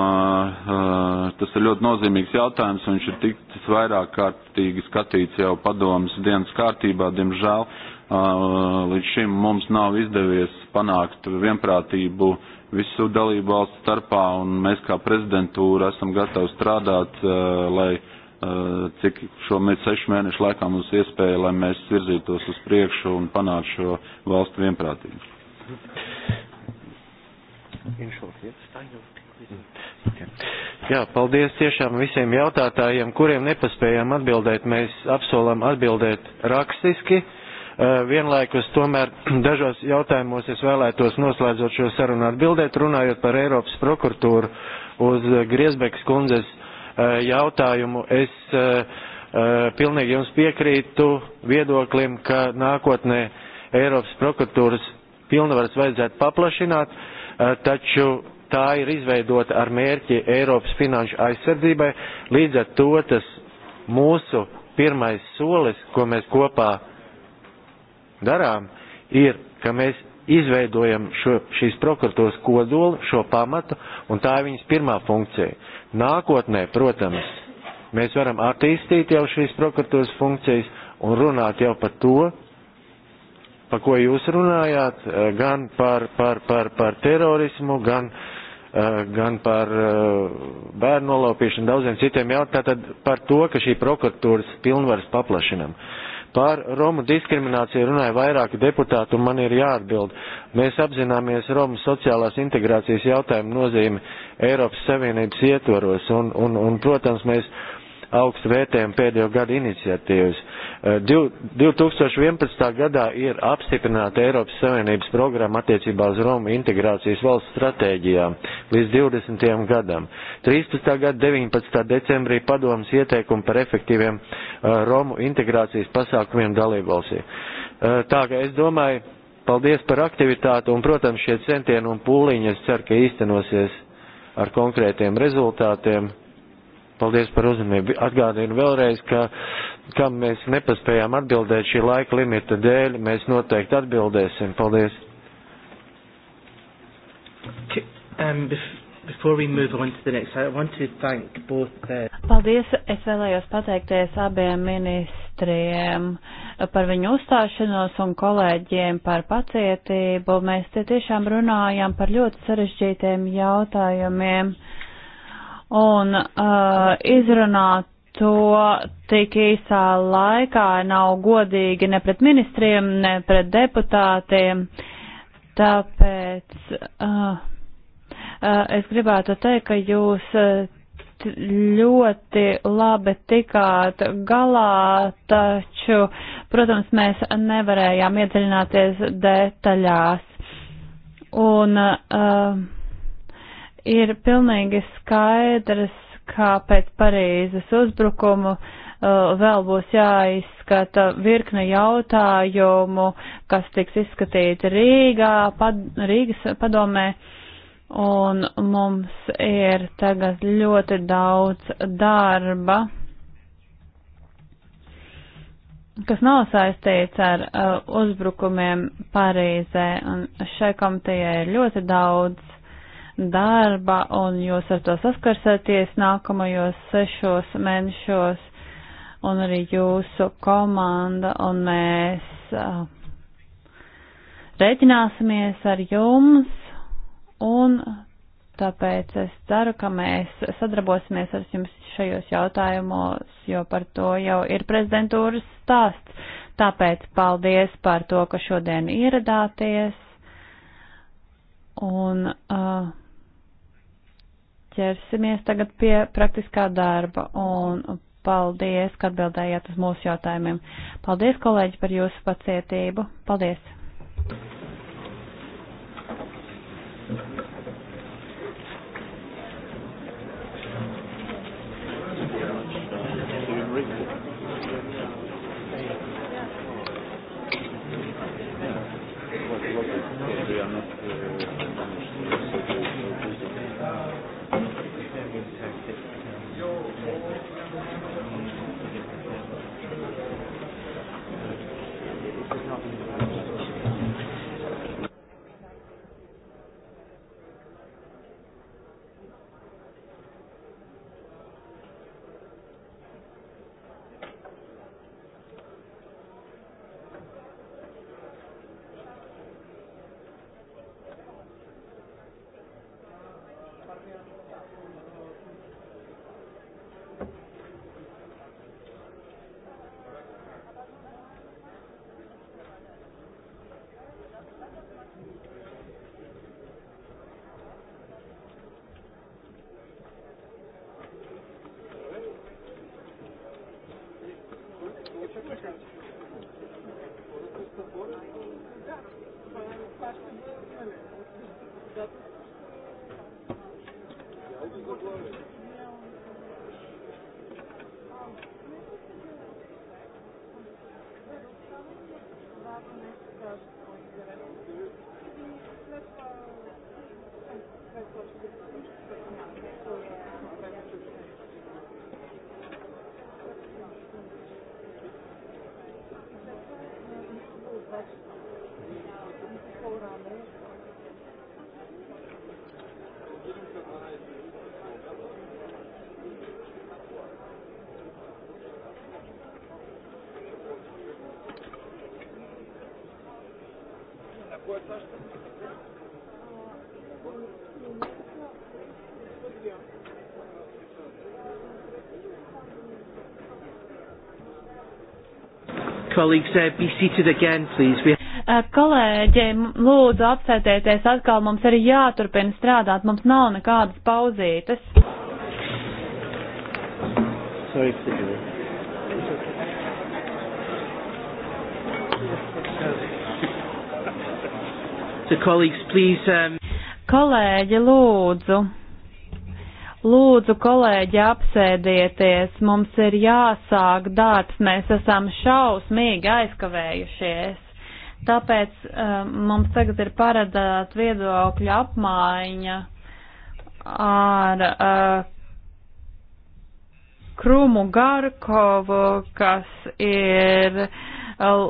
tas ir ļoti nozīmīgs jautājums, un viņš ir tikts vairāk kārtīgi skatīts jau padomas dienas kārtībā, diemžēl Līdz šim mums nav izdevies panākt vienprātību visu dalību valstu starpā, un mēs kā prezidentūra esam gatavi strādāt, lai cik šo mēs sešu mēnešu laikā mums iespēja, lai mēs virzītos uz priekšu un panāktu šo valstu vienprātību. Jā, paldies tiešām visiem jautātājiem, kuriem nepaspējām atbildēt. Mēs apsolam atbildēt rakstiski. Eh, vienlaikus tomēr dažos jautājumos es vēlētos noslēdzot šo sarunu atbildēt, runājot par Eiropas prokuratūru uz Griezbekas kundzes eh, jautājumu. Es eh, pilnīgi jums piekrītu viedoklim, ka nākotnē Eiropas prokuratūras pilnvaras vajadzētu paplašināt, taču tā ir izveidota ar mērķi Eiropas finanšu aizsardzībai. Līdz ar to tas mūsu pirmais solis, ko mēs kopā darām, ir, ka mēs izveidojam šo, šīs prokuratūras kodolu, šo pamatu, un tā ir viņas pirmā funkcija. Nākotnē, protams, mēs varam attīstīt jau šīs prokuratūras funkcijas un runāt jau par to, par ko jūs runājāt, eh, gan par, par, par, par terorismu, gan, eh, gan par eh, bērnu nolaupīšanu, daudziem citiem jautājumiem, tātad par to, ka šī prokuratūras pilnvaras paplašinam. Uh, Par Romu diskrimināciju runāja vairāki deputāti, un man ir jāatbild. Mēs apzināmies Romu sociālās integrācijas jautājumu nozīmi Eiropas Savienības ietvaros, un, un, un protams, mēs augstu vērtējumu pēdējo gadu iniciatīvas. 2011. Eh, gadā ir apstiprināta Eiropas Savienības programma attiecībā uz Romu integrācijas valsts stratēģijām līdz 20. gadam. 13. gada 19. decembrī padomas ieteikumu par efektīviem eh, Romu integrācijas pasākumiem dalībvalstī. Eh, tā ka es domāju, paldies par aktivitātu un, protams, šie centieni un pūliņi es ceru, ka īstenosies ar konkrētiem rezultātiem Paldies par uzmanību. Atgādinu vēlreiz, ka kam mēs nepaspējām atbildēt šī laika limita dēļ, mēs noteikti atbildēsim. Paldies. Um, before we move on to the next, I want to thank both. The... Uh, Paldies, es vēlējos pateikties abiem ministriem par viņu uzstāšanos un kolēģiem par pacietību. Mēs te tiešām runājam par ļoti sarežģītiem jautājumiem. Uh, un uh, izrunāt to tik īsā laikā nav godīgi ne pret ministriem, ne pret deputātiem. Tāpēc uh, uh, es gribētu teikt, ka jūs uh, ļoti labi tikāt galā, taču, protams, mēs nevarējām iedziļināties detaļās. Un, uh, Ir pilnīgi skaidrs, kā pēc Parīzes uzbrukumu uh, vēl būs jāizskata virkne jautājumu, kas tiks izskatīti Rīgā, pad, Rīgas padomē. Un mums ir tagad ļoti daudz darba, kas nav saistīts ar uh, uzbrukumiem Parīzē, un šai komitejai ir ļoti daudz darba, un jūs ar to saskarsēties nākamajos sešos mēnešos, un arī jūsu komanda, un mēs uh, rēķināsimies ar jums, un tāpēc es ceru, ka mēs sadarbosimies ar jums šajos jautājumos, jo par to jau ir prezidentūras stāsts. Tāpēc paldies par to, ka šodien ieradāties. Un, uh, ķersimies tagad pie praktiskā darba un paldies, ka atbildējāt uz mūsu jautājumiem. Paldies, kolēģi, par jūsu pacietību. Paldies! Colleagues, uh, be seated again, please. We... Uh, kolēģi, lūdzu apsētieties atkal, mums ir jāturpina strādāt, mums nav nekādas pauzītes. Sorry, okay. so, colleagues, please, um... Kolēģi, lūdzu. Lūdzu, kolēģi, apsēdieties, mums ir jāsāk darbs, mēs esam šausmīgi aizkavējušies. Tāpēc um, mums tagad ir paredzēta viedokļa apmaiņa ar uh, Krumu Garkovu, kas ir uh,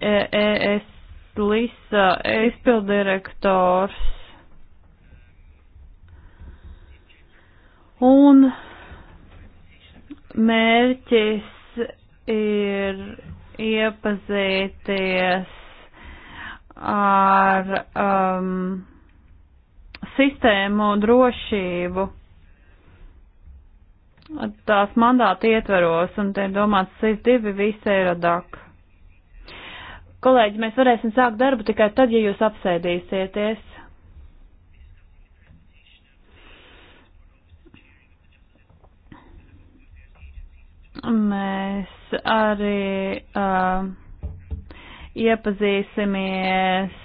ES e Lisa izpildirektors e Un mērķis ir iepazīties ar um, sistēmu drošību tās mandāta ietveros, un te ir domāts SIS divi visi eirodak. Kolēģi, mēs varēsim sākt darbu tikai tad, ja jūs apsēdīsieties. Mēs arī uh, iepazīsimies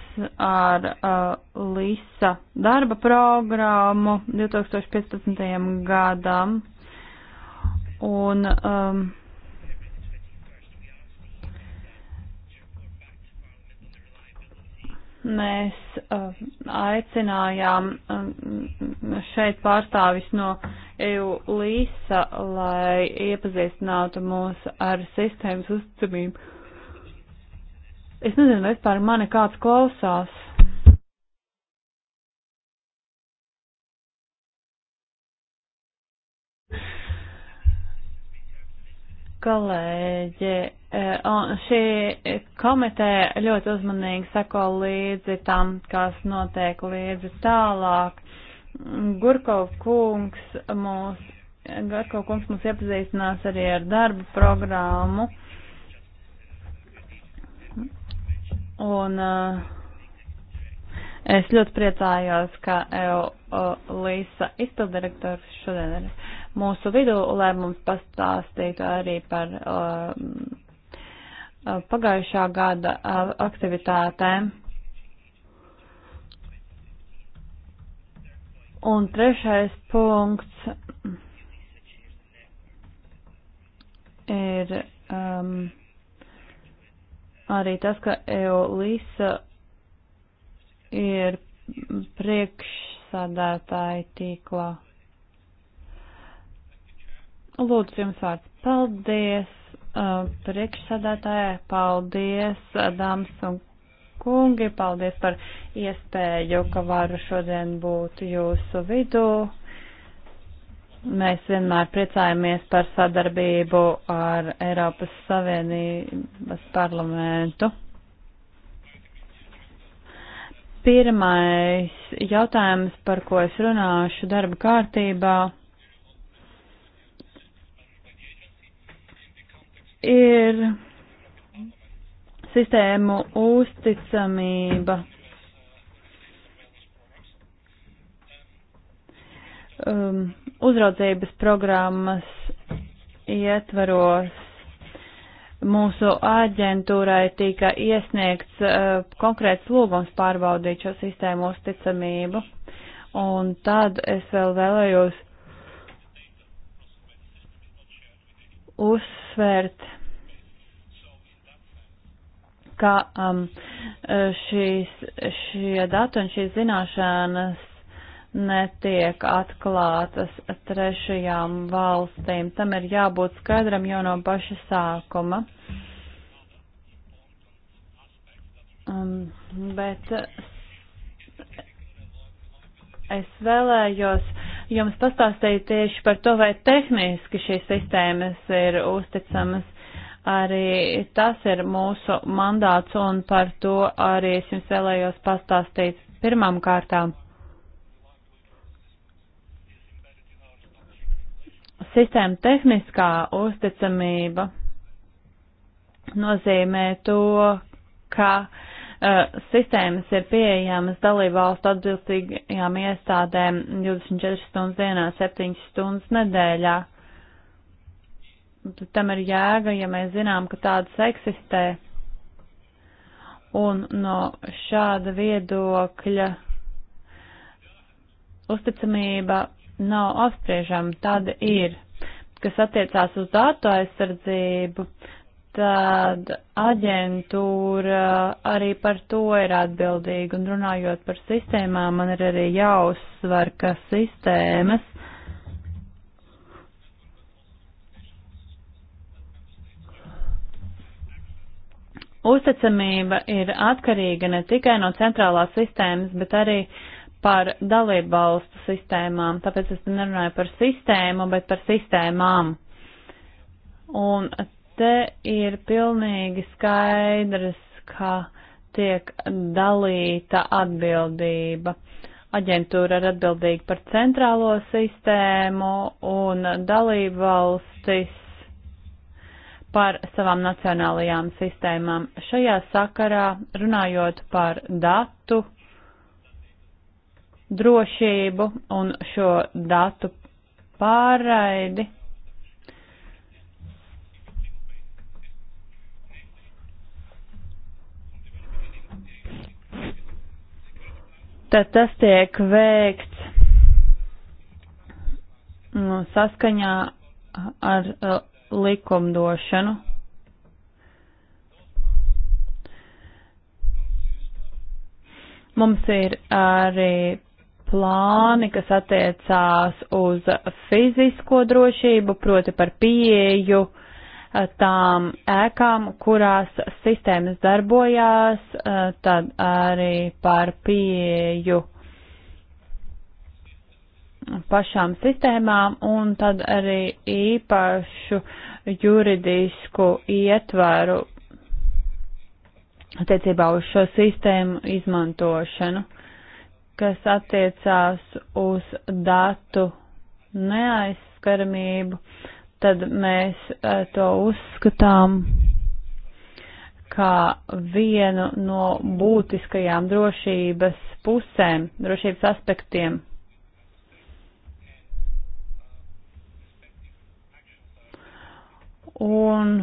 ar uh, Lisa darba programmu 2015. gadam. Un, um, Mēs uh, aicinājām uh, šeit pārstāvis no EU Līsa, lai iepazīstinātu mūs ar sistēmas uzticamību. Es nezinu, vispār mani kāds klausās. kolēģi, e, šī komiteja ļoti uzmanīgi sako līdzi tam, kas notiek līdzi tālāk. Gurkov kungs mūs, Gurkov kungs mūs iepazīstinās arī ar darbu programmu. Un e, es ļoti priecājos, ka Elisa izpildirektors šodien ir mūsu vidū, lai mums pastāstītu arī par uh, pagājušā gada uh, aktivitātēm. Un trešais punkts ir um, arī tas, ka Eolisa ir priekšsādātāja tīklā. Lūdzu, jums vārds. Paldies uh, priekšsādātājai, paldies, uh, dāmas un kungi, paldies par iespēju, ka varu šodien būt jūsu vidū. Mēs vienmēr priecājamies par sadarbību ar Eiropas Savienības parlamentu. Pirmais jautājums, par ko es runāšu darba kārtībā ir sistēmu uzticamība. Um, uzraudzības programmas ietvaros mūsu aģentūrai tika iesniegts uh, konkrēts lūgums pārbaudīt šo sistēmu uzticamību. Un tad es vēl vēlējos uzsvērt, ka um, šīs, šie dati un šīs zināšanas netiek atklātas trešajām valstīm. Tam ir jābūt skaidram jau no paša sākuma. Um, bet es vēlējos jums pastāstīja tieši par to, vai tehniski šīs sistēmas ir uzticamas. Arī tas ir mūsu mandāts un par to arī es jums vēlējos pastāstīt pirmām kārtām. Sistēma tehniskā uzticamība nozīmē to, ka uh, uh, sistēmas ir pieejamas dalību valstu atbilstīgajām iestādēm 24 stundas dienā, 7 stundas nedēļā. Tad tam ir jēga, ja mēs zinām, ka tādas eksistē. Un no šāda viedokļa uzticamība nav apspriežama, tāda ir. Kas attiecās uz datu aizsardzību, tad aģentūra arī par to ir atbildīga. Un runājot par sistēmām, man ir arī jāuzsver, ka sistēmas uzticamība ir atkarīga ne tikai no centrālās sistēmas, bet arī par dalību valstu sistēmām. Tāpēc es nerunāju par sistēmu, bet par sistēmām. Un Te ir pilnīgi skaidrs, ka tiek dalīta atbildība. Aģentūra ir atbildīga par centrālo sistēmu un dalību valstis par savām nacionālajām sistēmām. Šajā sakarā runājot par datu drošību un šo datu pārraidi tad tas tiek veikts nu, saskaņā ar uh, likumdošanu. Mums ir arī plāni, kas attiecās uz fizisko drošību, proti par pieeju uh, tām ēkām, kurās sistēmas darbojās, eh, tad arī par pieju pašām sistēmām un tad arī īpašu juridisku ietvaru attiecībā uz šo sistēmu izmantošanu, kas attiecās uz datu neaizskaramību tad mēs e, to uzskatām kā vienu no būtiskajām drošības pusēm, drošības aspektiem. Un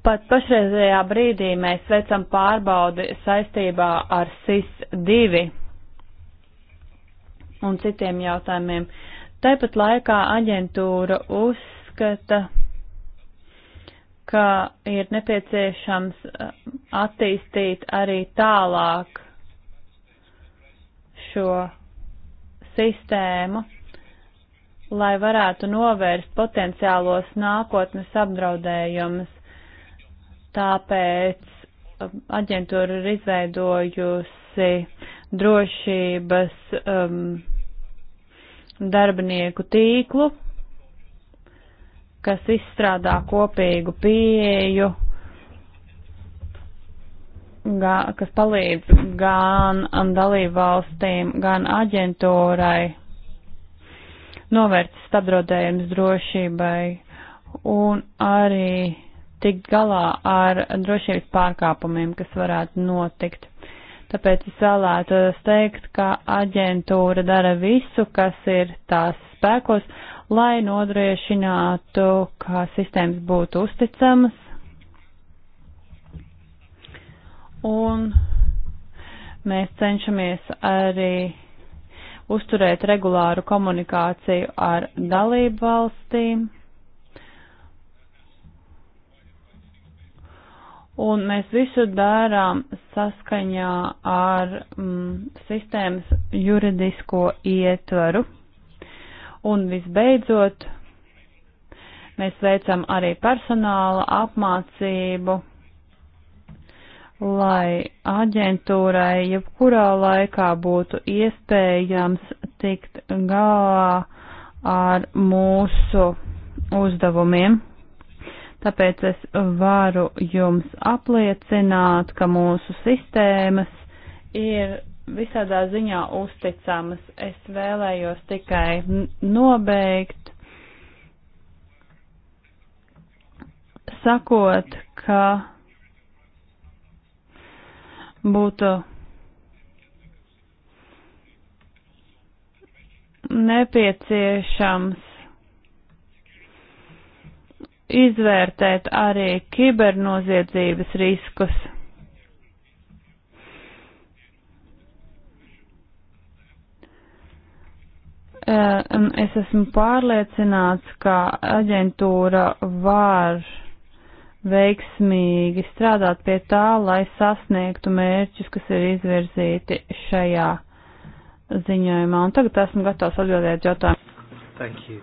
Pat pašreizējā brīdī mēs veicam pārbaudi saistībā ar SIS-2 un citiem jautājumiem. Tāpat laikā aģentūra uzskata, ka ir nepieciešams eh, attīstīt arī tālāk šo sistēmu, lai varētu novērst potenciālos nākotnes apdraudējumus Tāpēc um, aģentūra ir izveidojusi drošības um, darbinieku tīklu, kas izstrādā kopīgu pieeju, gā, kas palīdz gan dalībvalstīm, gan aģentūrai novērst apdraudējumus drošībai un arī tikt galā ar drošības pārkāpumiem, kas varētu notikt. Tāpēc es vēlētos teikt, ka aģentūra dara visu, kas ir tās spēkos, lai nodriešinātu, ka sistēmas būtu uzticamas. Un mēs cenšamies arī uzturēt regulāru komunikāciju ar dalību valstīm un mēs visu darām saskaņā ar mm, sistēmas juridisko ietvaru. Un visbeidzot, mēs veicam arī personāla apmācību, lai aģentūrai jebkurā laikā būtu iespējams tikt galā ar mūsu uzdevumiem tāpēc es varu jums apliecināt, ka mūsu sistēmas ir visādā ziņā uzticamas. Es vēlējos tikai nobeigt, sakot, ka būtu nepieciešams izvērtēt arī kibernoziedzības riskus. Es esmu pārliecināts, ka aģentūra var veiksmīgi strādāt pie tā, lai sasniegtu mērķus, kas ir izvirzīti šajā ziņojumā. Un tagad esmu gatavs atbildēt jautājumu. Thank you.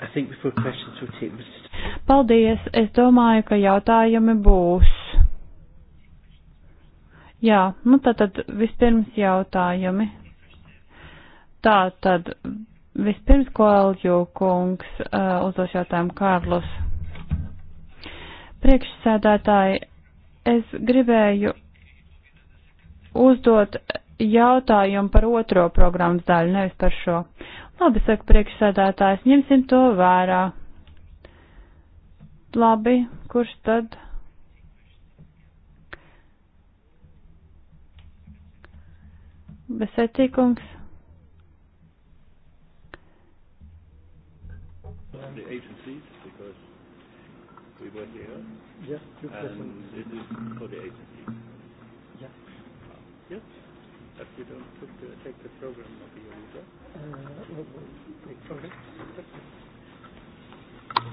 I think before questions we'll take Mr. Paldies, es domāju, ka jautājumi būs. Jā, nu tātad vispirms jautājumi. Tātad vispirms Koelju kungs uh, uzdos jautājumu Kārlus. Priekšsēdētāji, es gribēju uzdot jautājumu par otro programmas daļu, nevis par šo. Labi, saka priekšsēdētājs, ņemsim to vērā. Labi, kurš tad? Besētīkums. The agencies, because we were here. Yeah, two questions. It is for the agencies. Yeah. Yes. But you don't took the, take the program of the user. Uh, well, the program.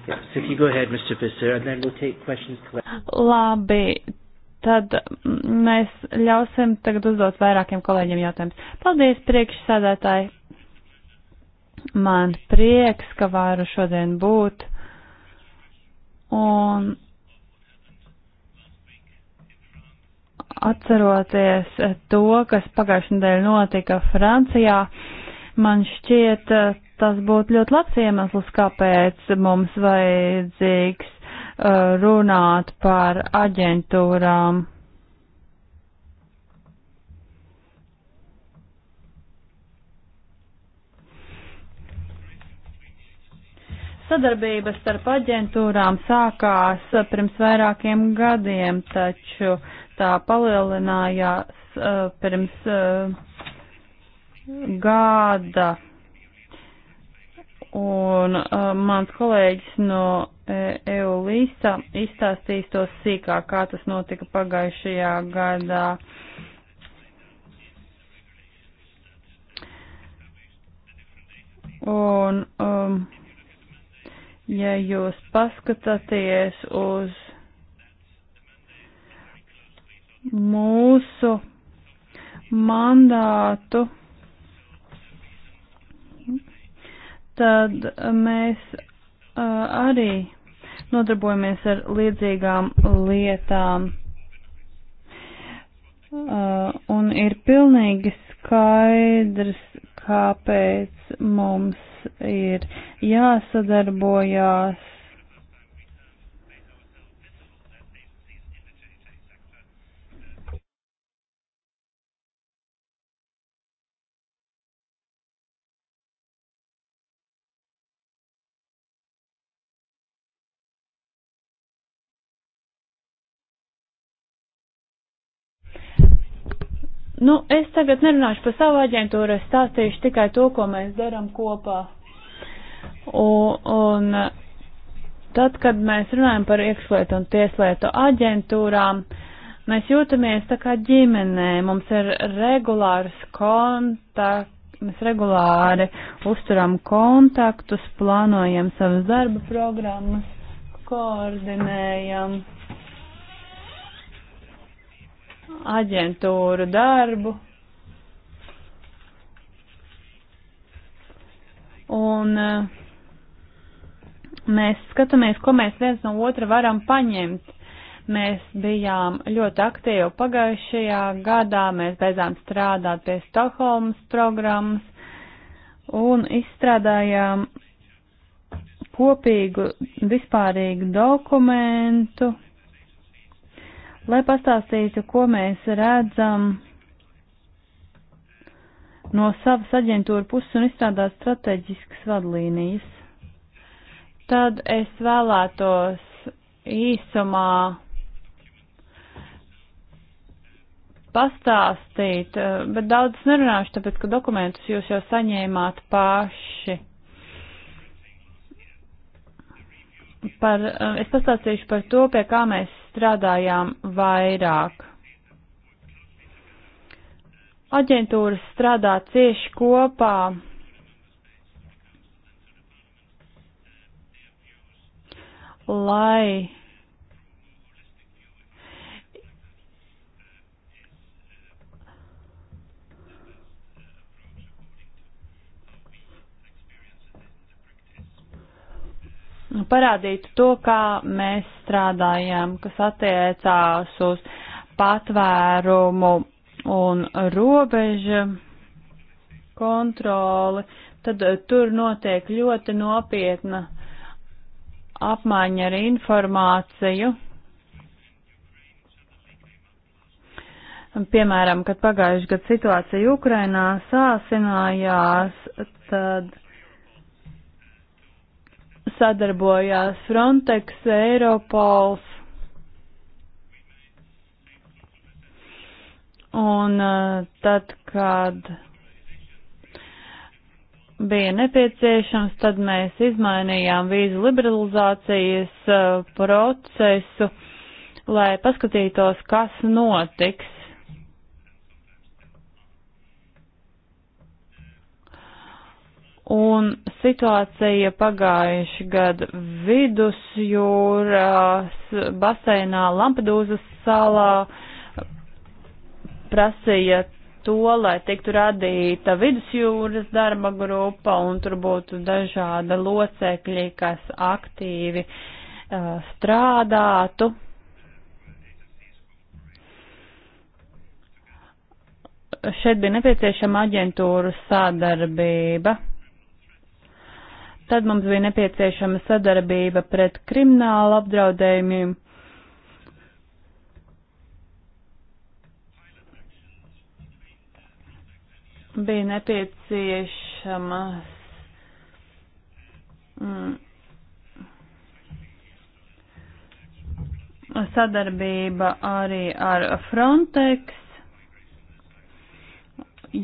Yeah, so if you go ahead, Mr. Visser, and then we'll take questions Labi, tad mēs ļausim tagad uzdot vairākiem kolēģiem jautājumus. Paldies, priekšsēdētāji! Man prieks, ka varu šodien būt. Un atceroties to, kas pagājušajā nedēļā notika Francijā, man šķiet, tas būtu ļoti labs iemesls, kāpēc mums vajadzīgs uh, runāt par aģentūrām. Sadarbība starp aģentūrām sākās uh, pirms vairākiem gadiem, taču tā palielinājās uh, pirms uh, gada un uh, mans kolēģis no uh, e, EULISA izstāstīs to sīkāk, kā tas notika pagājušajā gadā. Un, um, ja jūs paskatāties uz mūsu mandātu, tad mēs uh, arī nodarbojamies ar līdzīgām lietām. Uh, un ir pilnīgi skaidrs, kāpēc mums ir jāsadarbojās Nu, es tagad nerunāšu par savu aģentūru, es stāstīšu tikai to, ko mēs darām kopā. Un, un tad, kad mēs runājam par iekšlietu un tieslietu aģentūrām, mēs jūtamies tā kā ģimenē, mums ir regulārs kontakts, mēs regulāri uzturam kontaktus, plānojam savas darba programmas, koordinējam aģentūru darbu. Un eh, mēs skatāmies, ko mēs viens no otra varam paņemt. Mēs bijām ļoti aktīvi pagājušajā gadā, mēs beidzām strādāt pie Stokholmas programmas un izstrādājām kopīgu vispārīgu dokumentu lai pastāstītu, ko mēs redzam no savas aģentūra puses un izstrādāt strateģiskas vadlīnijas. Tad es vēlētos īsumā pastāstīt, eh, bet daudz nerunāšu, tāpēc, ka dokumentus jūs jau saņēmāt paši. par, eh, es pastāstīšu par to, pie kā mēs strādājām vairāk. Aģentūras strādā cieši kopā. Lai parādītu to, kā mēs strādājam, kas attiecās uz patvērumu un robežu kontroli, tad eh, tur notiek ļoti nopietna apmaiņa ar informāciju. Piemēram, kad pagājuši gadu situācija Ukrainā sāsinājās, tad sadarbojās Frontex, Eiropols. Un eh, tad, kad bija nepieciešams, tad mēs izmainījām vīzu liberalizācijas eh, procesu, lai paskatītos, kas notiks un situācija pagājuši gadu vidusjūras baseinā Lampedūzas salā prasīja to, lai tiktu radīta vidusjūras darba grupa un tur būtu dažāda locekļi, kas aktīvi uh, strādātu. Šeit bija nepieciešama aģentūru sadarbība. Tad mums bija nepieciešama sadarbība pret kriminālu apdraudējumiem. Bija nepieciešamas mm, sadarbība arī ar Frontex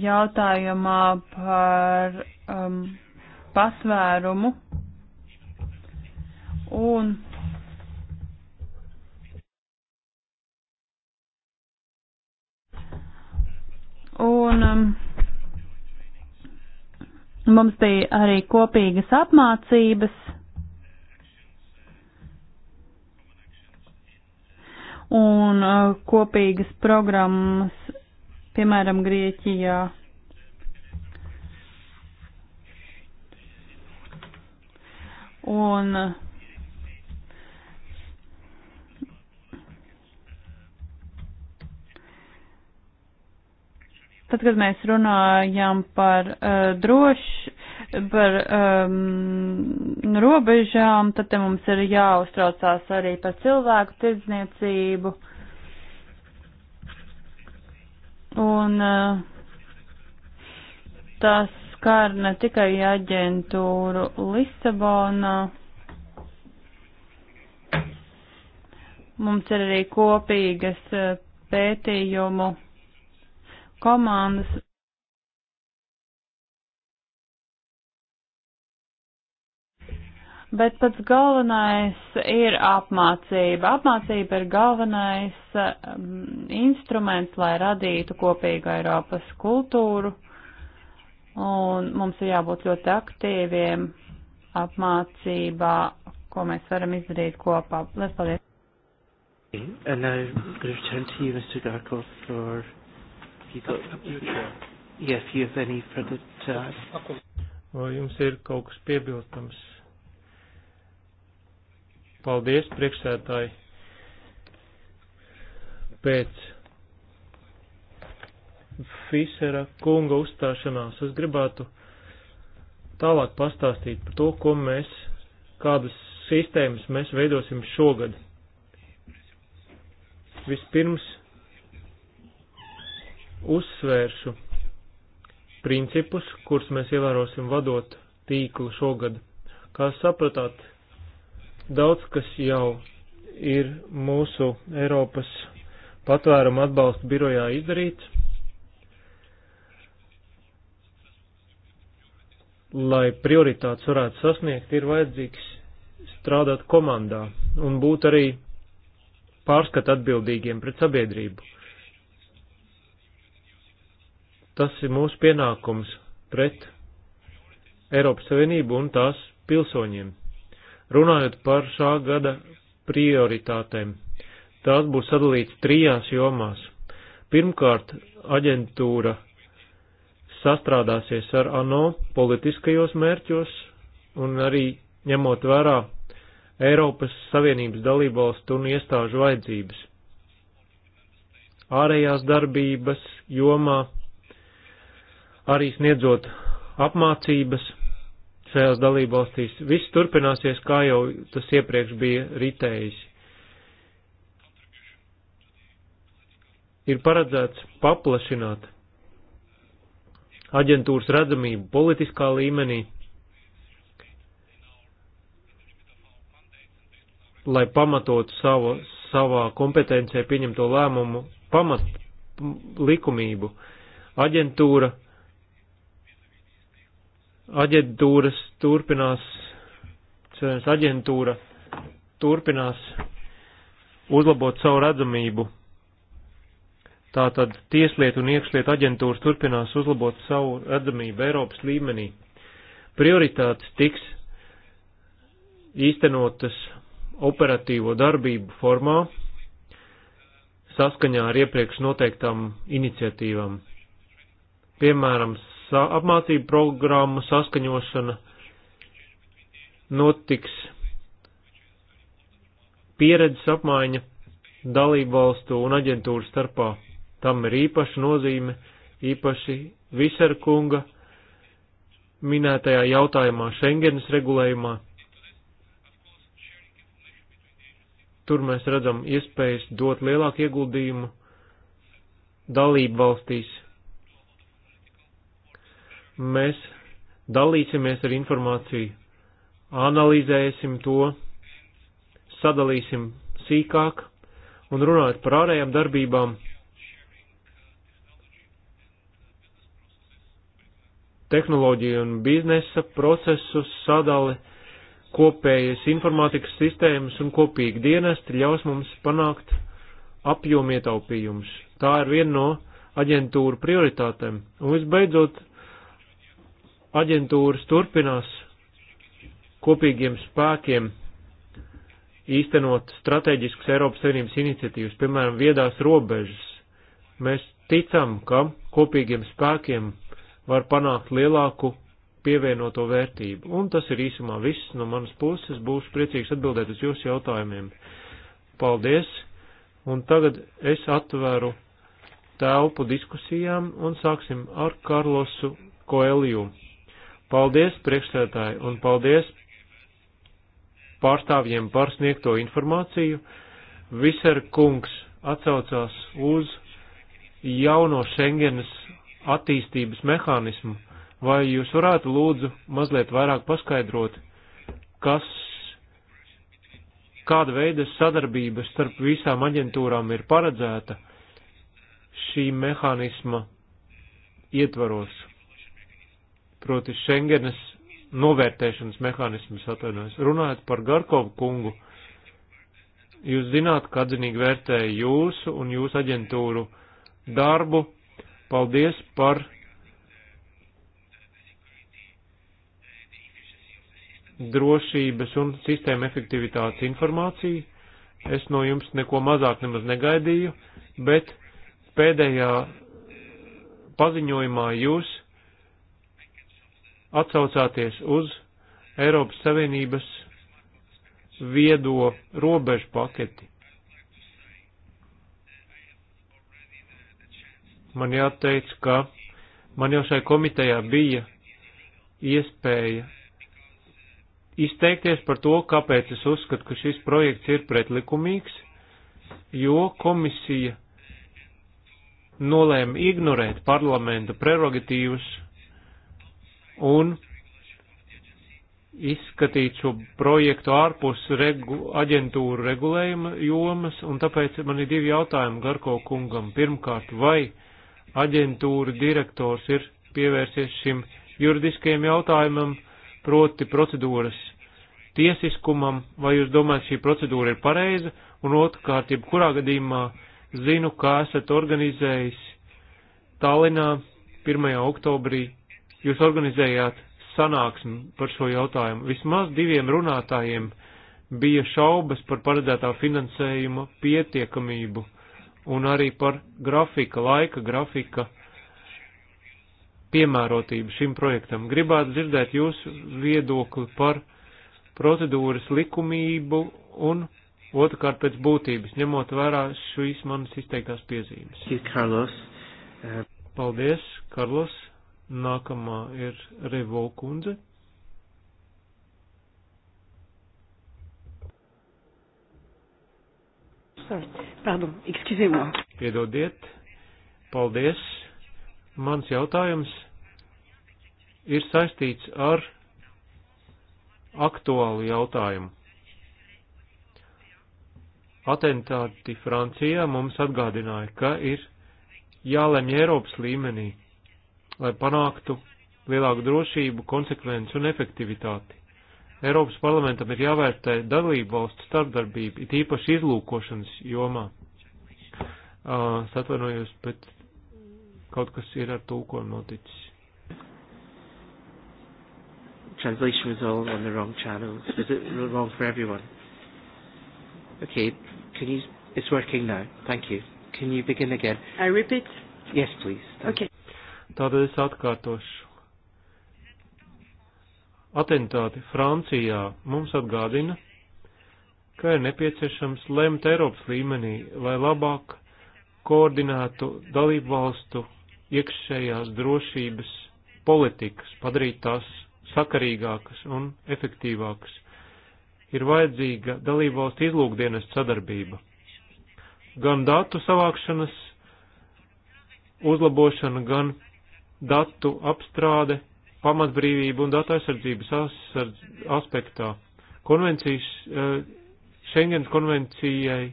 jautājumā par um, pasvērumu. Un Un um, mums bija arī kopīgas apmācības. Un uh, kopīgas programmas, piemēram, Grieķijā. Un tad, kad mēs runājam par uh, eh, drošu, par um, robežām, tad te mums ir jāuztraucās arī par cilvēku tirdzniecību. Un uh, tas skar ne tikai aģentūru Lisabonā. Mums ir arī kopīgas eh, pētījumu komandas. Bet pats galvenais ir apmācība. Apmācība ir galvenais um, instruments, lai radītu kopīgu Eiropas kultūru un mums ir jābūt ļoti aktīviem apmācībā, ko mēs varam izdarīt kopā. Lies paldies! And now I'm going to turn to you, Mr. Garkov, for if you got, yeah, if you have any further to add. Vai jums ir kaut kas piebilstams? Paldies, priekšsētāji. Pēc Fisera kunga uzstāšanās. Es gribētu tālāk pastāstīt par to, ko mēs, kādas sistēmas mēs veidosim šogad. Vispirms uzsvēršu principus, kurus mēs ievērosim vadot tīklu šogad. Kā sapratāt, daudz kas jau ir mūsu Eiropas patvērumu atbalsta birojā izdarīts. lai prioritātes varētu sasniegt, ir vajadzīgs strādāt komandā un būt arī pārskat atbildīgiem pret sabiedrību. Tas ir mūsu pienākums pret Eiropas Savienību un tās pilsoņiem. Runājot par šā gada prioritātēm, tās būs sadalīts trijās jomās. Pirmkārt, aģentūra sastrādāsies ar ANO politiskajos mērķos un arī ņemot vērā Eiropas Savienības dalībvalstu un iestāžu vajadzības. Ārējās darbības jomā arī sniedzot apmācības šajās dalībvalstīs. Viss turpināsies, kā jau tas iepriekš bija ritējis. Ir paredzēts paplašināt aģentūras redzamību politiskā līmenī, lai pamatotu savu, savā kompetencijā pieņemto lēmumu pamat likumību. Aģentūra, aģentūras turpinās, cerams, aģentūra turpinās uzlabot savu redzamību Tātad Tieslietu un iekšlietu aģentūras turpinās uzlabot savu redzamību Eiropas līmenī. Prioritātes tiks īstenotas operatīvo darbību formā saskaņā ar iepriekš noteiktām iniciatīvām. Piemēram, apmācību programmu saskaņošana notiks pieredzes apmaiņa dalību valstu un aģentūru starpā tam ir īpaša nozīme, īpaši Visarkunga minētajā jautājumā Schengenas regulējumā. Tur mēs redzam iespējas dot lielāku ieguldījumu dalību valstīs. Mēs dalīsimies ar informāciju, analizēsim to, sadalīsim sīkāk un runājot par ārējām darbībām tehnoloģiju un biznesa procesu sadali, kopējas informātikas sistēmas un kopīgi dienesti ļaus mums panākt apjomu ietaupījumus. Tā ir viena no aģentūra prioritātēm. Un visbeidzot, aģentūras turpinās kopīgiem spēkiem īstenot strateģiskas Eiropas Savienības iniciatīvas, piemēram, viedās robežas. Mēs ticam, ka kopīgiem spēkiem var panākt lielāku pievienoto vērtību. Un tas ir īsumā viss no manas puses. Būšu priecīgs atbildēt uz jūsu jautājumiem. Paldies! Un tagad es atveru telpu diskusijām un sāksim ar Karlosu Koeliju. Paldies priekšsētāji un paldies pārstāvjiem par sniegto informāciju. Viser kungs atsaucās uz jauno Schengenas attīstības mehānismu, vai jūs varētu lūdzu mazliet vairāk paskaidrot, kas, kāda veida sadarbības starp visām aģentūrām ir paredzēta šī mehānisma ietvaros, proti Schengenes novērtēšanas mehānismas atvainojas. Runājot par Garkovu kungu, jūs zināt, ka atzinīgi vērtēja jūsu un jūsu aģentūru darbu Paldies par drošības un sistēma efektivitātes informāciju. Es no jums neko mazāk nemaz negaidīju, bet pēdējā paziņojumā jūs atsaucāties uz Eiropas Savienības viedo robežu paketi. man jāteic, ka man jau šai komitejā bija iespēja izteikties par to, kāpēc es uzskatu, ka šis projekts ir pretlikumīgs, jo komisija nolēma ignorēt parlamenta prerogatīvas un izskatīt šo projektu ārpus regu, aģentūru regulējuma jomas, un tāpēc man ir divi jautājumi Garko kungam. Pirmkārt, vai aģentūra direktors ir pievērsies šim juridiskajam jautājumam, proti procedūras tiesiskumam, vai jūs domājat, šī procedūra ir pareiza, un otrkārt, jebkurā gadījumā zinu, kā esat organizējis Tallinā 1. oktobrī, jūs organizējāt sanāksmi par šo jautājumu. Vismaz diviem runātājiem bija šaubas par paredzētā finansējuma pietiekamību un arī par grafika, laika grafika piemērotību šim projektam. Gribētu dzirdēt jūsu viedokli par procedūras likumību un otrkārt pēc būtības, ņemot vērā šīs manas izteiktās piezīmes. Carlos. Uh, Paldies, Karlos. Nākamā ir Revo kundze. Pardon, excusez-moi. Piedodiet, paldies. Mans jautājums ir saistīts ar aktuālu jautājumu. Atentāti Francijā mums atgādināja, ka ir jālemj Eiropas līmenī, lai panāktu lielāku drošību, konsekvenci un efektivitāti. Eiropas parlamentam ir jāvērtē dalību valstu starpdarbība, it īpaši izlūkošanas jomā. Uh, atvainojos, bet kaut kas ir ar tulkojumu noticis. Translation was all on the wrong channels. Was it wrong for everyone? Okay, can you, it's working now. Thank you. Can you begin again? I repeat? Yes, please. Thank okay. Tātad es atkārtošu atentāti Francijā mums atgādina, ka ir nepieciešams lemt Eiropas līmenī, lai labāk koordinētu dalību valstu iekšējās drošības politikas, padarīt tās sakarīgākas un efektīvākas. Ir vajadzīga dalību valstu izlūkdienas sadarbība. Gan datu savākšanas uzlabošana, gan datu apstrāde pamatbrīvību un datu aizsardzības asardz, aspektā. Konvencijas, e, Schengens konvencijai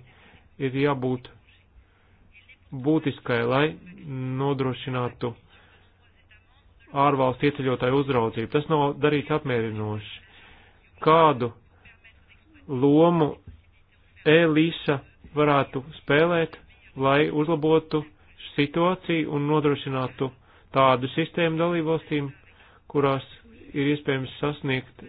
ir jābūt būtiskai, lai nodrošinātu ārvalstu ieceļotāju uzraudzību. Tas nav darīts apmierinoši. Kādu lomu Elīsa varētu spēlēt, lai uzlabotu situāciju un nodrošinātu tādu sistēmu dalībvalstīm, kurās ir iespējams sasniegt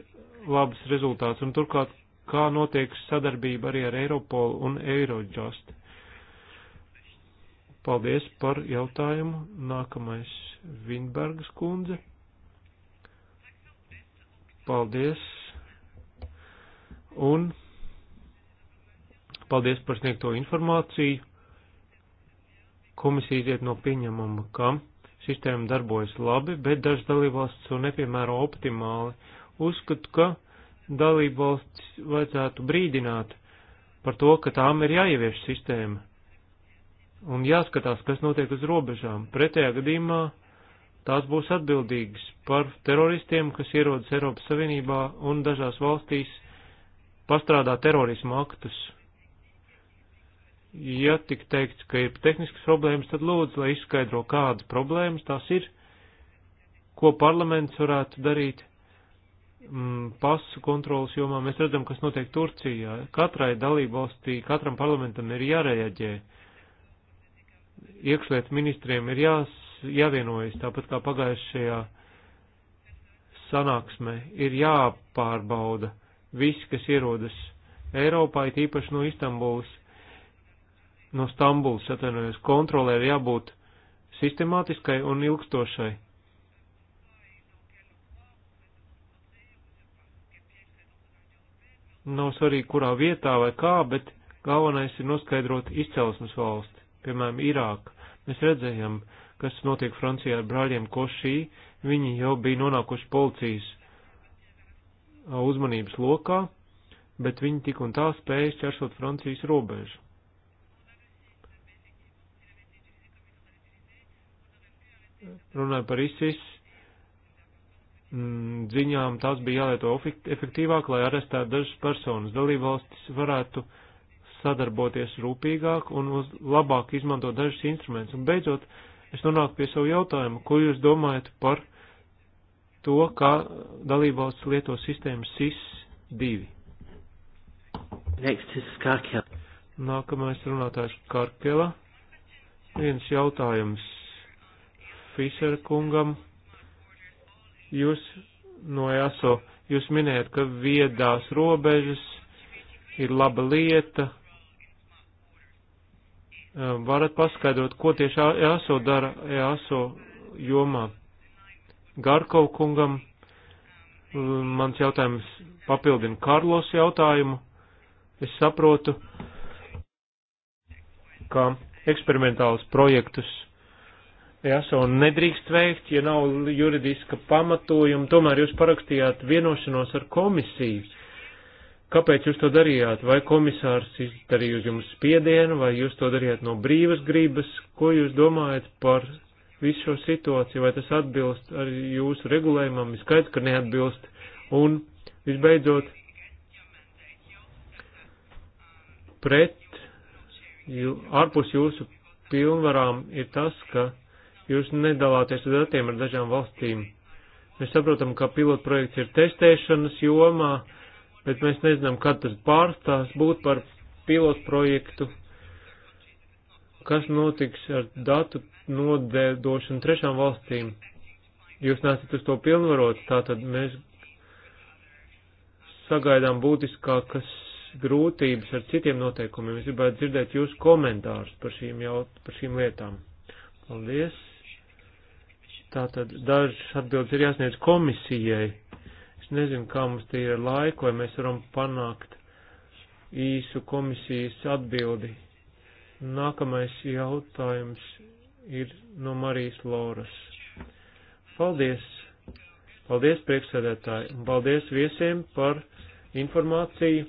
labus rezultātus, un turklāt, kā notiek sadarbība arī ar Eiropolu un Eirojust. Paldies par jautājumu. Nākamais Vinbergas kundze. Paldies. Un paldies par sniegto informāciju. Komisija iziet no pieņemama, kam sistēma darbojas labi, bet dažas dalībvalstis to nepiemēro optimāli. Uzskatu, ka dalībvalstis vajadzētu brīdināt par to, ka tām ir jāievieš sistēma un jāskatās, kas notiek uz robežām. Pretējā gadījumā tās būs atbildīgas par teroristiem, kas ierodas Eiropas Savienībā un dažās valstīs pastrādā terorismu aktus ja tik teikts, ka ir tehniskas problēmas, tad lūdzu, lai izskaidro, kādas problēmas tās ir, ko parlaments varētu darīt. Mm, pasu kontrolas jomā mēs redzam, kas notiek Turcijā. Katrai dalībvalstī, katram parlamentam ir jārēģē. Iekšliet ministriem ir jās, jāvienojas, tāpat kā pagājušajā sanāksmē, ir jāpārbauda visi, kas ierodas Eiropā, it īpaši no Istambulas no Stambuls, atvainojos, kontrolē ir jābūt sistemātiskai un ilgstošai. Nav svarīgi, kurā vietā vai kā, bet galvenais ir noskaidrot izcelsmes valsti, piemēram, Irāka. Mēs redzējām, kas notiek Francijā ar brāļiem Košī, viņi jau bija nonākuši policijas uzmanības lokā, bet viņi tik un tā spēja šķērsot Francijas robežu. runāju par ISIS mm, ziņām, tās bija jālieto efektīvāk, lai arestētu dažas personas. Dalībvalstis varētu sadarboties rūpīgāk un uz labāk izmantot dažus instrumentus. Un beidzot, es nonāku pie savu jautājumu, ko jūs domājat par to, kā dalībvalsts lieto sistēmu SIS 2. Nākamais runātājs Karkela. Viens jautājums Fischer kungam. Jūs no ESO, jūs minējat, ka viedās robežas ir laba lieta. Eh, varat paskaidrot, ko tieši ESO dara ESO jomā. Garkov kungam eh, mans jautājums papildina Karlos jautājumu. Es saprotu, ka eksperimentālus projektus jāso nedrīkst veikt, ja nav juridiska pamatojuma. Tomēr jūs parakstījāt vienošanos ar komisiju. Kāpēc jūs to darījāt? Vai komisārs izdarīja uz jums spiedienu, vai jūs to darījāt no brīvas gribas? Ko jūs domājat par visu šo situāciju? Vai tas atbilst ar jūsu regulējumam? Ir skaidrs, ka neatbilst. Un visbeidzot, pret jū, ārpus jūsu pilnvarām ir tas, ka jūs nedalāties ar datiem ar dažām valstīm. Mēs saprotam, ka pilotprojekts ir testēšanas jomā, bet mēs nezinām, kad tas pārstās būt par pilotprojektu, kas notiks ar datu nodošanu trešām valstīm. Jūs nesat uz to pilnvarots, tātad mēs sagaidām būtiskākas grūtības ar citiem noteikumiem. Es gribētu dzirdēt jūsu komentārus par šīm, jaut, par šīm lietām. Paldies! Tātad dažas atbildes ir jāsniedz komisijai. Es nezinu, kā mums tie ir laika, vai mēs varam panākt īsu komisijas atbildi. Nākamais jautājums ir no Marijas Lauras. Paldies! Paldies priekšsēdētāji un paldies viesiem par informāciju.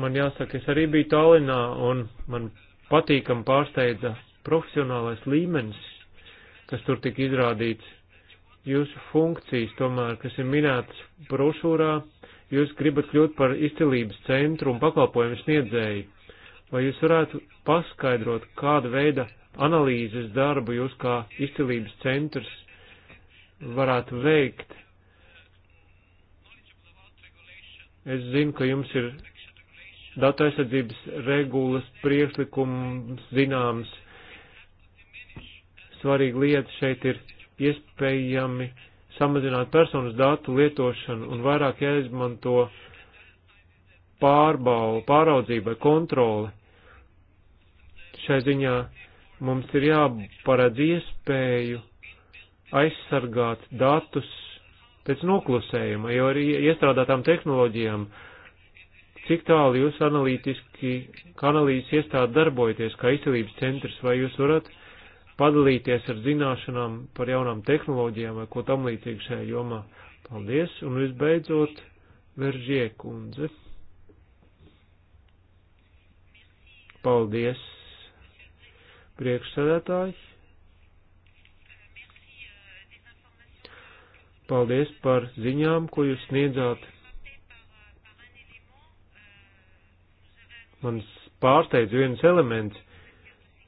Man jāsaka, es arī biju Tallinā un man patīkam pārsteidza profesionālais līmenis, kas tur tika izrādīts. Jūsu funkcijas, tomēr, kas ir minētas brošūrā, jūs gribat kļūt par izcilības centru un pakalpojumu sniedzēju. Vai jūs varētu paskaidrot, kāda veida analīzes darbu jūs kā izcilības centrs varētu veikt? Es zinu, ka jums ir datu aizsardzības regulas priekšlikums zināms svarīga lieta šeit ir iespējami samazināt personas datu lietošanu un vairāk jāizmanto pārbau, pāraudzība, kontrole. Šai ziņā mums ir jāparedz iespēju aizsargāt datus pēc noklusējuma, jo arī iestrādātām tehnoloģijām, cik tālu jūs analītiski, kā analīzes iestāde darbojaties, kā izcelības centrs, vai jūs varat padalīties ar zināšanām par jaunām tehnoloģijām vai ko tam līdzīgu šajā jomā. Paldies, un visbeidzot, Veržie kundze. Paldies, priekšsēdētāji. Paldies par ziņām, ko jūs sniedzāt. Man pārsteidz viens elements.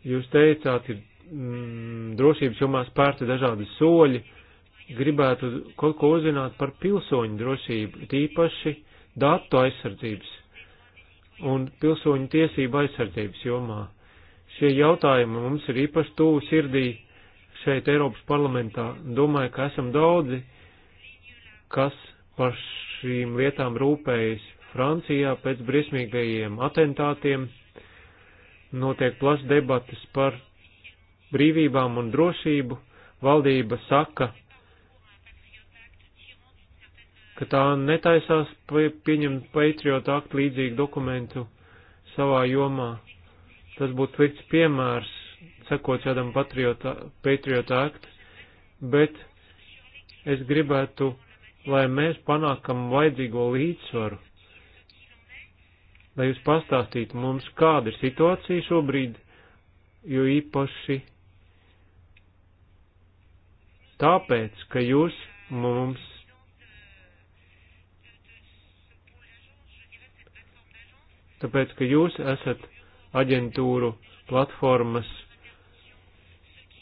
Jūs teicāt, ir mm, drošības jomā spērti dažādi soļi, gribētu kaut ko uzzināt par pilsoņu drošību, tīpaši datu aizsardzības un pilsoņu tiesību aizsardzības jomā. Šie jautājumi mums ir īpaši tuvu sirdī šeit Eiropas parlamentā. Domāju, ka esam daudzi, kas par šīm lietām rūpējas Francijā pēc briesmīgajiem atentātiem. Notiek plašs debatas par brīvībām un drošību, valdība saka, ka tā netaisās pieņemt Patriot aktu līdzīgu dokumentu savā jomā. Tas būtu slikts piemērs, sekot šādam Patriot aktu, bet es gribētu, lai mēs panākam vajadzīgo līdzsvaru, lai jūs pastāstītu mums, kāda ir situācija šobrīd, jo īpaši tāpēc, ka jūs mums tāpēc, ka jūs esat aģentūru platformas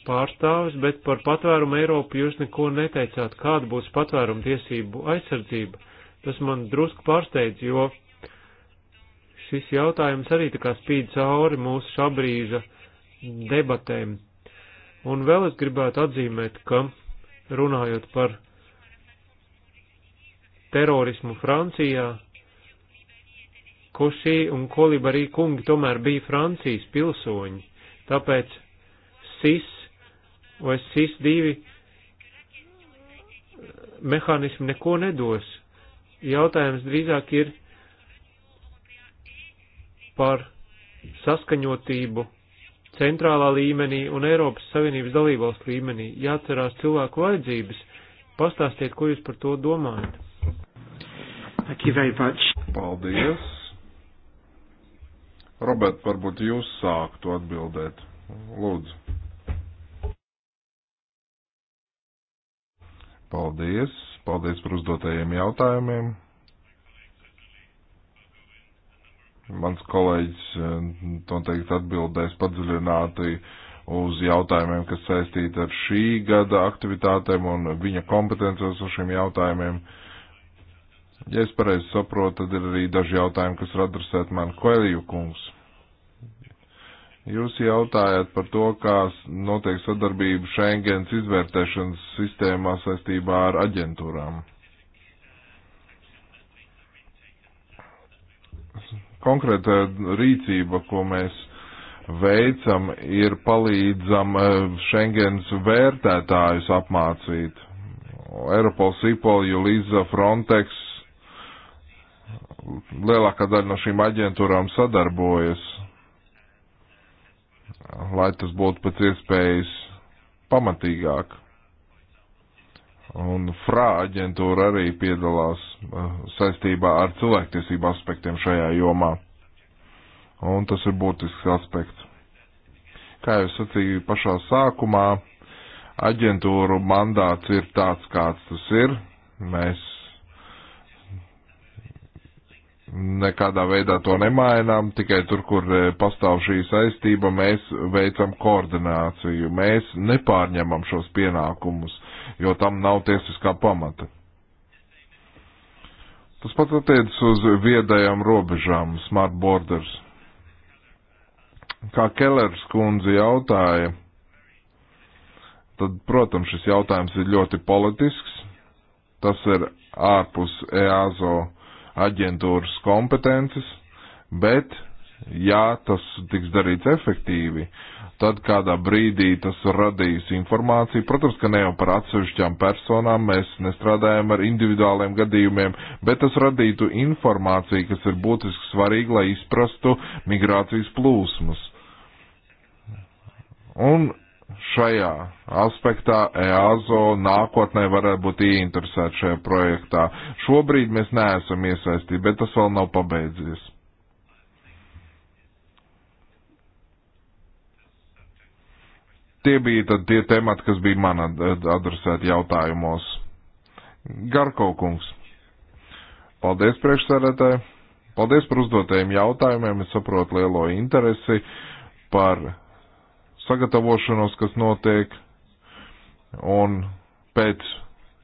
pārstāvis, bet par patvērumu Eiropu jūs neko neteicāt, kāda būs patvērumu tiesību aizsardzība. Tas man drusku pārsteidz, jo šis jautājums arī tā kā spīd cauri mūsu šā brīža debatēm. Un vēl es gribētu atzīmēt, ka runājot par terorismu Francijā, Košī un Kolibarī kungi tomēr bija Francijas pilsoņi, tāpēc SIS vai SIS divi mehānismi neko nedos. Jautājums drīzāk ir par saskaņotību centrālā līmenī un Eiropas Savienības dalībvalstu līmenī. Jāatcerās cilvēku vajadzības. Pastāstiet, ko jūs par to domājat. Paldies. Robert, varbūt jūs sāktu atbildēt. Lūdzu. Paldies. Paldies par uzdotajiem jautājumiem. Mans kolēģis noteikti eh, atbildēs padziļināti uz jautājumiem, kas saistīti ar šī gada aktivitātēm un viņa kompetences uz šiem jautājumiem. Ja es pareizi saprotu, tad ir arī daži jautājumi, kas ir adresēti man Koeliju kungs. Jūs jautājat par to, kā notiek sadarbība Schengens izvērtēšanas sistēmā saistībā ar aģentūrām konkrēta rīcība, ko mēs veicam, ir palīdzam eh, Schengens vērtētājus apmācīt. Eiropols, Sipol, Julīza, Frontex, lielākā daļa no šīm aģentūrām sadarbojas, lai tas būtu pēc iespējas pamatīgāk. Un FRA aģentūra arī piedalās uh, saistībā ar cilvēktiesību aspektiem šajā jomā. Un tas ir būtisks aspekts. Kā jau sacīju pašā sākumā, aģentūru mandāts ir tāds, kāds tas ir. Mēs nekādā veidā to nemainām, tikai tur, kur e, pastāv šī saistība, mēs veicam koordināciju, mēs nepārņemam šos pienākumus, jo tam nav tiesiskā pamata. Tas pats attiecas uz viedajām robežām, smart borders. Kā Kellers kundze jautāja, tad, protams, šis jautājums ir ļoti politisks. Tas ir ārpus EASO aģentūras kompetences, bet, ja tas tiks darīts efektīvi, tad kādā brīdī tas radīs informāciju. Protams, ka ne jau par atsevišķām personām mēs nestrādājam ar individuāliem gadījumiem, bet tas radītu informāciju, kas ir būtiski svarīga, lai izprastu migrācijas plūsmas. Un šajā aspektā EASO nākotnē varētu būt ieinteresēti šajā projektā. Šobrīd mēs neesam iesaistīti, bet tas vēl nav pabeidzies. Tie bija tad tie temati, kas bija man adresēti jautājumos. Garko kungs. Paldies priekšsēdētāji. Paldies par uzdotajiem jautājumiem. Es saprotu lielo interesi par sagatavošanos, kas notiek, un pēc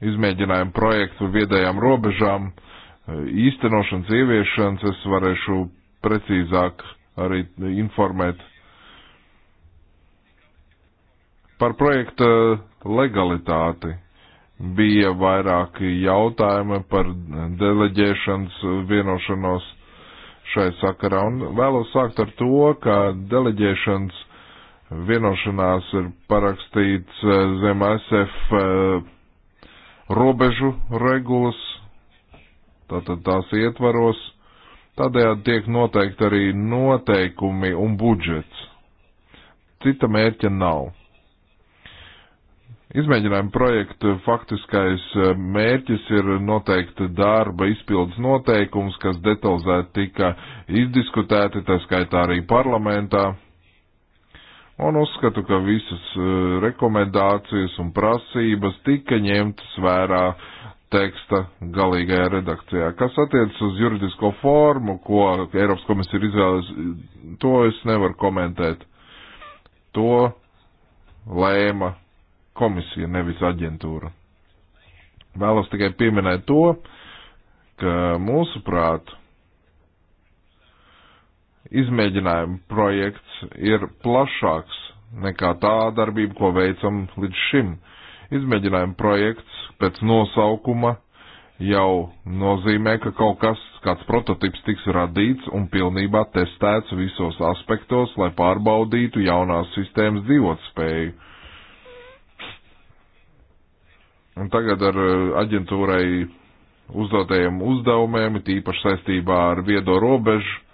izmēģinājumu projektu viedajām robežām eh, īstenošanas, ieviešanas es varēšu precīzāk arī informēt par projekta legalitāti. Bija vairāki jautājumi par deleģēšanas vienošanos šai sakarā, un vēlos sākt ar to, ka deleģēšanas Vienošanās ir parakstīts eh, zem SF eh, robežu regulas, tātad tās ietvaros. Tādējādi tiek noteikti arī noteikumi un budžets. Cita mērķa nav. Izmēģinājuma projekta faktiskais eh, mērķis ir noteikti darba izpildes noteikums, kas detalizēti tika izdiskutēti, tā skaitā arī parlamentā un uzskatu, ka visas e, rekomendācijas un prasības tika ņemtas vērā teksta galīgajā redakcijā. Kas attiecas uz juridisko formu, ko Eiropas komisija ir izvēlējusi, to es nevaru komentēt. To lēma komisija, nevis aģentūra. Vēlos tikai pieminēt to, ka mūsuprāt, izmēģinājuma projekts ir plašāks nekā tā darbība, ko veicam līdz šim. Izmēģinājuma projekts pēc nosaukuma jau nozīmē, ka kaut kas, kāds prototips tiks radīts un pilnībā testēts visos aspektos, lai pārbaudītu jaunās sistēmas dzīvotspēju. Un tagad ar eh, aģentūrai uzdotajiem uzdevumiem, tīpaši saistībā ar viedo robežu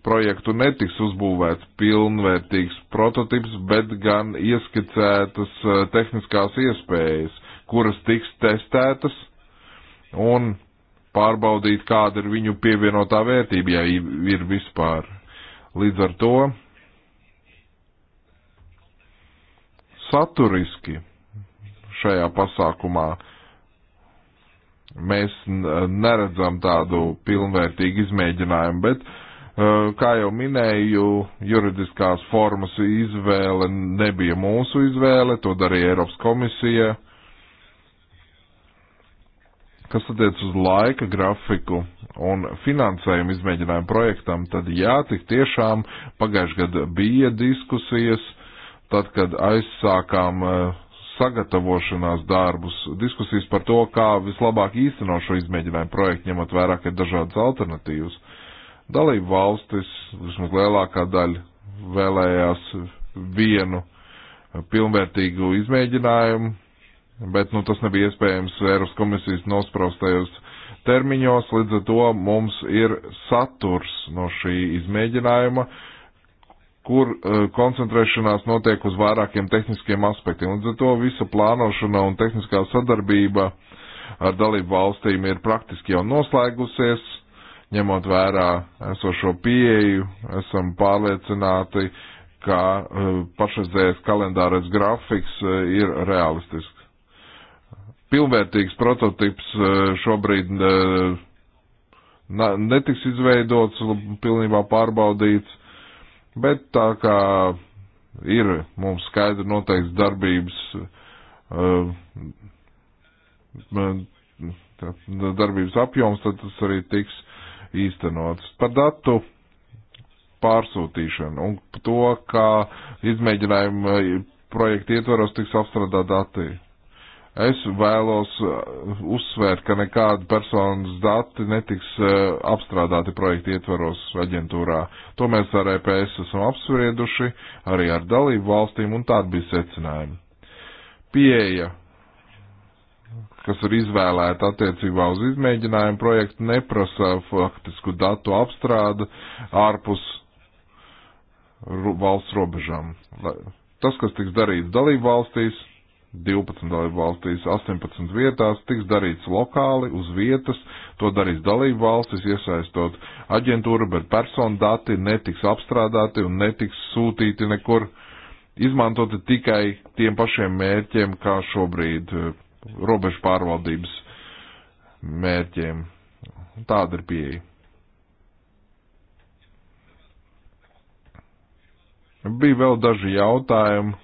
projektu netiks uzbūvēts pilnvērtīgs prototips, bet gan ieskicētas eh, tehniskās iespējas, kuras tiks testētas un pārbaudīt, kāda ir viņu pievienotā vērtība, ja ir vispār. Līdz ar to saturiski šajā pasākumā mēs neredzam tādu pilnvērtīgu izmēģinājumu, bet uh, Eh, kā jau minēju, juridiskās formas izvēle nebija mūsu izvēle, to darīja Eiropas komisija. Kas attiec uz laika grafiku un finansējumu izmēģinājumu projektam, tad jā, tik tiešām pagājušajā gadā bija diskusijas, tad, kad aizsākām eh, sagatavošanās darbus, diskusijas par to, kā vislabāk īstenot šo izmēģinājumu projektu, ņemot vērā, ka ir dažādas alternatīvas. Dalību valstis, vismaz lielākā daļa, vēlējās vienu pilnvērtīgu izmēģinājumu, bet nu, tas nebija iespējams Eiropas komisijas nospraustajos termiņos, līdz ar to mums ir saturs no šī izmēģinājuma, kur uh, koncentrēšanās notiek uz vairākiem tehniskiem aspektiem. Līdz ar to visa plānošana un tehniskā sadarbība ar dalību valstīm ir praktiski jau noslēgusies ņemot vērā esošo pieeju, esam pārliecināti, ka e, pašreizējais kalendārais grafiks e, ir realistisks. Pilnvērtīgs prototips e, šobrīd netiks izveidots, pilnībā pārbaudīts, bet tā kā ir mums skaidri noteikts darbības darbības apjoms, tad tas arī tiks īstenotas. Par datu pārsūtīšanu un to, kā izmēģinājuma projekta ietvaros tiks apstrādāt dati. Es vēlos uh, uzsvērt, ka nekāda personas dati netiks uh, apstrādāti projekta ietvaros aģentūrā. To mēs ar EPS esam apsprieduši, arī ar dalību valstīm, un tādi bija secinājumi. Pieeja kas ir izvēlēta attiecībā uz izmēģinājumu projektu, neprasa faktisku datu apstrādu ārpus valsts robežām. Tas, kas tiks darīts dalību valstīs, 12 dalību valstīs, 18 vietās, tiks darīts lokāli, uz vietas, to darīs dalību valstis, iesaistot aģentūru, bet personu dati netiks apstrādāti un netiks sūtīti nekur, izmantoti tikai tiem pašiem mērķiem, kā šobrīd robežu pārvaldības mērķiem. Tāda ir pieeja. Bija vēl daži jautājumi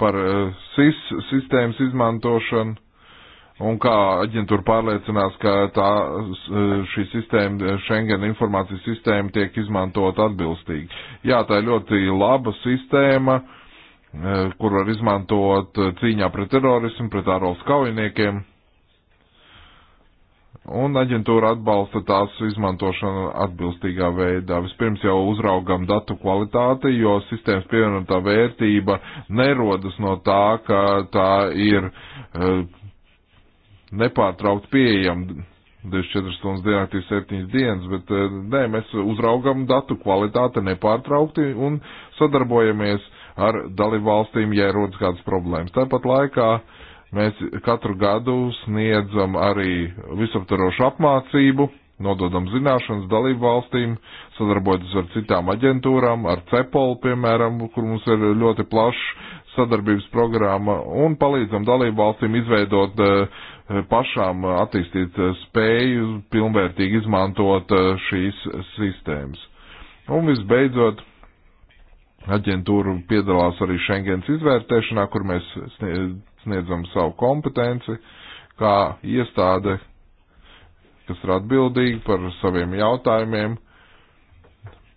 par eh, SIS sistēmas izmantošanu un kā aģentūra pārliecinās, ka tā, eh, šī sistēma, eh, Schengen informācijas sistēma tiek izmantot atbilstīgi. Jā, tā ir ļoti laba sistēma, uh, Eh, kur var izmantot eh, cīņā pret terorismu, pret ārvalstu kaujiniekiem. Un aģentūra atbalsta tās izmantošanu atbilstīgā veidā. Vispirms jau uzraugam datu kvalitāti, jo sistēmas pievienotā vērtība nerodas no tā, ka tā ir eh, nepārtraukt pieejama 24 stundas dienā, 7 dienas, bet nē, mēs uzraugam datu kvalitāti nepārtraukti un sadarbojamies ar dalībvalstīm, ja rodas kādas problēmas. Tāpat laikā mēs katru gadu sniedzam arī visaptarošu apmācību, nododam zināšanas dalību valstīm, sadarbojoties ar citām aģentūrām, ar CEPOL, piemēram, kur mums ir ļoti plašs sadarbības programma, un palīdzam dalību valstīm izveidot eh, pašām attīstīt spēju pilnvērtīgi izmantot eh, šīs sistēmas. Un visbeidzot, aģentūra piedalās arī Schengens izvērtēšanā, kur mēs sniedzam savu kompetenci kā iestāde, kas ir atbildīga par saviem jautājumiem.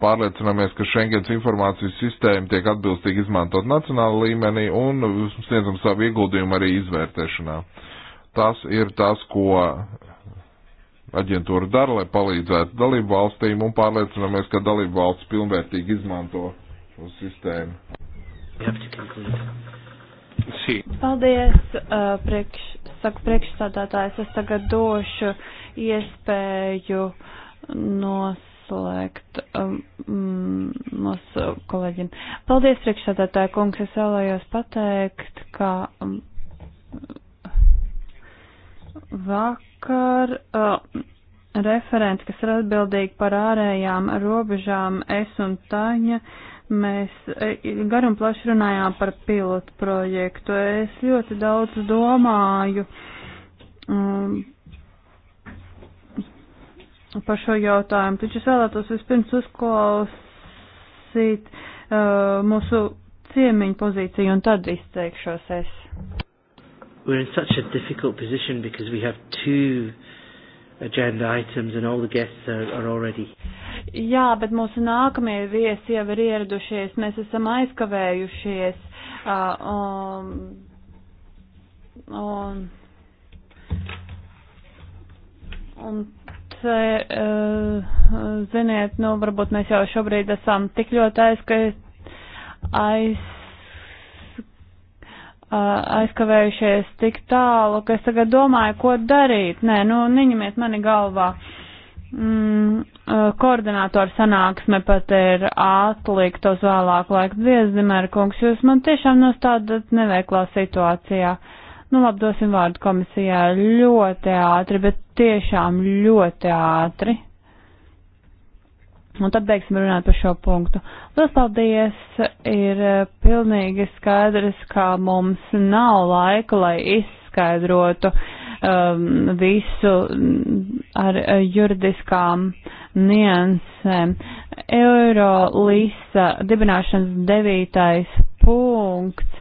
Pārliecināmies, ka Schengens informācijas sistēma tiek atbilstīgi izmantot nacionāla līmenī un sniedzam savu ieguldījumu arī izvērtēšanā. Tas ir tas, ko aģentūra dara, lai palīdzētu dalību valstīm un pārliecināmies, ka dalību valsts pilnvērtīgi izmanto uz sistēmu. Paldies, uh, priekš, saku priekšstādātājs. Es tagad došu iespēju noslēgt um, mm, mūsu uh, kolēģim. Paldies, priekšstādātāja kungs. Es vēlējos pateikt, ka um, vakar. Uh, referents, kas ir atbildīgi par ārējām robežām, es un Taņa, uh, Mēs e, gar un plaši runājām par pilotu projektu. Es ļoti daudz domāju um, par šo jautājumu, taču es vēlētos vispirms uzklausīt uh, mūsu ciemiņu pozīciju un tad izteikšos es. We're in such a difficult position because we have two uh, agenda items and all the guests are, are already. Jā, bet mūsu nākamie viesi jau ir ieradušies, mēs esam aizkavējušies. Uh, um, un, un te, uh, ziniet, nu varbūt mēs jau šobrīd esam tik ļoti aizkavējušies. Aiz, aizkavējušies tik tālu, ka es tagad domāju, ko darīt. Nē, nu, niņemiet mani galvā. Mm, koordinātora sanāksme pat ir atlikta uz vēlāku laiku. Diezdimēr, kungs, jūs man tiešām nostādat neveiklā situācijā. Nu, labi, dosim vārdu komisijā ļoti ātri, bet tiešām ļoti ātri. Un tad beigsim runāt par šo punktu. Lielas paldies! Ir eh, pilnīgi skaidrs, ka mums nav laika, lai izskaidrotu um, visu mm, ar eh, juridiskām niansēm. Euro Lisa dibināšanas devītais punkts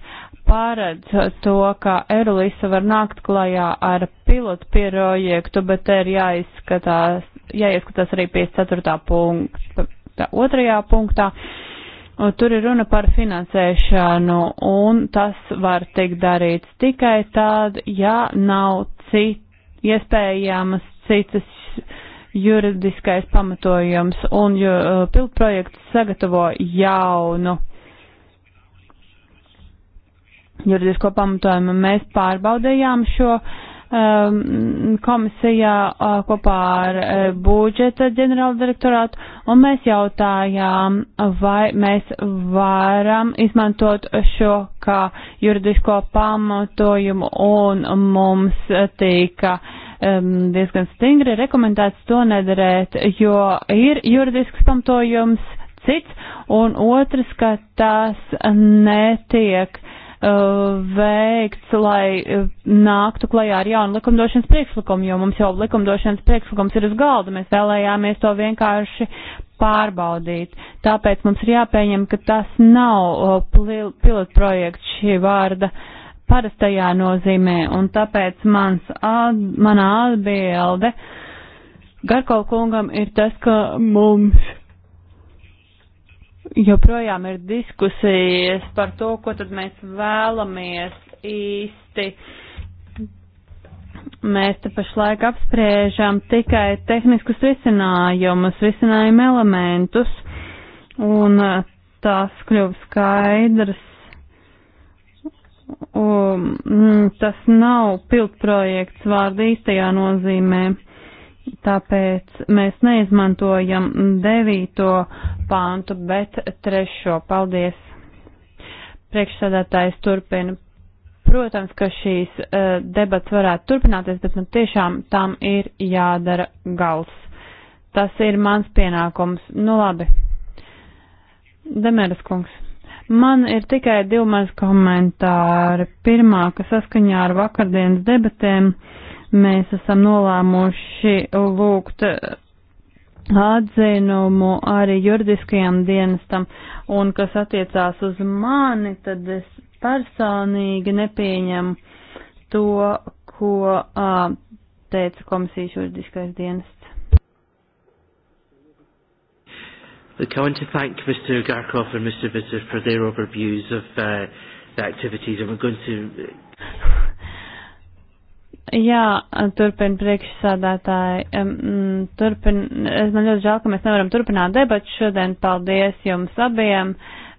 pārēdz to, ka Erolisa var nākt klajā ar pilotu pierojektu, bet te ir jāizskatās, jāieskatās arī 54. punktā, otrajā punktā. Un tur ir runa par finansēšanu, un tas var tikt darīts tikai tad, ja nav cit, iespējamas citas juridiskais pamatojums, un jo, pilotprojekts sagatavo jaunu juridisko pamatojumu. Mēs pārbaudījām šo um, komisijā uh, kopā ar uh, budžeta ģenerāla direktorātu, un mēs jautājām, vai mēs varam izmantot šo kā juridisko pamatojumu, un mums tika um, diezgan stingri rekomendēts to nedarēt, jo ir juridisks pamatojums cits, un otrs, ka tas netiek Uh, veikts, lai uh, nāktu klajā ar jaunu likumdošanas priekšlikumu, jo mums jau likumdošanas priekšlikums ir uz galda, mēs vēlējāmies to vienkārši pārbaudīt. Tāpēc mums ir jāpieņem, ka tas nav uh, pilotprojekts šī vārda parastajā nozīmē, un tāpēc mans, ad, manā atbilde Garko kungam ir tas, ka mums joprojām ir diskusijas par to, ko tad mēs vēlamies īsti. Mēs te pašlaik apspriežam tikai tehniskus risinājumus, risinājumu elementus, un eh, tas kļuva skaidrs. Un, mm, tas nav piltprojekts vārdu īstajā nozīmē tāpēc mēs neizmantojam devīto pāntu, bet trešo. Paldies! Priekšsādātājs turpina. Protams, ka šīs uh, debats varētu turpināties, bet nu, tiešām tam ir jādara gals. Tas ir mans pienākums. Nu labi. Demēras kungs. Man ir tikai divi mazi komentāri. Pirmā, ka saskaņā ar vakardienas debatēm uh, mēs esam nolēmuši lūgt atzinumu arī juridiskajam dienestam, un kas attiecās uz mani, tad es personīgi nepieņemu to, ko uh, teica komisijas juridiskais dienests. Look, I want to thank Mr. Garkov and Mr. Visser for their overviews of uh, the activities, and we're going to Jā, turpina priekšsādātāji. Um, turpin, es man ļoti žēl, ka mēs nevaram turpināt debatu šodien. Paldies jums abiem.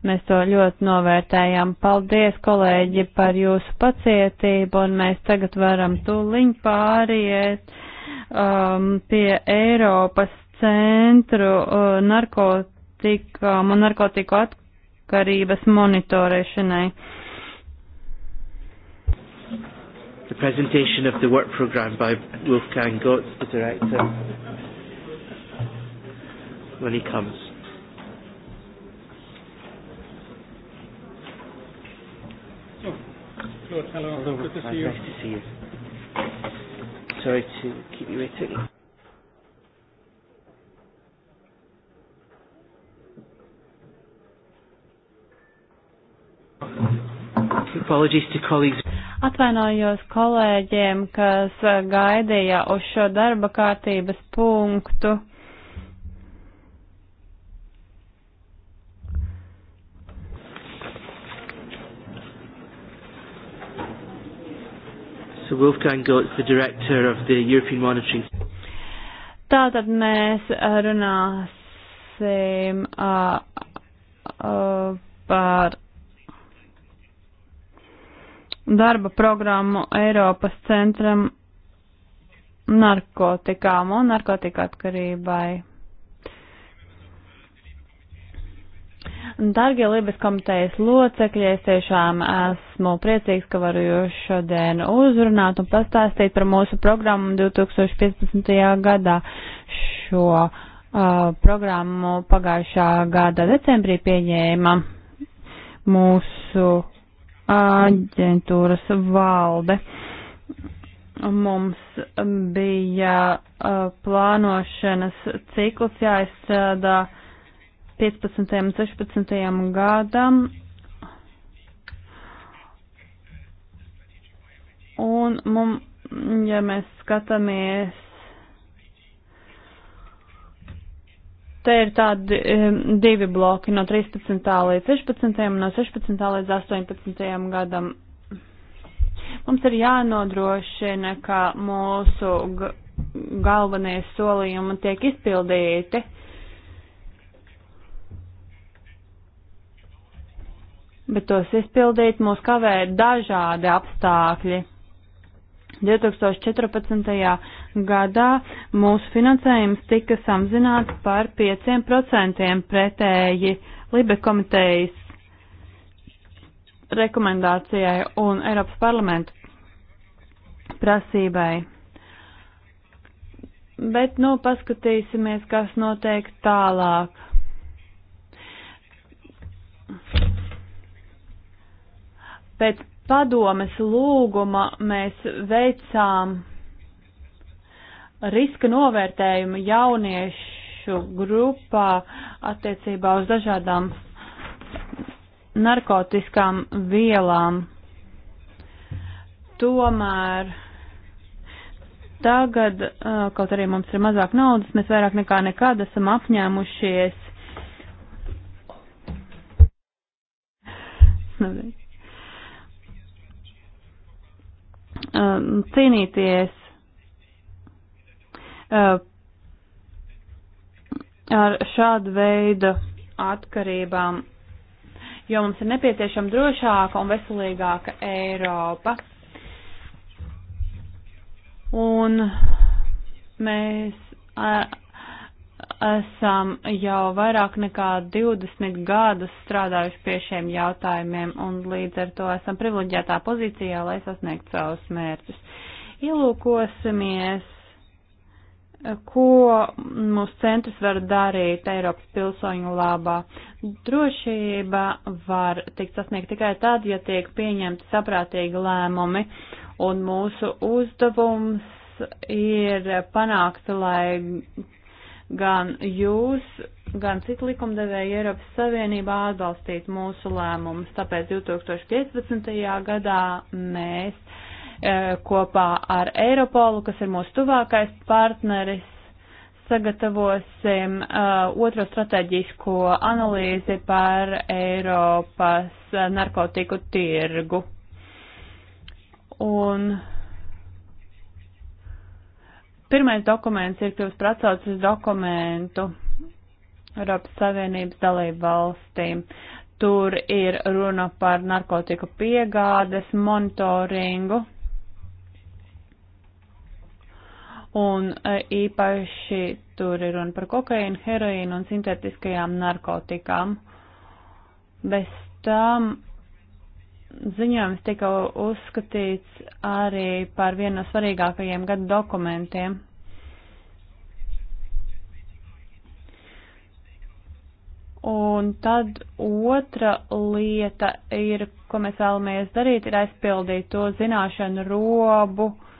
Mēs to ļoti novērtējam. Paldies, kolēģi, par jūsu pacietību, un mēs tagad varam tūliņ pāriet um, pie Eiropas centru uh, narkotikām un narkotiku atkarības monitorēšanai. presentation of the work programme by Wolfgang Gotz, the director, when he comes. Oh, Claude, hello. hello. Good to see you. Nice to see you. Sorry to keep you waiting. Apologies to colleagues. Atvainojos kolēģiem, kas gaidīja uz šo darba kārtības punktu. So Wolfgang Goetz, the director of the European Monitoring. Tātad mēs runāsim uh, uh, par darba programmu Eiropas centram narkotikām un narkotika atkarībai. Dargie Libes komitejas locekļi, es tiešām esmu priecīgs, ka varu jūs šodien uzrunāt un pastāstīt par mūsu programmu 2015. gadā. Šo uh, programmu pagājušā gada decembrī pieņēma mūsu aģentūras valde. Mums bija plānošanas cikls jāizstrādā 15. un 16. gadam. Un mums, ja mēs skatāmies Te ir tādi divi bloki no 13. līdz 16. un no 16. līdz 18. gadam. Mums ir jānodrošina, ka mūsu galvenie solījumi tiek izpildīti. Bet tos izpildīt mūs kavē dažādi apstākļi. 2014 gadā mūsu finansējums tika samazināts par 5% pretēji Libe komitejas rekomendācijai un Eiropas parlamentu prasībai. Bet, nu, paskatīsimies, kas notiek tālāk. Pēc padomes lūguma mēs veicām riska novērtējumu jauniešu grupā attiecībā uz dažādām narkotiskām vielām. Tomēr tagad, uh, kaut arī mums ir mazāk naudas, mēs vairāk nekā nekad esam apņēmušies. Nu, uh, cīnīties Eh, ar šādu veidu atkarībām, jo mums ir nepieciešama drošāka un veselīgāka Eiropa. Un mēs eh, esam jau vairāk nekā 20 gadus strādājuši pie šiem jautājumiem un līdz ar to esam privileģētā pozīcijā, lai sasniegtu savus mērķus. Ielūkosimies ko mūsu centrs var darīt Eiropas pilsoņu labā. Drošība var tikt sasniegt tikai tad, ja tiek pieņemti saprātīgi lēmumi, un mūsu uzdevums ir panākt, lai gan jūs, gan citi likumdevēji Eiropas Savienībā atbalstītu mūsu lēmumus. Tāpēc 2015. gadā mēs E, kopā ar Eiropolu, kas ir mūsu tuvākais partneris. Sagatavosim uh, otro strateģisko analīzi par Eiropas narkotiku tirgu. Un pirmais dokuments ir kļūst par atsaucas dokumentu Eiropas Savienības dalību valstīm. Tur ir runa par narkotiku piegādes, monitoringu, un e, īpaši tur ir runa par kokainu, heroīnu un sintētiskajām narkotikām. Bez tam ziņojums tika uzskatīts arī par vienu no svarīgākajiem gadu dokumentiem. Un tad otra lieta ir, ko mēs vēlamies darīt, ir aizpildīt to zināšanu robu, uh,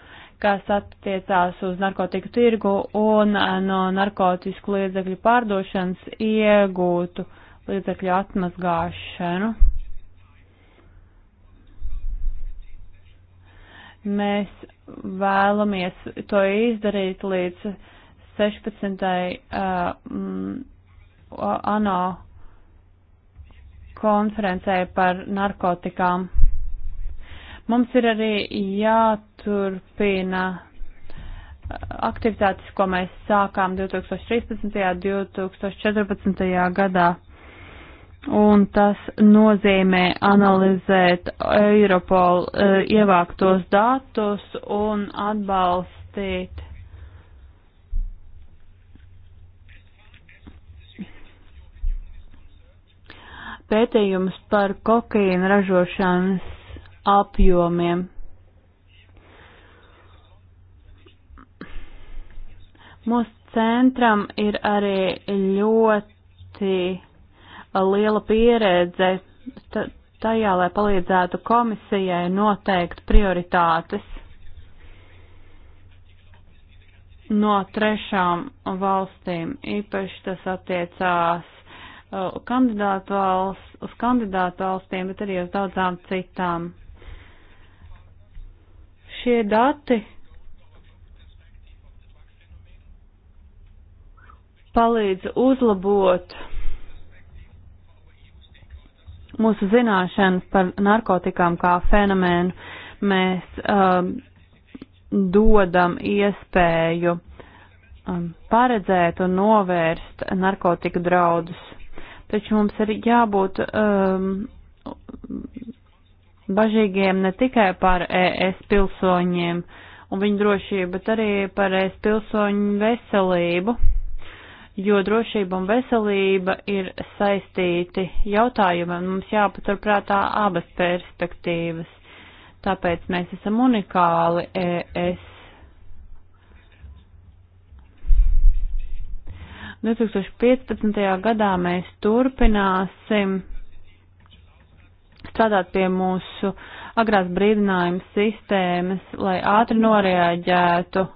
kas attiecās uz narkotiku tirgu un eh, no narkotiku līdzekļu pārdošanas iegūtu līdzekļu atmazgāšanu. Mēs vēlamies to izdarīt līdz 16. Uh, m, ANO konferencē par narkotikām. Mums ir arī jāt turpina aktivitātes, ko mēs sākām 2013. un 2014. gadā. Un tas nozīmē analizēt Eiropol eh, ievāktos datus un atbalstīt pētījumus par kokaīna ražošanas apjomiem. Mūsu centram ir arī ļoti liela pieredze tajā, lai palīdzētu komisijai noteikt prioritātes no trešām valstīm. Īpaši tas attiecās uh, kandidātu valsts, uz kandidātu valstīm, bet arī uz daudzām citām. Šie dati, palīdz uzlabot mūsu zināšanas par narkotikām kā fenomenu. Mēs um, dodam iespēju um, paredzēt un novērst narkotiku draudus. Taču mums ir jābūt um, bažīgiem ne tikai par ES pilsoņiem un viņu drošību, bet arī par ES pilsoņu veselību jo drošība un veselība ir saistīti jautājumi, un mums jāpaturprātā abas perspektīvas. Tāpēc mēs esam unikāli ES. 2015. gadā mēs turpināsim strādāt pie mūsu agrās brīdinājuma sistēmas, lai ātri noreaģētu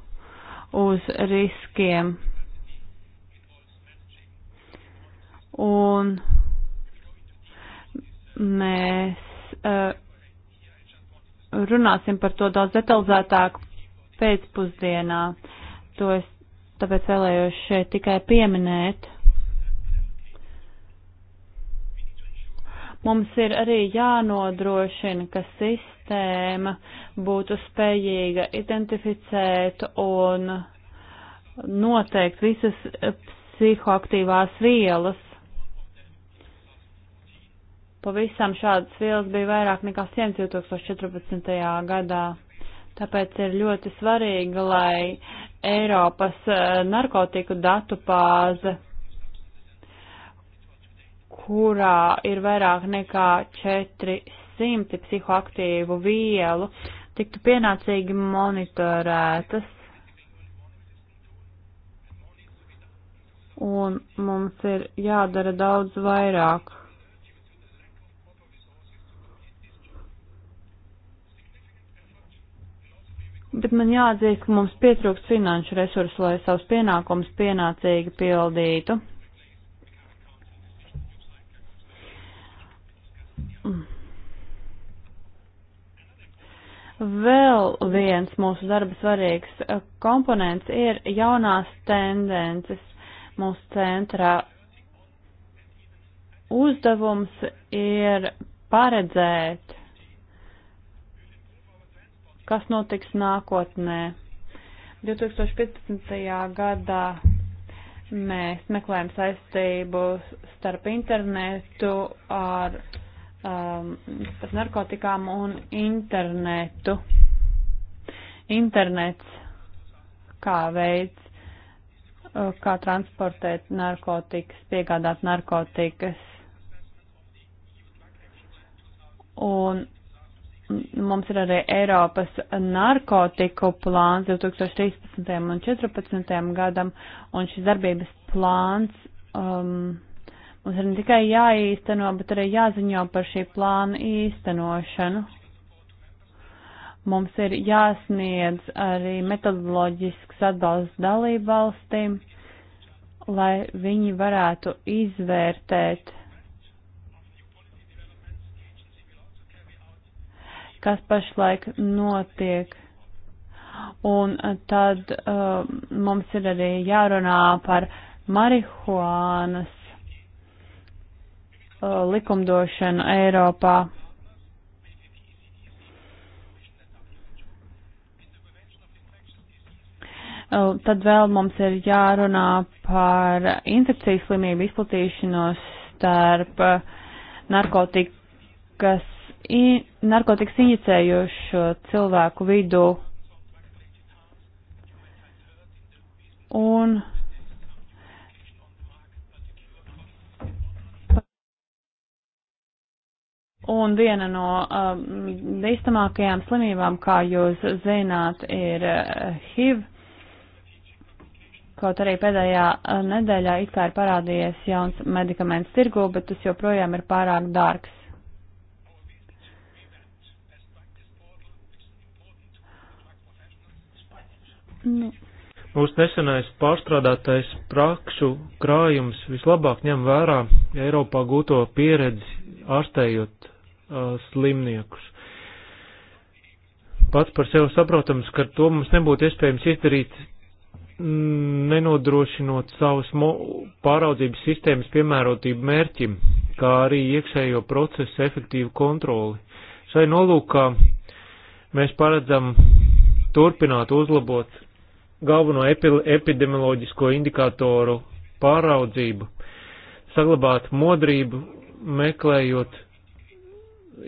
uz riskiem, Un mēs uh, runāsim par to daudz detalizētāk pēcpusdienā. To es tāpēc vēlējos šeit tikai pieminēt. Mums ir arī jānodrošina, ka sistēma būtu spējīga identificēt un noteikt visas psihoaktīvās vielas, Pavisam šādas vielas bija vairāk nekā 100 2014. gadā. Tāpēc ir ļoti svarīgi, lai Eiropas eh, narkotiku datu bāze, kurā ir vairāk nekā 400 psihoaktīvu vielu, tiktu pienācīgi monitorētas. Un mums ir jādara daudz vairāk. bet man jāatzīst, ka mums pietrūkst finanšu resursu, lai savus pienākumus pienācīgi pildītu. Vēl viens mūsu darba svarīgs eh, komponents ir jaunās tendences mūsu centrā. Uzdevums ir paredzēt kas notiks nākotnē. 2015. gadā mēs meklējam saistību starp internetu ar um, starp narkotikām un internetu. Internets kā veids, uh, kā transportēt narkotikas, piegādāt narkotikas. Un Mums ir arī Eiropas narkotiku plāns 2013. un 2014. gadam, un šis darbības plāns um, mums ir ne tikai jāīsteno, bet arī jāziņo par šī plāna īstenošanu. Mums ir jāsniedz arī metodoloģisks atbalsts dalību valstīm, lai viņi varētu izvērtēt kas pašlaik notiek. Un tad uh, mums ir arī jārunā par marihuānas uh, likumdošanu Eiropā. Uh, tad vēl mums ir jārunā par infekcijas slimību izplatīšanos starp narkotikas narkotikas injicējošo cilvēku vidū. Un Un viena no um, bīstamākajām slimībām, kā jūs zināt, ir uh, HIV. Kaut arī pēdējā uh, nedēļā it kā ir parādījies jauns medikaments tirgū, bet tas joprojām ir pārāk dārgs. Ne. Nu. Mūsu nesenais pārstrādātais prakšu krājums vislabāk ņem vērā Eiropā gūto pieredzi ārstējot uh, slimniekus. Pats par sevi saprotams, ka to mums nebūtu iespējams izdarīt, mm, nenodrošinot savas pāraudzības sistēmas piemērotību mērķim, kā arī iekšējo procesu efektīvu kontroli. Šai nolūkā mēs paredzam turpināt uzlabot galveno epidemioloģisko indikātoru pāraudzību, saglabāt modrību, meklējot,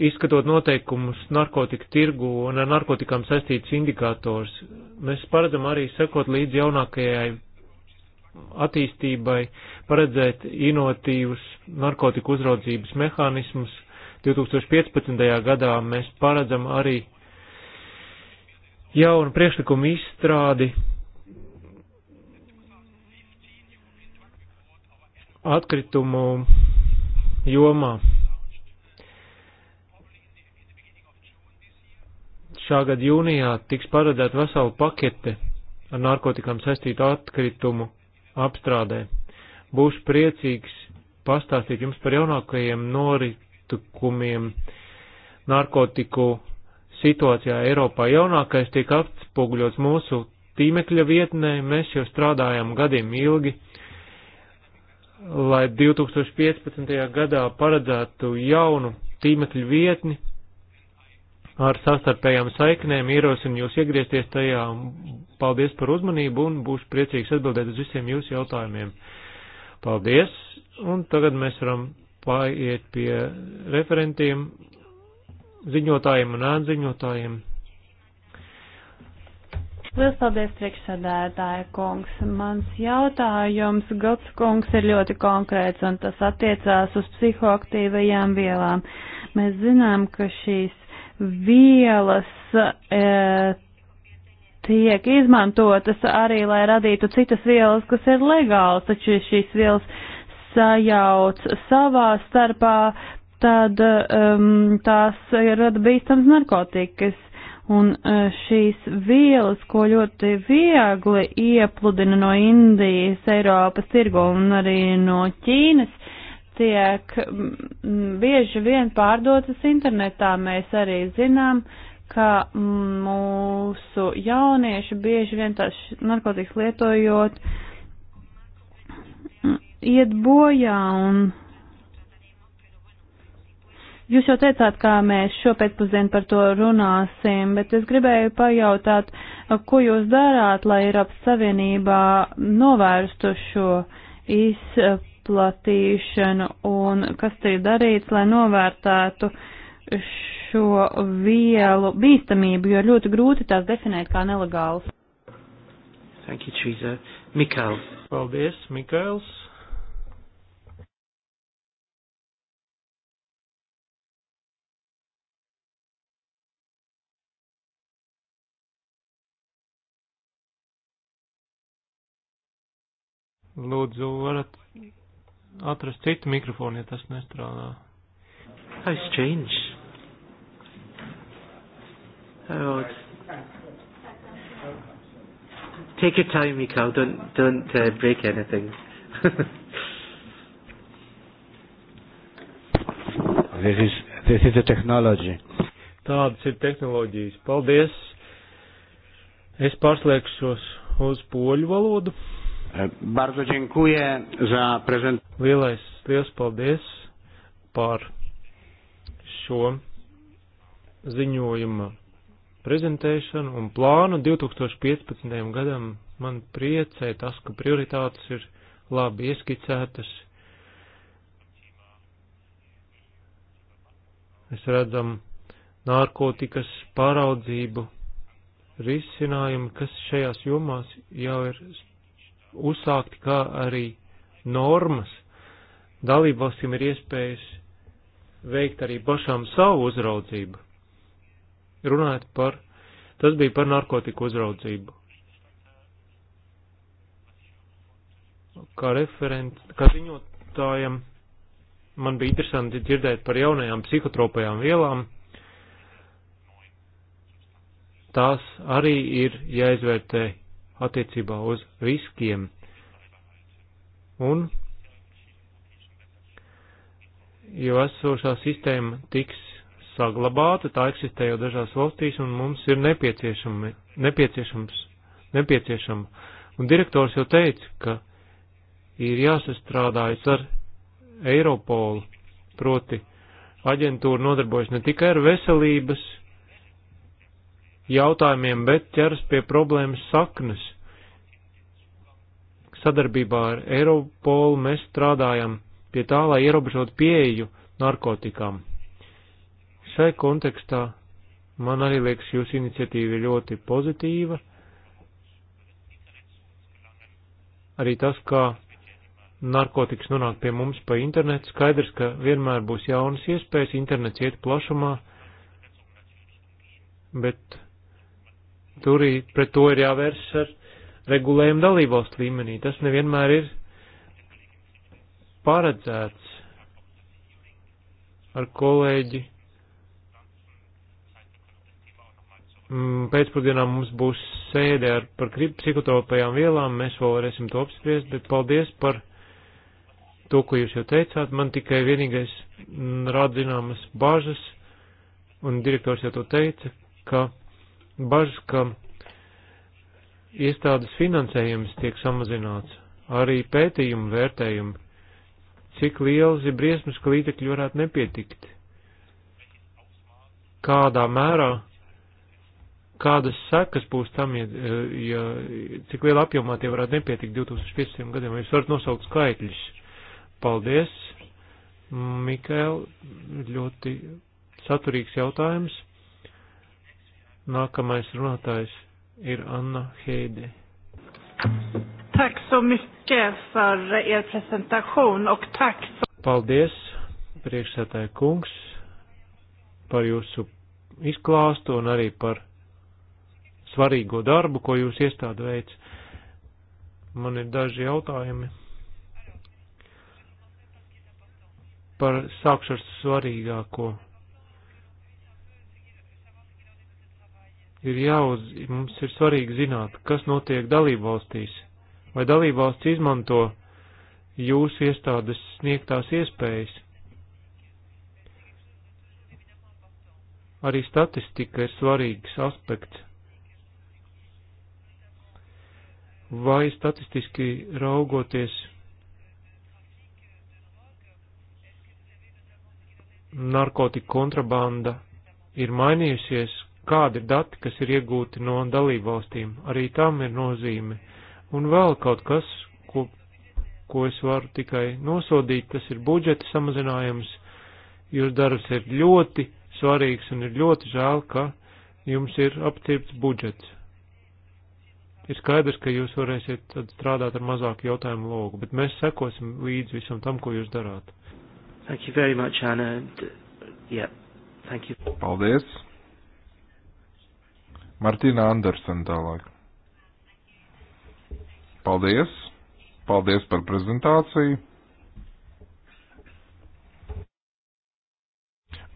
izskatot noteikumus narkotika tirgu un ar narkotikām saistīts indikators. Mēs paredzam arī sekot līdz jaunākajai attīstībai, paredzēt inovatīvus narkotiku uzraudzības mehānismus. 2015. gadā mēs paredzam arī jaunu priekšlikumu izstrādi atkritumu jomā. Šā gada jūnijā tiks paredzēta vesela pakete ar narkotikām saistītu atkritumu apstrādē. Būšu priecīgs pastāstīt jums par jaunākajiem noritukumiem narkotiku situācijā Eiropā. Jaunākais tiek atspoguļots mūsu tīmekļa vietnē, mēs jau strādājam gadiem ilgi lai 2015. gadā paredzētu jaunu tīmekļu vietni ar sastarpējām saiknēm, ierosinu jūs iegriezties tajā. Paldies par uzmanību un būšu priecīgs atbildēt uz visiem jūsu jautājumiem. Paldies! Un tagad mēs varam pāriet pie referentiem, ziņotājiem un ēnziņotājiem. Lielas paldies, priekšsēdētāja kungs. Mans jautājums, Gots kungs, ir ļoti konkrēts, un tas attiecās uz psihoaktīvajām vielām. Mēs zinām, ka šīs vielas e, tiek izmantotas arī, lai radītu citas vielas, kas ir legālas, taču šīs vielas sajauc savā starpā, tad um, tās ir rada bīstams narkotikas. Un e, šīs vielas, ko ļoti viegli iepludina no Indijas, Eiropas tirgo un arī no Ķīnas, tiek bieži vien pārdotas internetā. Mēs arī zinām, ka mūsu jaunieši bieži vien tās narkotikas lietojot iet bojā un Jūs jau teicāt, kā mēs šopēcpusdien par to runāsim, bet es gribēju pajautāt, ko jūs darāt, lai Eiropas Savienībā novērstu šo izplatīšanu un kas te ir darīts, lai novērtētu šo vielu bīstamību, jo ļoti grūti tās definēt kā nelegālas. Thank you, Teresa. Mikāls. Paldies, Mikāls. Lūdzu, varat atrast citu mikrofonu, ja tas nestrādā. Has changed. Oh, take your time, Mikhail. Don't don't uh, break anything. this is this is the technology. Tādas ir tehnoloģijas. Paldies. Es pārslēgšos uz poļu valodu. Bardzo dziękuję za prezentāciju. Lielais, liels paldies par šo ziņojuma prezentēšanu un plānu 2015. gadam. Man priecē tas, ka prioritātes ir labi ieskicētas. Mēs redzam narkotikas pāraudzību risinājumu, kas šajās jomās jau ir uzsākti, kā arī normas. Dalībvalstīm ir iespējas veikt arī pašām savu uzraudzību. Runājot par, tas bija par narkotiku uzraudzību. Kā referents, kā ziņotājiem, man bija interesanti dzirdēt par jaunajām psihotropajām vielām. Tās arī ir jāizvērtē attiecībā uz riskiem. Un, jo esošā sistēma tiks saglabāta, tā eksistē jau dažās valstīs, un mums ir nepieciešami, nepieciešams, nepieciešama. Un direktors jau teica, ka ir jāsastrādājas ar Eiropolu, proti aģentūra nodarbojas ne tikai ar veselības jautājumiem, bet ķeras pie problēmas saknes. Sadarbībā ar Eiropolu mēs strādājam pie tā, lai ierobežotu pieeju narkotikām. Šai kontekstā man arī liekas jūsu iniciatīva ļoti pozitīva. Arī tas, kā narkotikas nonāk pie mums pa internetu, skaidrs, ka vienmēr būs jaunas iespējas, internets iet plašumā, bet tur pret to ir jāvērš ar regulējumu dalībvalstu līmenī. Tas nevienmēr ir paredzēts ar kolēģi. Mm, pēcpusdienā mums būs sēde ar, par psihotropajām vielām, mēs vēl varēsim to apspriest, bet paldies par to, ko jūs jau teicāt. Man tikai vienīgais mm, rāda zināmas bažas, un direktors jau to teica, ka bažas, ka iestādes finansējums tiek samazināts, arī pētījumu vērtējumu, cik liels ir briesmas, ka līdzekļi varētu nepietikt, kādā mērā, kādas sekas būs tam, ja, ja cik liela apjomā tie varētu nepietikt 2015. gadiem, vai jūs varat nosaukt skaitļus. Paldies, Mikael, ļoti saturīgs jautājums. Nākamais runātājs ir Anna Heidi. Tack så mycket för er presentation och tack för... Paldies, priekšsētāja kungs, par jūsu izklāstu un arī par svarīgo darbu, ko jūs iestāde veic. Man ir daži jautājumi. Par sākšu ar svarīgāko ir jāuz, mums ir svarīgi zināt, kas notiek dalībvalstīs, vai dalībvalsts izmanto jūsu iestādes sniegtās iespējas. Arī statistika ir svarīgs aspekts. Vai statistiski raugoties narkotika kontrabanda ir mainījusies, kādi ir dati, kas ir iegūti no dalībvalstīm. Arī tam ir nozīme. Un vēl kaut kas, ko, ko es varu tikai nosodīt, tas ir budžeta samazinājums. Jūsu darbs ir ļoti svarīgs un ir ļoti žēl, ka jums ir apcirpts budžets. Ir skaidrs, ka jūs varēsiet strādāt ar mazāku jautājumu logu, bet mēs sekosim līdz visam tam, ko jūs darāt. Thank you very much, Anna. Yeah, thank you. Paldies. Martina Andersen tālāk. Paldies! Paldies par prezentāciju!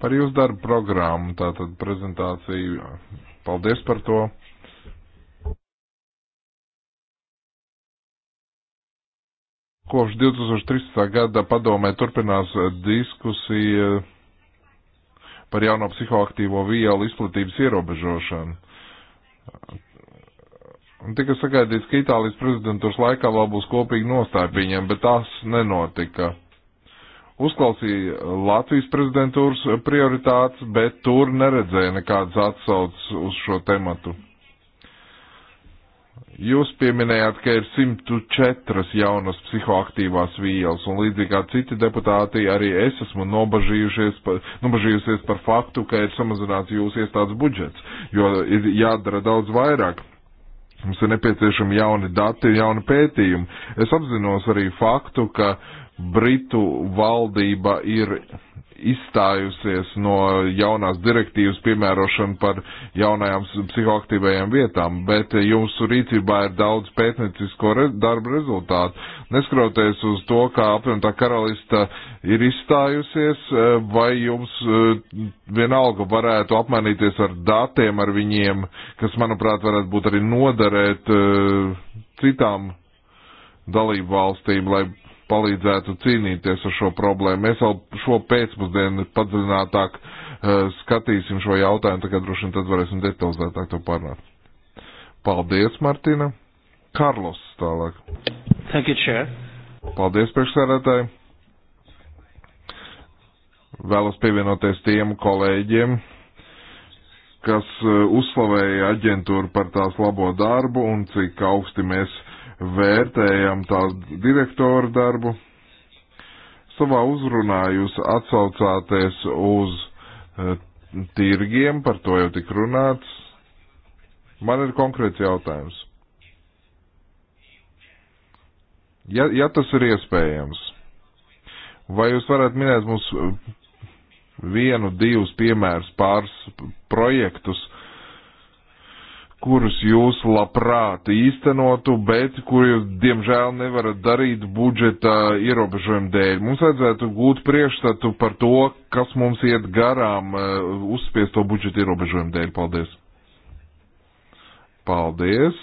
Par jūsu darbu programmu, tātad prezentāciju. Paldies par to! Kopš 2013. gada padomē turpinās diskusija par jauno psihoaktīvo vielu izplatības ierobežošanu Tika sagaidīts, ka Itālijas prezidentūras laikā vēl būs kopīgi nostāja viņiem, bet tās nenotika. Uzklausīja Latvijas prezidentūras prioritātes, bet tur neredzēja nekādas atsaucas uz šo tematu. Jūs pieminējāt, ka ir 104 jaunas psihoaktīvās vielas, un līdzīgi kā citi deputāti, arī es esmu nobažījušies par, nobažījusies par faktu, ka ir samazināts jūsu iestādes budžets, jo ir jādara daudz vairāk Mums ir nepieciešami jauni dati, jauni pētījumi. Es apzinos arī faktu, ka Britu valdība ir izstājusies no jaunās direktīvas piemērošana par jaunajām psihoaktīvajām vietām, bet jūsu rīcībā ir daudz pētniecisko re darba rezultātu. Neskroties uz to, kā apvienotā karalista ir izstājusies, e, vai jums e, vienalga varētu apmainīties ar datiem ar viņiem, kas, manuprāt, varētu būt arī noderēt e, citām dalību valstīm, lai palīdzētu cīnīties ar šo problēmu. Mēs vēl šo pēcpusdienu padziļinātāk uh, skatīsim šo jautājumu, tagad droši vien tad varēsim detalizētāk to pārnāt. Paldies, Martina. Karlos tālāk. Thank you, Chair. Paldies, priekšsēdētāji. Vēlos pievienoties tiem kolēģiem, kas eh, uzslavēja aģentūru par tās labo darbu un cik augsti mēs vērtējam tā direktoru darbu. Savā uzrunā jūs atsaucāties uz eh, tirgiem, par to jau tik runāts. Man ir konkrēts jautājums. Ja, ja tas ir iespējams, vai jūs varat minēt mums vienu, divus piemērus, pāris projektus, kurus jūs labprāt īstenotu, bet kur jūs diemžēl nevarat darīt budžeta ierobežojumu dēļ. Mums vajadzētu gūt priekšstatu par to, kas mums iet garām eh, uzspiesto budžeta ierobežojumu dēļ. Paldies! Paldies!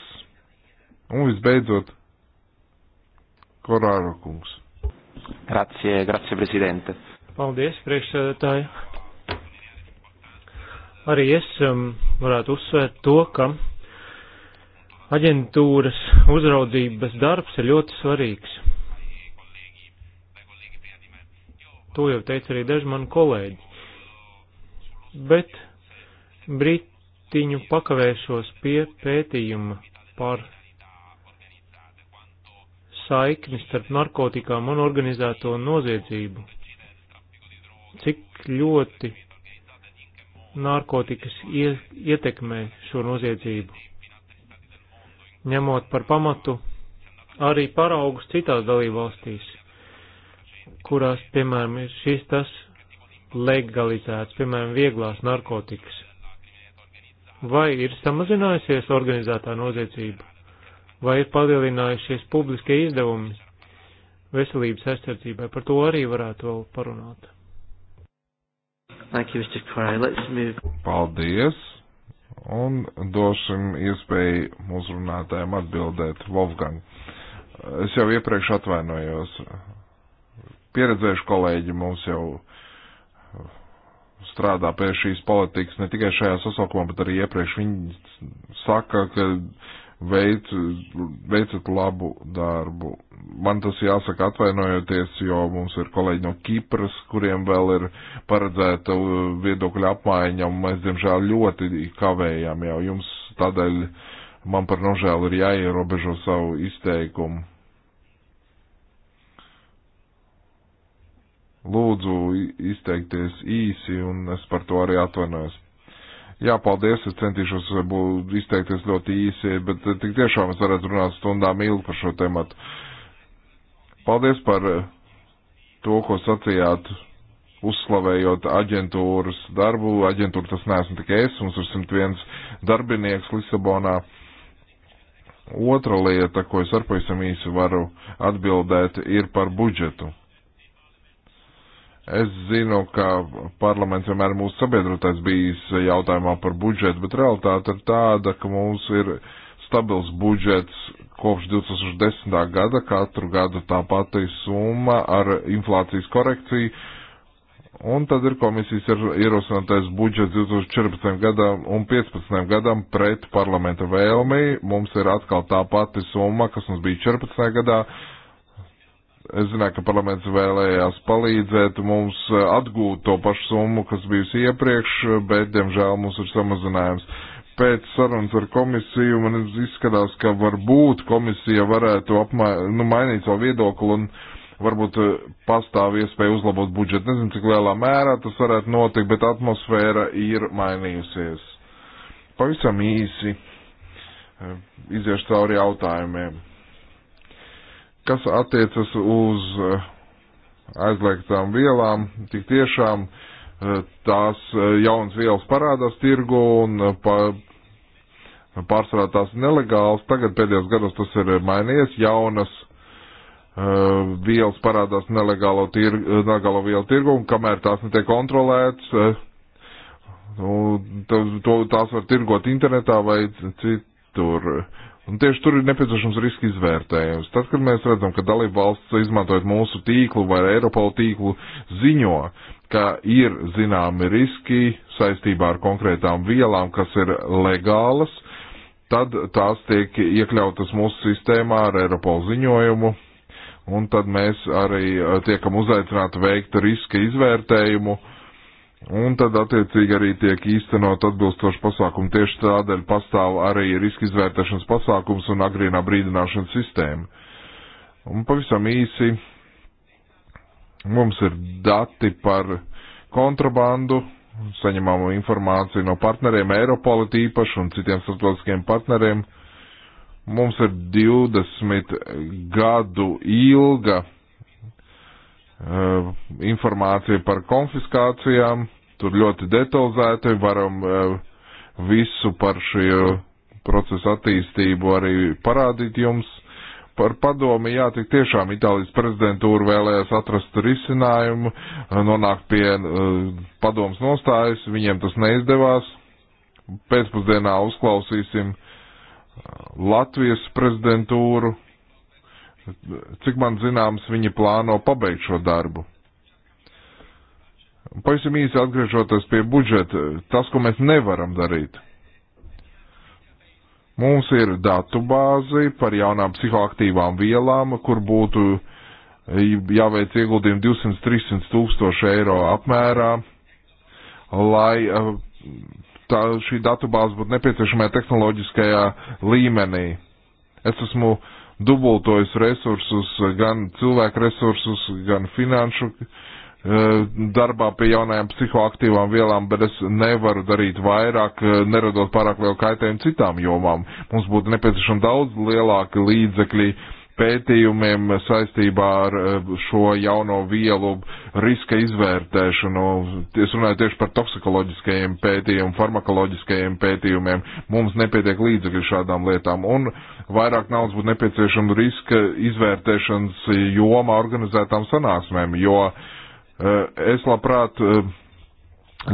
Un visbeidzot, Korāra kungs. Grazie, grazie, prezidente. Paldies, priekšsēdētāji. Arī es um, varētu uzsvērt to, ka aģentūras uzraudzības darbs ir ļoti svarīgs. To jau teica arī daži mani kolēģi. Bet britiņu pakavēšos pie pētījuma par saikni starp narkotikām un organizēto noziedzību. Cik ļoti narkotikas ietekmē šo noziedzību ņemot par pamatu arī paraugus citās dalībvalstīs, kurās, piemēram, ir šis tas legalizēts, piemēram, vieglās narkotikas. Vai ir samazinājusies organizētā noziedzība, vai ir palielinājušies publiskie izdevumi veselības aizsardzībai, par to arī varētu vēl parunāt. Thank you, Mr. Corey. Let's move. Paldies un dosim iespēju mūsu runātājiem atbildēt. Wolfgang, es jau iepriekš atvainojos. Pieredzējuši kolēģi mums jau strādā pie šīs politikas ne tikai šajā sasaukumā, bet arī iepriekš. Viņi saka, ka veic, veicat labu darbu. Man tas jāsaka atvainojoties, jo mums ir kolēģi no Kipras, kuriem vēl ir paredzēta uh, viedokļa apmaiņa, un mēs, diemžēl, ļoti kavējām jau jums tādēļ man par nožēlu ir jāierobežo savu izteikumu. Lūdzu, izteikties īsi, un es par to arī atvainojos. Jā, paldies, es centīšos varbūt izteikties ļoti īsi, bet eh, tik tiešām es varētu runāt stundām ilgi par šo tematu. Paldies par eh, to, ko sacījāt, uzslavējot aģentūras darbu. Aģentūra tas neesmu tikai es, mums ir 101 darbinieks Lisabonā. Otra lieta, ko es ar pavisam īsi varu atbildēt, ir par budžetu. Es zinu, ka parlaments vienmēr mūsu sabiedrotais bijis jautājumā par budžetu, bet realitāte ir tāda, ka mums ir stabils budžets kopš 2010. gada, katru gadu tā pati summa ar inflācijas korekciju. Un tad ir komisijas ierosinātais budžets 2014. gadam un 2015. gadam pret parlamenta vēlmi. Mums ir atkal tā pati summa, kas mums bija 14. gadā Es zināju, ka parlaments vēlējās palīdzēt mums eh, atgūt to pašu summu, kas bijusi iepriekš, bet, diemžēl, mums ir samazinājums. Pēc sarunas ar komisiju man izskatās, ka varbūt komisija varētu apmai, nu, mainīt savu viedokli un varbūt eh, pastāv iespēja uzlabot budžetu. Nezinu, cik lielā mērā tas varētu notikt, bet atmosfēra ir mainījusies. Pavisam īsi eh, iziešu cauri jautājumiem Kas attiecas uz eh, aizliegtām vielām, tik tiešām eh, tās eh, jaunas vielas parādās tirgu un pa, pārsvarā tās nelegāls. Tagad pēdējos gados tas ir mainījies. Jaunas uh, vielas parādās nelegālo, tirgu, nelegālo vielu tirgu, un kamēr tās netiek kontrolētas, uh, to, tās var tirgot internetā vai citur. Un tieši tur ir nepieciešams riska izvērtējums. Tad, kad mēs redzam, ka dalība valsts, izmantojot mūsu tīklu vai Eiropola tīklu, ziņo, ka ir zināmi riski saistībā ar konkrētām vielām, kas ir legālas, tad tās tiek iekļautas mūsu sistēmā ar Eiropola ziņojumu, un tad mēs arī eh, tiekam uzaicināti veikt riska izvērtējumu Un tad attiecīgi arī tiek īstenot atbilstoši pasākumi. Tieši tādēļ pastāv arī riska izvērtēšanas pasākums un agrīnā brīdināšanas sistēma. Un pavisam īsi mums ir dati par kontrabandu, saņemamo informāciju no partneriem, Eiropola tīpaši un citiem starptautiskiem partneriem. Mums ir 20 gadu ilga Eh, informāciju par konfiskācijām, tur ļoti detalizēti varam eh, visu par šo procesu attīstību arī parādīt jums. Par padomi, jā, tik tiešām Itālijas prezidentūra vēlējās atrast risinājumu, eh, nonākt pie padomas nostājas, viņiem tas neizdevās. Pēcpusdienā uzklausīsim Latvijas prezidentūru, Cik man zināms, viņi plāno pabeigt šo darbu. Pavisam īsi atgriežoties pie budžeta, tas, ko mēs nevaram darīt. Mums ir datu bāzi par jaunām psihoaktīvām vielām, kur būtu jāveic ieguldījumi 200-300 tūkstoši eiro apmērā, lai eh, tā, šī datu bāze būtu nepieciešamajā tehnoloģiskajā līmenī. Es esmu uh, dubultojas resursus, gan cilvēku resursus, gan finanšu eh, darbā pie jaunajām psihoaktīvām vielām, bet es nevaru darīt vairāk, eh, neradot pārāk lielu kaitējumu citām jomām. Mums būtu nepieciešama daudz lielāka līdzekļi uh, pētījumiem saistībā ar eh, šo jauno vielu riska izvērtēšanu. Es runāju tieši par toksikoloģiskajiem pētījumiem, farmakoloģiskajiem pētījumiem. Mums nepietiek līdzekļu šādām lietām. Un vairāk naudas būtu nepieciešama riska izvērtēšanas jomā organizētām sanāksmēm, jo eh, es labprāt eh,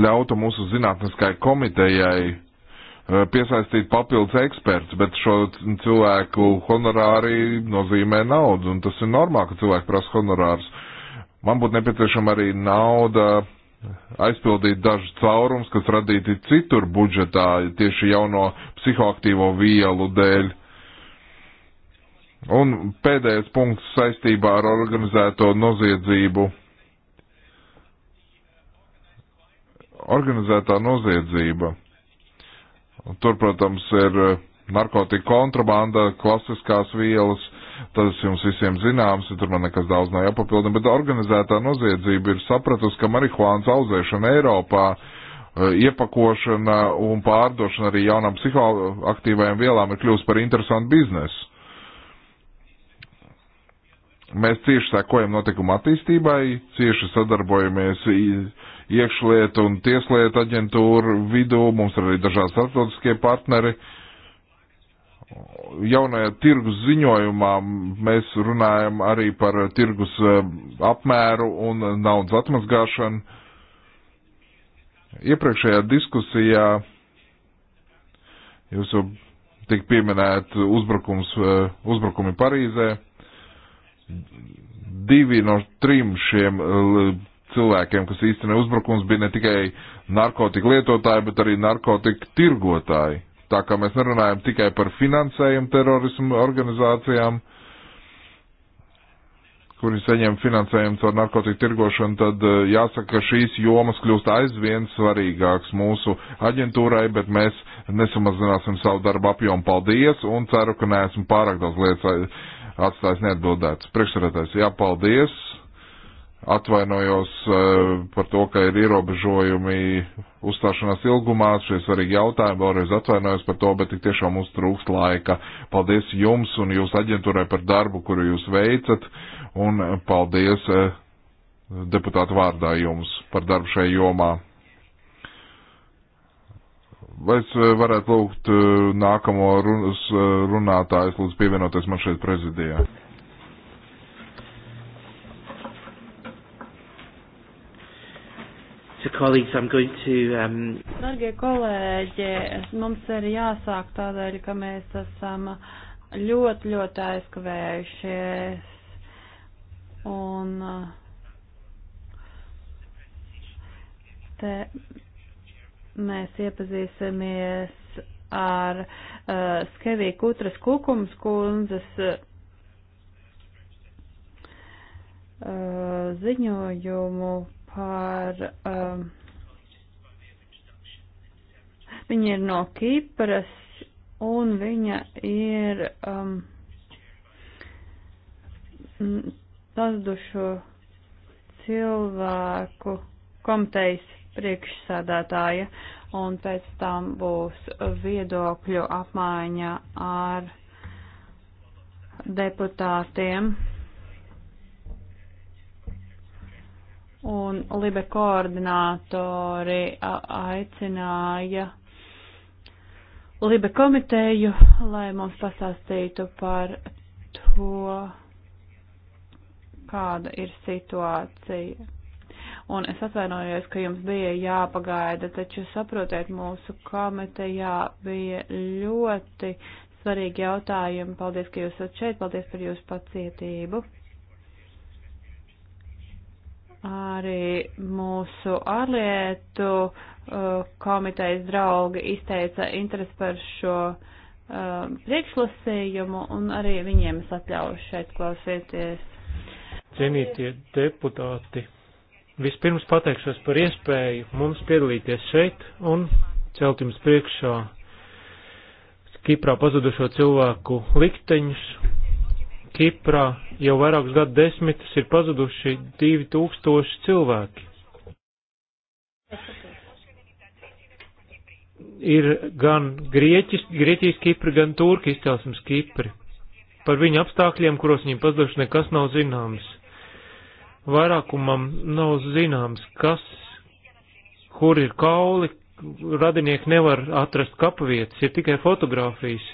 ļautu mūsu zinātniskai komitejai Uh, piesaistīt papildus eksperts, bet šo cilvēku honorāri nozīmē naudu, un tas ir normāli, ka cilvēki prasa honorārus. Man būtu nepieciešama arī nauda aizpildīt dažus caurums, kas radīti citur budžetā tieši jauno psihoaktīvo vielu dēļ. Un pēdējais punkts saistībā ar organizēto noziedzību. Organizētā noziedzība Tur, protams, ir eh, narkotika kontrabanda, klasiskās vielas, tas jums visiem zināms, tur man nekas daudz nav jāpapildina, bet organizētā noziedzība ir sapratusi, ka marihuānas auzēšana Eiropā, eh, iepakošana un pārdošana arī jaunām psihoaktīvajām vielām ir kļūst par interesantu biznesu. Mēs cieši sekojam notikuma attīstībai, cieši sadarbojamies iekšlietu un tieslietu aģentūru vidū, mums ir arī dažādi starptautiskie partneri. Jaunajā tirgus ziņojumā mēs runājam arī par tirgus eh, apmēru un naudas atmazgāšanu. Iepriekšējā diskusijā jūs jau tik pieminēt uzbrukums, eh, uzbrukumi Parīzē. Divi no trim šiem eh, cilvēkiem, kas īstenībā uzbrukums bija ne tikai narkotiku lietotāji, bet arī narkotiku tirgotāji. Tā kā mēs nerunājam tikai par finansējumu terorismu organizācijām, kuri saņem finansējumu caur narkotiku tirgošanu, tad eh, jāsaka, ka šīs jomas kļūst aizvien svarīgāks mūsu aģentūrai, bet mēs nesamazināsim savu darbu apjomu. Paldies un ceru, ka neesmu pārāk daudz lietas eh, atstājis neatbildētas. Priekšsarētājs, jā, paldies! atvainojos eh, par to, ka ir ierobežojumi uzstāšanās ilgumā, šie svarīgi jautājumi, vēlreiz atvainojos par to, bet tik tiešām mums trūkst laika. Paldies jums un jūsu aģentūrai par darbu, kuru jūs veicat, un paldies eh, deputātu vārdā jums par darbu šai jomā. Vai es eh, varētu lūgt nākamo runas runātājs lūdzu pievienoties man šeit prezidijā? So, colleagues, I'm going to. Um... Dargie kolēģi, mums ir jāsāk tādēļ, ka mēs esam ļoti, ļoti aizkavējušies. Un te mēs iepazīsimies ar uh, Skevī Kutras Kukums kundzes uh, ziņojumu par. Um, viņa ir no Kipras un viņa ir um, pazudušo cilvēku komitejas priekšsādātāja, un pēc tam būs viedokļu apmaiņa ar deputātiem. un Libe koordinātori aicināja Libe komiteju, lai mums pasāstītu par to, kāda ir situācija. Un es atvainojos, ka jums bija jāpagaida, taču saprotiet, mūsu komitejā bija ļoti svarīgi jautājumi. Paldies, ka jūs esat šeit, paldies par jūsu pacietību. Arī mūsu ārlietu uh, komitejas draugi izteica interesi par šo uh, priekšlasījumu, un arī viņiem es atļauju šeit klausīties. Cienītie deputāti, vispirms pateikšos par iespēju mums piedalīties šeit un celt jums priekšā Kiprā pazudušo cilvēku likteņus Kiprā jau vairākus gadu desmitus ir pazuduši 2000 cilvēki. Ir gan Grieķis, Grieķijas Kipri, gan Turki izcelsmes Kipri. Par viņu apstākļiem, kuros viņi pazuduši, nekas nav zināms. Vairākumam nav zināms, kas, kur ir kauli, radinieki nevar atrast kapavietas, ir tikai fotografijas.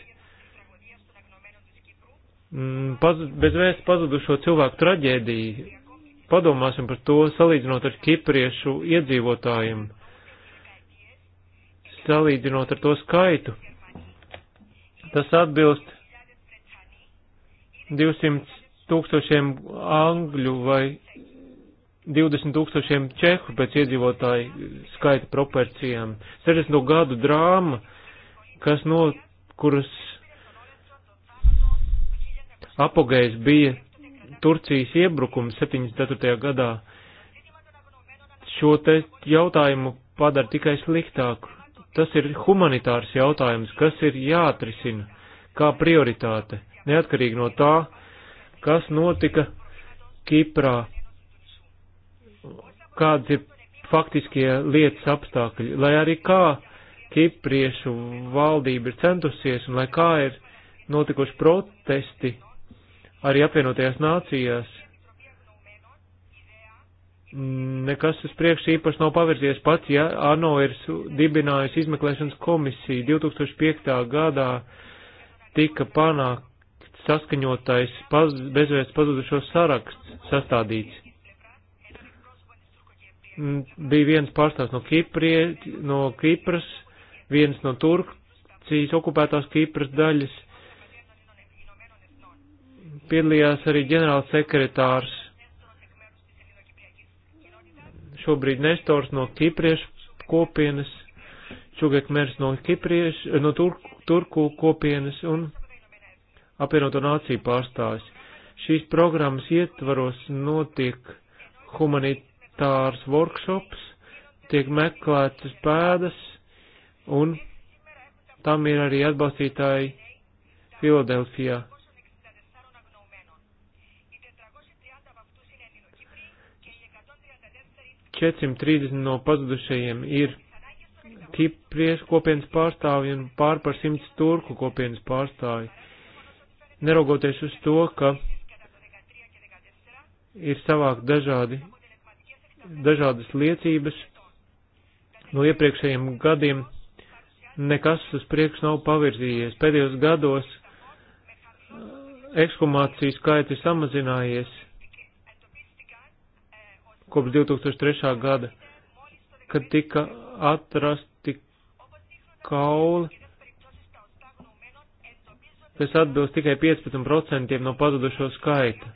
Mm, paz, bez vēsts pazudušo cilvēku traģēdiju. Padomāsim par to, salīdzinot ar kipriešu iedzīvotājiem, salīdzinot ar to skaitu. Tas atbilst 200 tūkstošiem angļu vai 20 tūkstošiem čehu pēc iedzīvotāju skaita proporcijām. 60. gadu drāma, kas no, kuras apogējs bija Turcijas iebrukums 74. gadā. Šo te jautājumu padara tikai sliktāku. Tas ir humanitārs jautājums, kas ir jāatrisina kā prioritāte, neatkarīgi no tā, kas notika Kiprā, kāds ir faktiskie lietas apstākļi, lai arī kā Kipriešu valdība ir centusies un lai kā ir notikuši protesti arī apvienotajās nācijās nekas uz priekšu īpaši nav pavirzies pats, ja ANO ir dibinājusi izmeklēšanas komisiju 2005. gadā tika panākt saskaņotais paz, bezvērts pazudušo saraksts sastādīts. Mm, bija viens pārstāvs no, Kiprie, no Kipras, viens no Turcijas okupētās Kipras daļas, piedalījās arī ģenerāls sekretārs šobrīd Nestors no Kipriešu kopienas, Čugek Mērs no Kipriešu, eh, no Turku, Turku kopienes un apvienoto nāciju pārstāvis. Šīs programmas ietvaros notiek humanitārs workshops, tiek meklētas pēdas un tam ir arī atbalstītāji Filadelfijā. 430 no pazudušajiem ir Kipriešu kopienas pārstāvji un pār par 100 turku kopienas pārstāvji. Neraugoties uz to, ka ir savākt dažādi, dažādas liecības no iepriekšējiem gadiem, nekas uz priekšu nav pavirzījies. Pēdējos gados uh, ekshumācijas skaits ir samazinājies, kopš 2003. gada, kad tika atrasti kauli, kas atbilst tikai 15% no pazudušo skaita.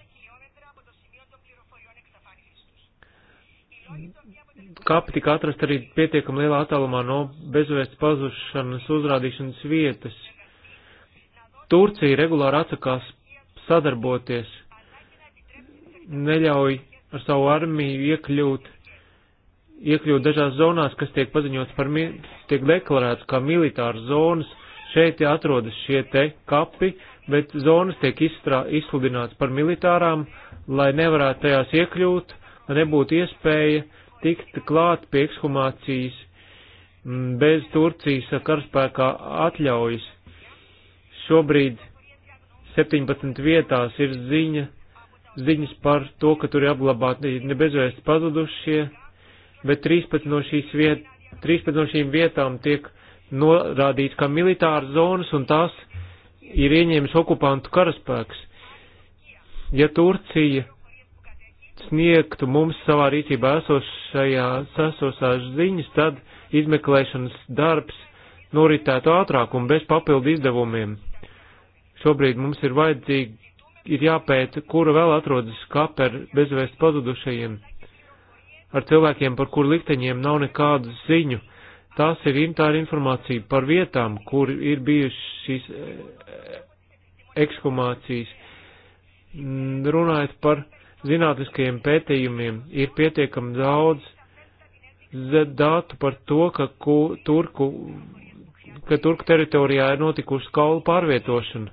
Kapi tika atrast arī pietiekam lielā attālumā no bezvēsts pazušanas uzrādīšanas vietas. Turcija regulāri atsakās sadarboties, neļauj ar savu armiju iekļūt, iekļūt dažās zonās, kas tiek paziņots par, tiek deklarēts kā militāras zonas. Šeit atrodas šie te kapi, bet zonas tiek izstrā, izsludināts par militārām, lai nevarētu tajās iekļūt, lai nebūtu iespēja tikt klāt pie ekshumācijas mm, bez Turcijas karaspēkā atļaujas. Šobrīd 17 vietās ir ziņa ziņas par to, ka tur ir apglabāti ne bezvēsti pazudušie, bet 13 no, viet, 13 no šīm vietām tiek norādīts kā militāras zonas un tās ir ieņēmis okupantu karaspēks. Ja Turcija sniegtu mums savā rīcībā esošajās esošās ziņas, tad izmeklēšanas darbs noritētu ātrāk un bez papildu izdevumiem. Šobrīd mums ir vajadzīgi ir jāpēta, kura vēl atrodas kapē ar bezvēst pazudušajiem, ar cilvēkiem, par kur likteņiem nav nekādu ziņu. Tās ir intāra informācija par vietām, kur ir bijušas šīs eh, ekskumācijas. Mm, runājot par zinātniskajiem pētījumiem, ir pietiekami daudz datu par to, ka ku, turku, ka turku teritorijā ir notikusi kaulu pārvietošana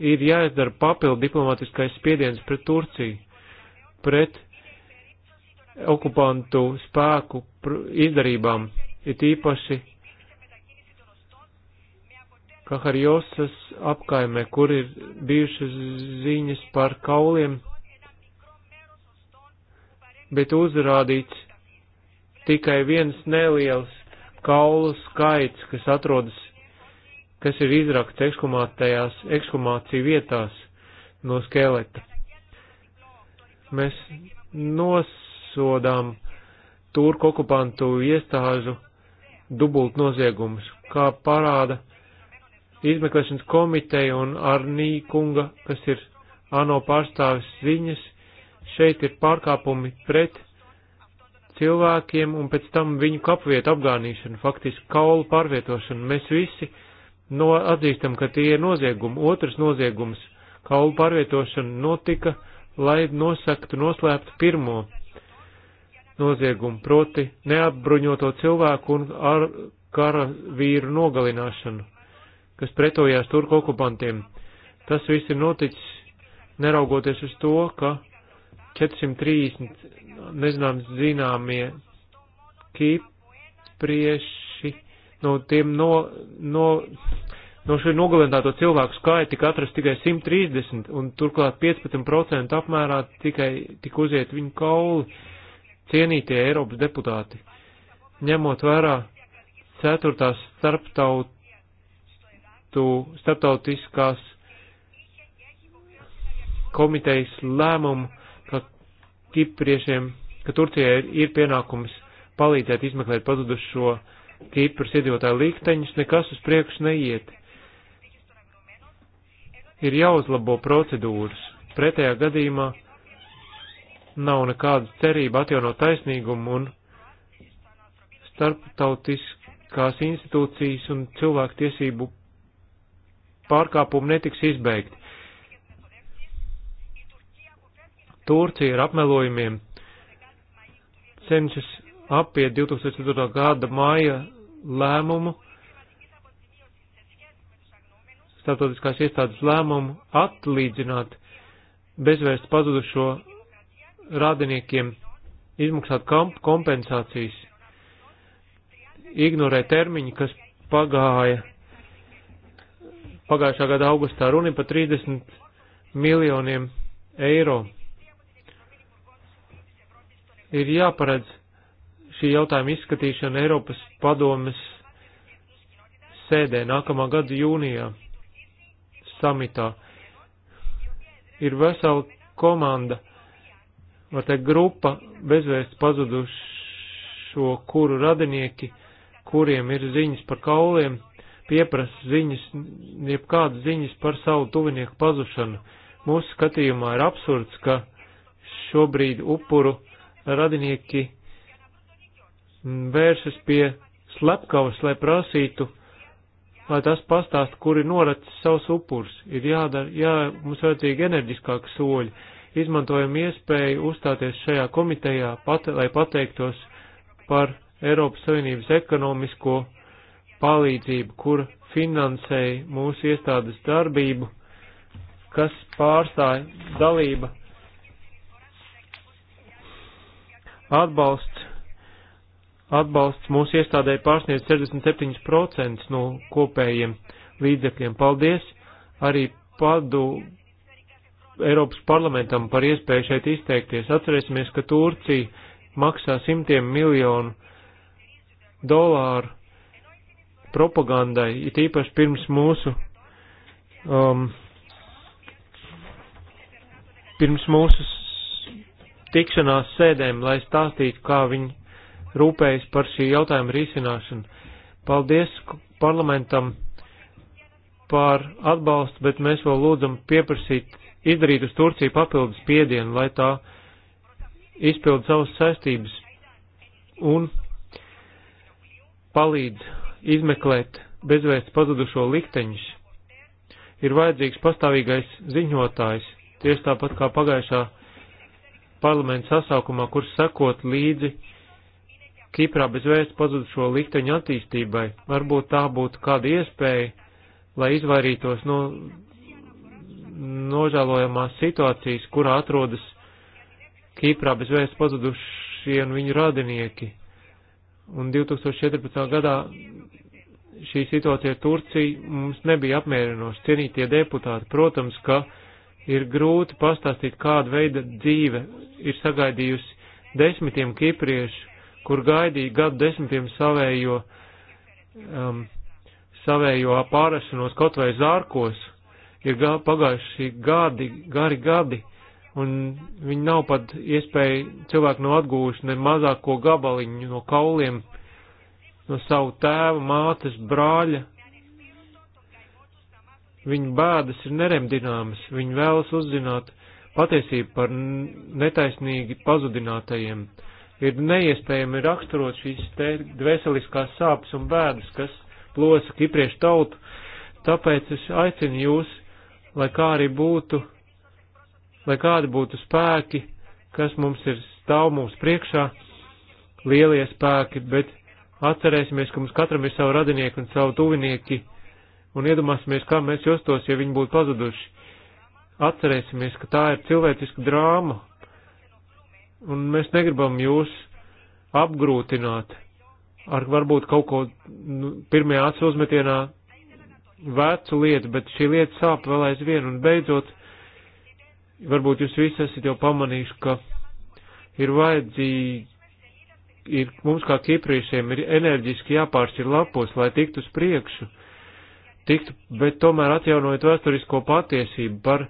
ir jāizdara papildu diplomātiskais spiediens pret Turciju, pret okupantu spēku izdarībām, it īpaši Kaharjosas apkaimē, kur ir bijušas ziņas par kauliem, bet uzrādīts tikai viens neliels kaulu skaits, kas atrodas kas ir izrakts ekshumātajās, ekshumāciju vietās no skeleta. Mēs nosodām turku okupantu iestāžu dubult noziegumus, kā parāda izmeklēšanas komiteja un Arnī kunga, kas ir ANO pārstāvis ziņas, šeit ir pārkāpumi pret cilvēkiem un pēc tam viņu kapvietu apgānīšanu, faktiski kaulu pārvietošanu. Mēs visi no, atzīstam, ka tie ir noziegumi. Otrs noziegums - kaulu pārvietošana notika, lai nosaktu, noslēptu pirmo noziegumu, proti neapbruņoto cilvēku un ar kara vīru nogalināšanu, kas pretojās turku okupantiem. Tas viss ir noticis neraugoties uz to, ka 430 nezināms zināmie kīprieši no nu, tiem no, no, no šī nogalināto cilvēku skaita tika atrast tikai 130, un turklāt 15% apmērā tikai tik uziet viņu kauli cienītie Eiropas deputāti. Ņemot vērā ceturtās starptautu, starptautiskās komitejas lēmumu, ka kipriešiem, ka Turcijai ir, ir pienākums palīdzēt izmeklēt pazudušo šo Kīpras iedzīvotāju likteņus, nekas uz priekšu neiet. Ir jāuzlabo procedūras. Pretējā gadījumā nav nekādas cerība atjaunot taisnīgumu un starptautiskās institūcijas un cilvēktiesību pārkāpumi netiks izbeigti. Turcija ar apmelojumiem cenšas apiet 2004. gada māja lēmumu, starptautiskās iestādes lēmumu atlīdzināt bezvērst pazudušo radiniekiem, izmaksāt kompensācijas, ignorē termiņi, kas pagāja pagājušā gada augustā runa par 30 miljoniem eiro. Ir jāparedz šī jautājuma izskatīšana Eiropas padomes sēdē nākamā gada jūnijā samitā. Ir vesela komanda, var teikt, grupa bezvēsts pazudušo kuru radinieki, kuriem ir ziņas par kauliem, pieprasa ziņas, jebkādas ziņas par savu tuvinieku pazušanu. Mūsu skatījumā ir absurds, ka šobrīd upuru radinieki vēršas pie slepkavas, lai prasītu, lai tas pastāst, kuri noracis savus upurs. Ir jādara, jā, mums vajadzīgi enerģiskāki soļi. Izmantojam iespēju uzstāties šajā komitejā, pat, lai pateiktos par Eiropas Savienības ekonomisko palīdzību, kur finansēja mūsu iestādes darbību, kas pārstāja dalība atbalsts atbalsts mūsu iestādē pārsniedz 67% no kopējiem līdzekļiem. Paldies arī padu Eiropas parlamentam par iespēju šeit izteikties. Atcerēsimies, ka Turcija maksā simtiem miljonu dolāru propagandai, it īpaši pirms mūsu, um, pirms mūsu tikšanās sēdēm, lai stāstītu, kā viņi rūpējas par šī jautājuma risināšanu. Paldies parlamentam par atbalstu, bet mēs vēl lūdzam pieprasīt izdarīt uz Turciju papildus piedienu, lai tā izpild savas saistības un palīdz izmeklēt bezvēsts pazudušo likteņus. Ir vajadzīgs pastāvīgais ziņotājs, tieši tāpat kā pagājušā parlamenta sasaukumā, kurš sekot līdzi Kiprā bez vēsts pazudušo likteņu attīstībai. Varbūt tā būtu kāda iespēja, lai izvairītos no nožēlojamās situācijas, kurā atrodas Kiprā bez vēsts pazudušie un viņu radinieki. Un 2014. gadā šī situācija ar Turciju mums nebija apmierinoša. Cienītie deputāti, protams, ka ir grūti pastāstīt, kāda veida dzīve ir sagaidījusi desmitiem kipriešu, kur gaidīja gadu desmitiem savējo, um, savējo pārešanos kaut vai zārkos, ir gā, pagājuši gadi, gari gadi, un viņi nav pat iespēja cilvēku nav atgūvuši ne mazāko gabaliņu no kauliem, no savu tēvu, mātes, brāļa. Viņu bēdas ir neremdināmas, viņi vēlas uzzināt patiesību par netaisnīgi pazudinātajiem ir neiespējami raksturot šīs te dvēseliskās sāpes un bēdas, kas plosa Kipriešu tautu. Tāpēc es aicinu jūs, lai kā arī būtu, lai kādi būtu spēki, kas mums ir stāv mums priekšā, lielie spēki, bet atcerēsimies, ka mums katram ir savu radinieku un savu tuvinieki, un iedomāsimies, kā mēs justos, ja viņi būtu pazuduši. Atcerēsimies, ka tā ir cilvēciska drāma, Un mēs negribam jūs apgrūtināt ar varbūt kaut ko nu, pirmajā acu uzmetienā vecu lietu, bet šī lieta sāp vēl aizvien. Un beidzot, varbūt jūs visi esat jau pamanījuši, ka ir vajadzīgi, ir mums kā kipriešiem ir enerģiski jāpāršķir lapos, lai tiktu uz priekšu, tiktu, bet tomēr atjaunojot vēsturisko patiesību par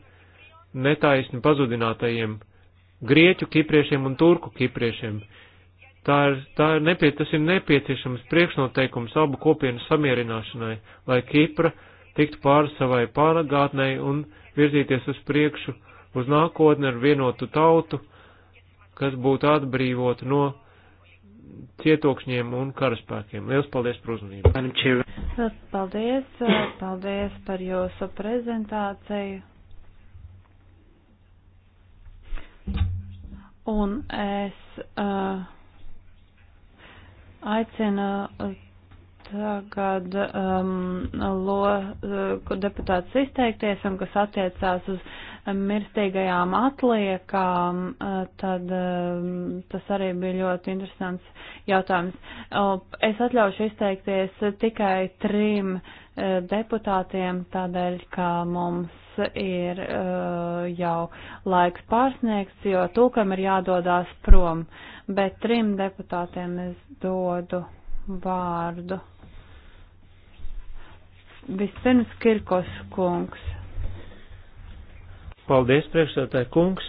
netaisni pazudinātajiem grieķu kipriešiem un turku kipriešiem. Tā ir, tā ir nepie, tas ir nepieciešams priekšnoteikums abu kopienu samierināšanai, lai Kipra tiktu pāri savai pārgātnei un virzīties uz priekšu, uz nākotni ar vienotu tautu, kas būtu atbrīvota no cietokšņiem un karaspēkiem. Lielas paldies par uzmanību. Paldies, paldies par jūsu prezentāciju. Un es uh, aicinu uh, tagad um, lo, uh, deputāts izteikties, un kas attiecās uz mirstīgajām atliekām, uh, tad um, tas arī bija ļoti interesants jautājums. Uh, es atļaušu izteikties tikai trim uh, deputātiem, tādēļ, ka mums ir uh, jau laiks pārsniegts, jo tūkam ir jādodās prom, bet trim deputātiem es dodu vārdu. Vispirms Kirkos kungs. Paldies, priekšsētāji kungs.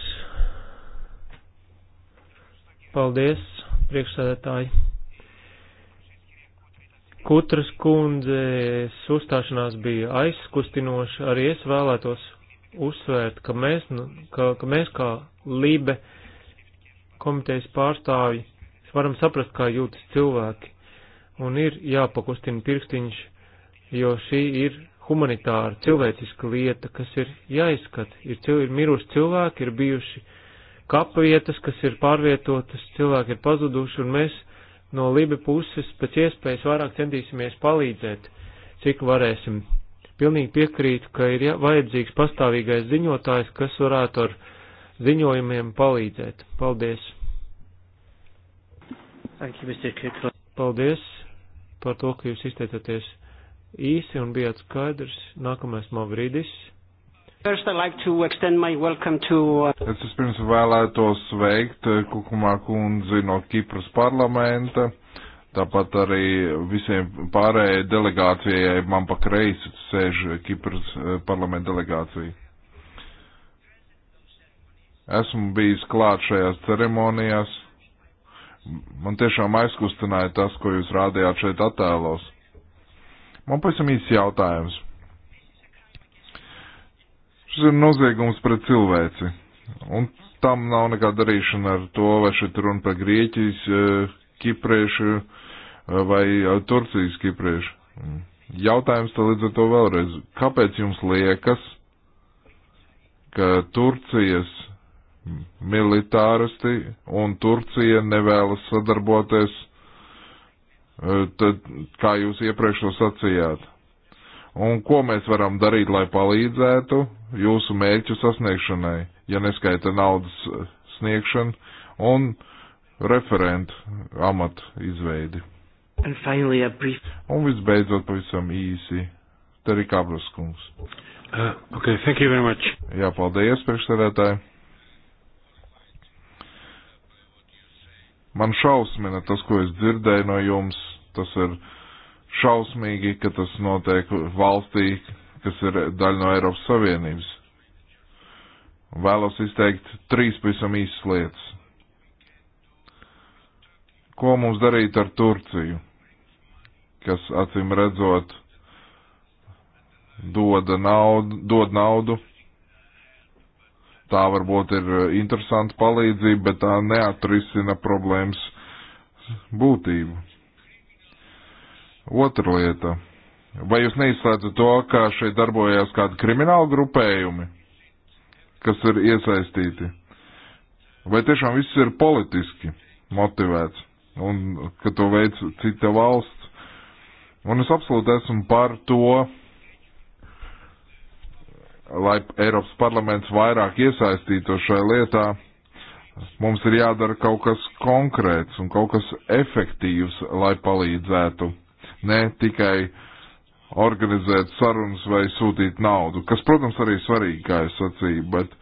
Paldies, priekšsētāji. Kutras kundzes uzstāšanās bija aizkustinoša, arī es vēlētos uzsvērt, ka mēs, nu, ka, ka mēs kā Lībe komitejas pārstāvji varam saprast, kā jūtas cilvēki, un ir jāpakustina pirkstiņš, jo šī ir humanitāra, cilvēciska lieta, kas ir jāizskata. Ir, cilvēki, ir miruši cilvēki, ir bijuši kapavietas, kas ir pārvietotas, cilvēki ir pazuduši, un mēs no Libe puses pēc iespējas vairāk centīsimies palīdzēt, cik varēsim. Pilnīgi piekrītu, ka ir vajadzīgs pastāvīgais ziņotājs, kas varētu ar ziņojumiem palīdzēt. Paldies! Paldies par to, ka jūs izteicaties īsi un bijāt skaidrs. Nākamais Mavridis. First, I'd like to extend my welcome to. Uh, es vispirms vēlētos sveikt eh, Kukumā kundzi no Kipras parlamenta, tāpat arī visiem pārējai delegācijai man pa kreisi sēž Kipras eh, parlamenta delegācija. Esmu bijis klāt šajās ceremonijās. Man tiešām aizkustināja tas, ko jūs rādījāt šeit attēlos. Man pavisam īsts jautājums Šis ir noziegums pret cilvēci. Un tam nav nekāda darīšana ar to, vai šeit runa par Grieķijas e, kipriešu e, vai e, Turcijas kipriešu. Jautājums tad līdz ar to vēlreiz. Kāpēc jums liekas, ka Turcijas militāristi un Turcija nevēlas sadarboties, tad, kā jūs iepriekš to sacījāt? un ko mēs varam darīt, lai palīdzētu jūsu mērķu sasniegšanai, ja neskaita naudas sniegšanu un referentu amatu izveidi. Finally, brief... Un visbeidzot pavisam īsi, Terī Kabras kungs. Uh, okay, thank you very much. Jā, paldies, priekšsēdētāji. Man šausmina tas, ko es dzirdēju no jums. Tas ir uh, šausmīgi, ka tas notiek valstī, kas ir daļa no Eiropas Savienības. Vēlos izteikt trīs pavisam īsas lietas. Ko mums darīt ar Turciju, kas acīm redzot doda naudu, dod naudu? Tā varbūt ir interesanta palīdzība, bet tā neatrisina problēmas būtību Otra lieta. Vai jūs neizslēdzat to, ka šeit darbojās kādi krimināli grupējumi, kas ir iesaistīti? Vai tiešām viss ir politiski motivēts un ka to veic cita valsts? Un es absolūti esmu par to, lai Eiropas parlaments vairāk iesaistītos šajā lietā. Mums ir jādara kaut kas konkrēts un kaut kas efektīvs, lai palīdzētu ne tikai organizēt sarunas vai sūtīt naudu, kas, protams, arī svarīgi, kā es sacīju, bet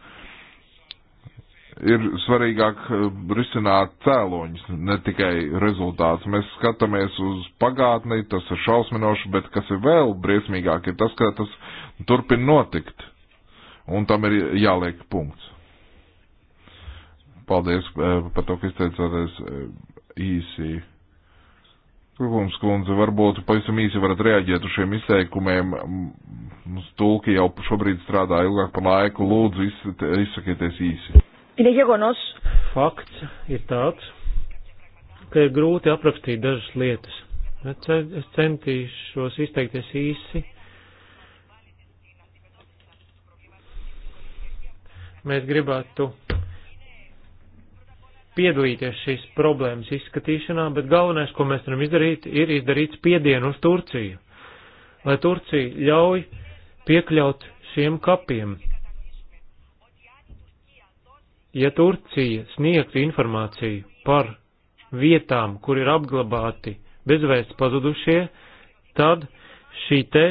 ir svarīgāk eh, risināt cēloņus, ne tikai rezultātus. Mēs skatāmies uz pagātni, tas ir šausminoši, bet kas ir vēl briesmīgāk, ir tas, ka tas turpin notikt. Un tam ir jāliek punkts. Paldies eh, par to, ka izteicāties eh, īsi. Krupums kundze, varbūt pavisam īsi varat reaģēt uz šiem izteikumiem. Mums tulki jau šobrīd strādā ilgāk par laiku. Lūdzu, izsakieties īsi. Fakts ir tāds, ka ir grūti aprakstīt dažas lietas. Es centīšos izteikties īsi. Mēs gribētu piedalīties šīs problēmas izskatīšanā, bet galvenais, ko mēs varam izdarīt, ir izdarīt spiedienu uz Turciju, lai Turcija ļauj piekļaut šiem kapiem. Ja Turcija sniegtu informāciju par vietām, kur ir apglabāti bezvēsts pazudušie, tad šī te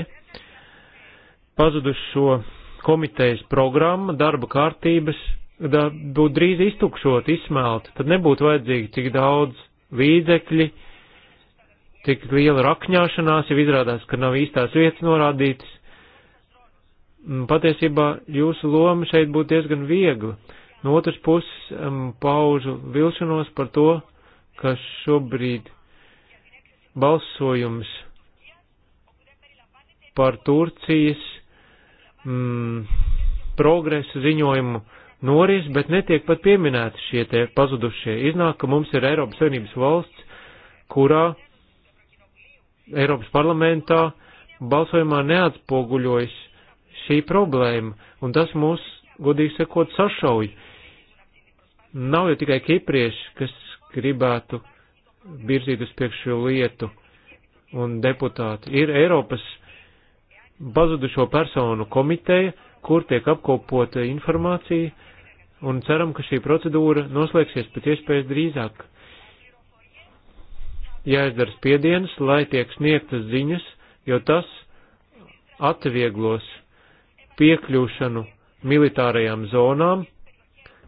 pazudušo komitejas programma darba kārtības da, būtu drīz iztukšot, izsmelt, tad nebūtu vajadzīgi tik daudz līdzekļi, tik liela rakņāšanās, jau izrādās, ka nav īstās vietas norādītas. Mm, patiesībā jūsu loma šeit būtu diezgan viegla. No otras puses um, paužu vilšanos par to, ka šobrīd balsojums par Turcijas mm, progresu ziņojumu noris, bet netiek pat pieminēti šie te pazudušie. Iznāk, ka mums ir Eiropas Savienības valsts, kurā Eiropas parlamentā balsojumā neatspoguļojas šī problēma, un tas mūs, godīgi sakot, sašauj. Nav jau tikai kiprieši, kas gribētu virzīt uz priekšu lietu un deputāti. Ir Eiropas pazudušo personu komiteja, kur tiek apkopota informācija un ceram, ka šī procedūra noslēgsies pēc iespējas drīzāk. Jāizdara spiediens, lai tiek sniegtas ziņas, jo tas atvieglos piekļūšanu militārajām zonām,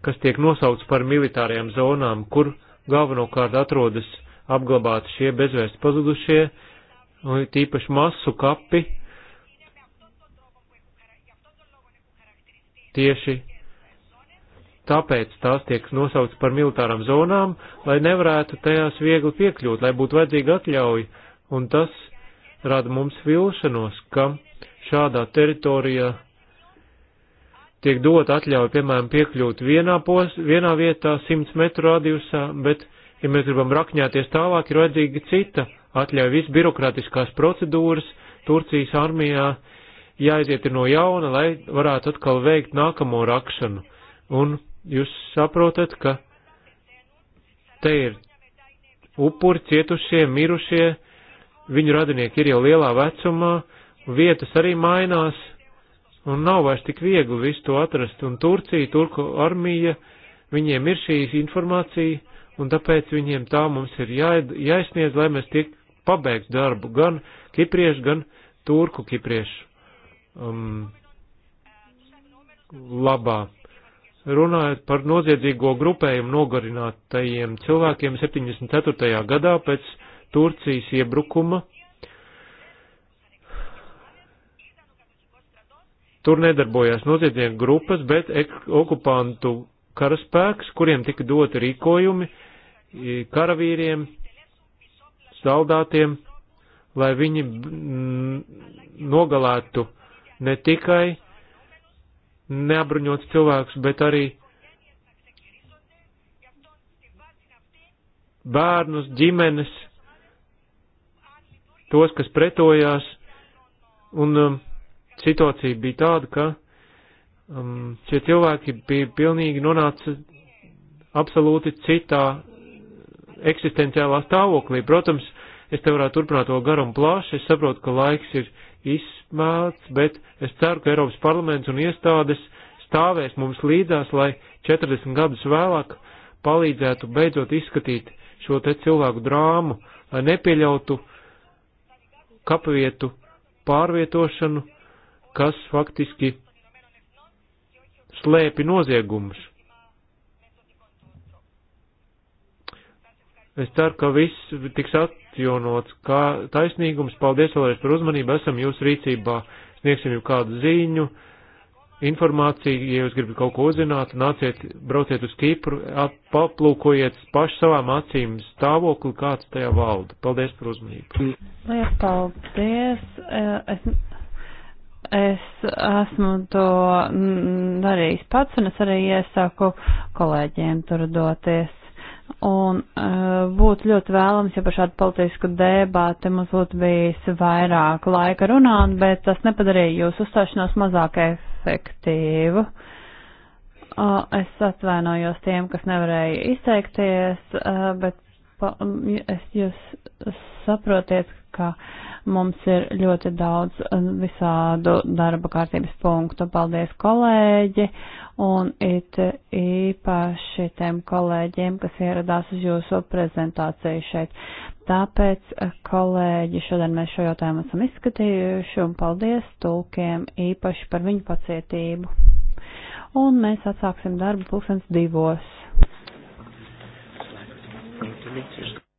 kas tiek nosaukts par militārajām zonām, kur galvenokārt atrodas apglabāti šie bezvēst pazudušie, tīpaši masu kapi, tieši tāpēc tās tiek nosauktas par militārām zonām, lai nevarētu tajās viegli piekļūt, lai būtu vajadzīga atļauja, un tas rada mums vilšanos, ka šādā teritorijā tiek dot atļauja, piemēram, piekļūt vienā, pos, vienā vietā 100 metru radiusā, bet, ja mēs gribam rakņāties tālāk, ir vajadzīga cita atļauja. Viss birokrātiskās procedūras Turcijas armijā jāiziet ir no jauna, lai varētu atkal veikt nākamo rakšanu. Un jūs saprotat, ka te ir upuri cietušie, mirušie, viņu radinieki ir jau lielā vecumā, vietas arī mainās, un nav vairs tik viegli visu to atrast, un Turcija, Turku armija, viņiem ir šīs informācija, un tāpēc viņiem tā mums ir jā, jāizsniedz, lai mēs tiek pabeigts darbu gan kipriešu, gan turku kipriešu um, labā. Runājot par noziedzīgo grupējumu nogarinātajiem cilvēkiem 74. gadā pēc Turcijas iebrukuma, tur nedarbojās noziedznieku grupas, bet okupantu karaspēks, kuriem tika doti rīkojumi karavīriem, soldātiem, lai viņi nogalētu ne tikai neapbruņots cilvēks, bet arī bērnus, ģimenes, tos, kas pretojās, un um, situācija bija tāda, ka um, šie cilvēki bija pilnīgi nonāca absolūti citā eksistenciālā stāvoklī. Protams, es te varētu turpināt to garu un plāšu, es saprotu, ka laiks ir izsmēlts, bet es ceru, ka Eiropas parlaments un iestādes stāvēs mums līdzās, lai 40 gadus vēlāk palīdzētu beidzot izskatīt šo te cilvēku drāmu, lai nepieļautu kapavietu pārvietošanu, kas faktiski slēpi noziegumus. Es ceru, ka viss tiks at, sankcionots. Kā taisnīgums, paldies vēlreiz par uzmanību, esam jūsu rīcībā, sniegsim jau kādu ziņu, informāciju, ja jūs gribat kaut ko uzzināt, nāciet, brauciet uz Kipru, aplūkojiet paši savām acīm stāvokli, kāds tajā valda. Paldies par uzmanību. Lielas paldies. Eh, es es esmu to darījis pats, un es arī iesaku kolēģiem tur doties. Un uh, būtu ļoti vēlams, ja par šādu politisku debāti mums būtu bijis vairāk laika runāt, bet tas nepadarīja jūsu uzstāšanos mazāk efektīvu. Uh, es atvainojos tiem, kas nevarēja izteikties, uh, bet pa, es jūs saprotiet, ka uh, Mums ir ļoti daudz eh, visādu darba kārtības punktu. Paldies, kolēģi! Un it īpaši tiem kolēģiem, kas ieradās uz jūsu prezentāciju šeit. Tāpēc, eh, kolēģi, šodien mēs šo jautājumu esam izskatījuši un paldies tulkiem īpaši par viņu pacietību. Un mēs atsāksim darbu pulkstens divos. Thank you.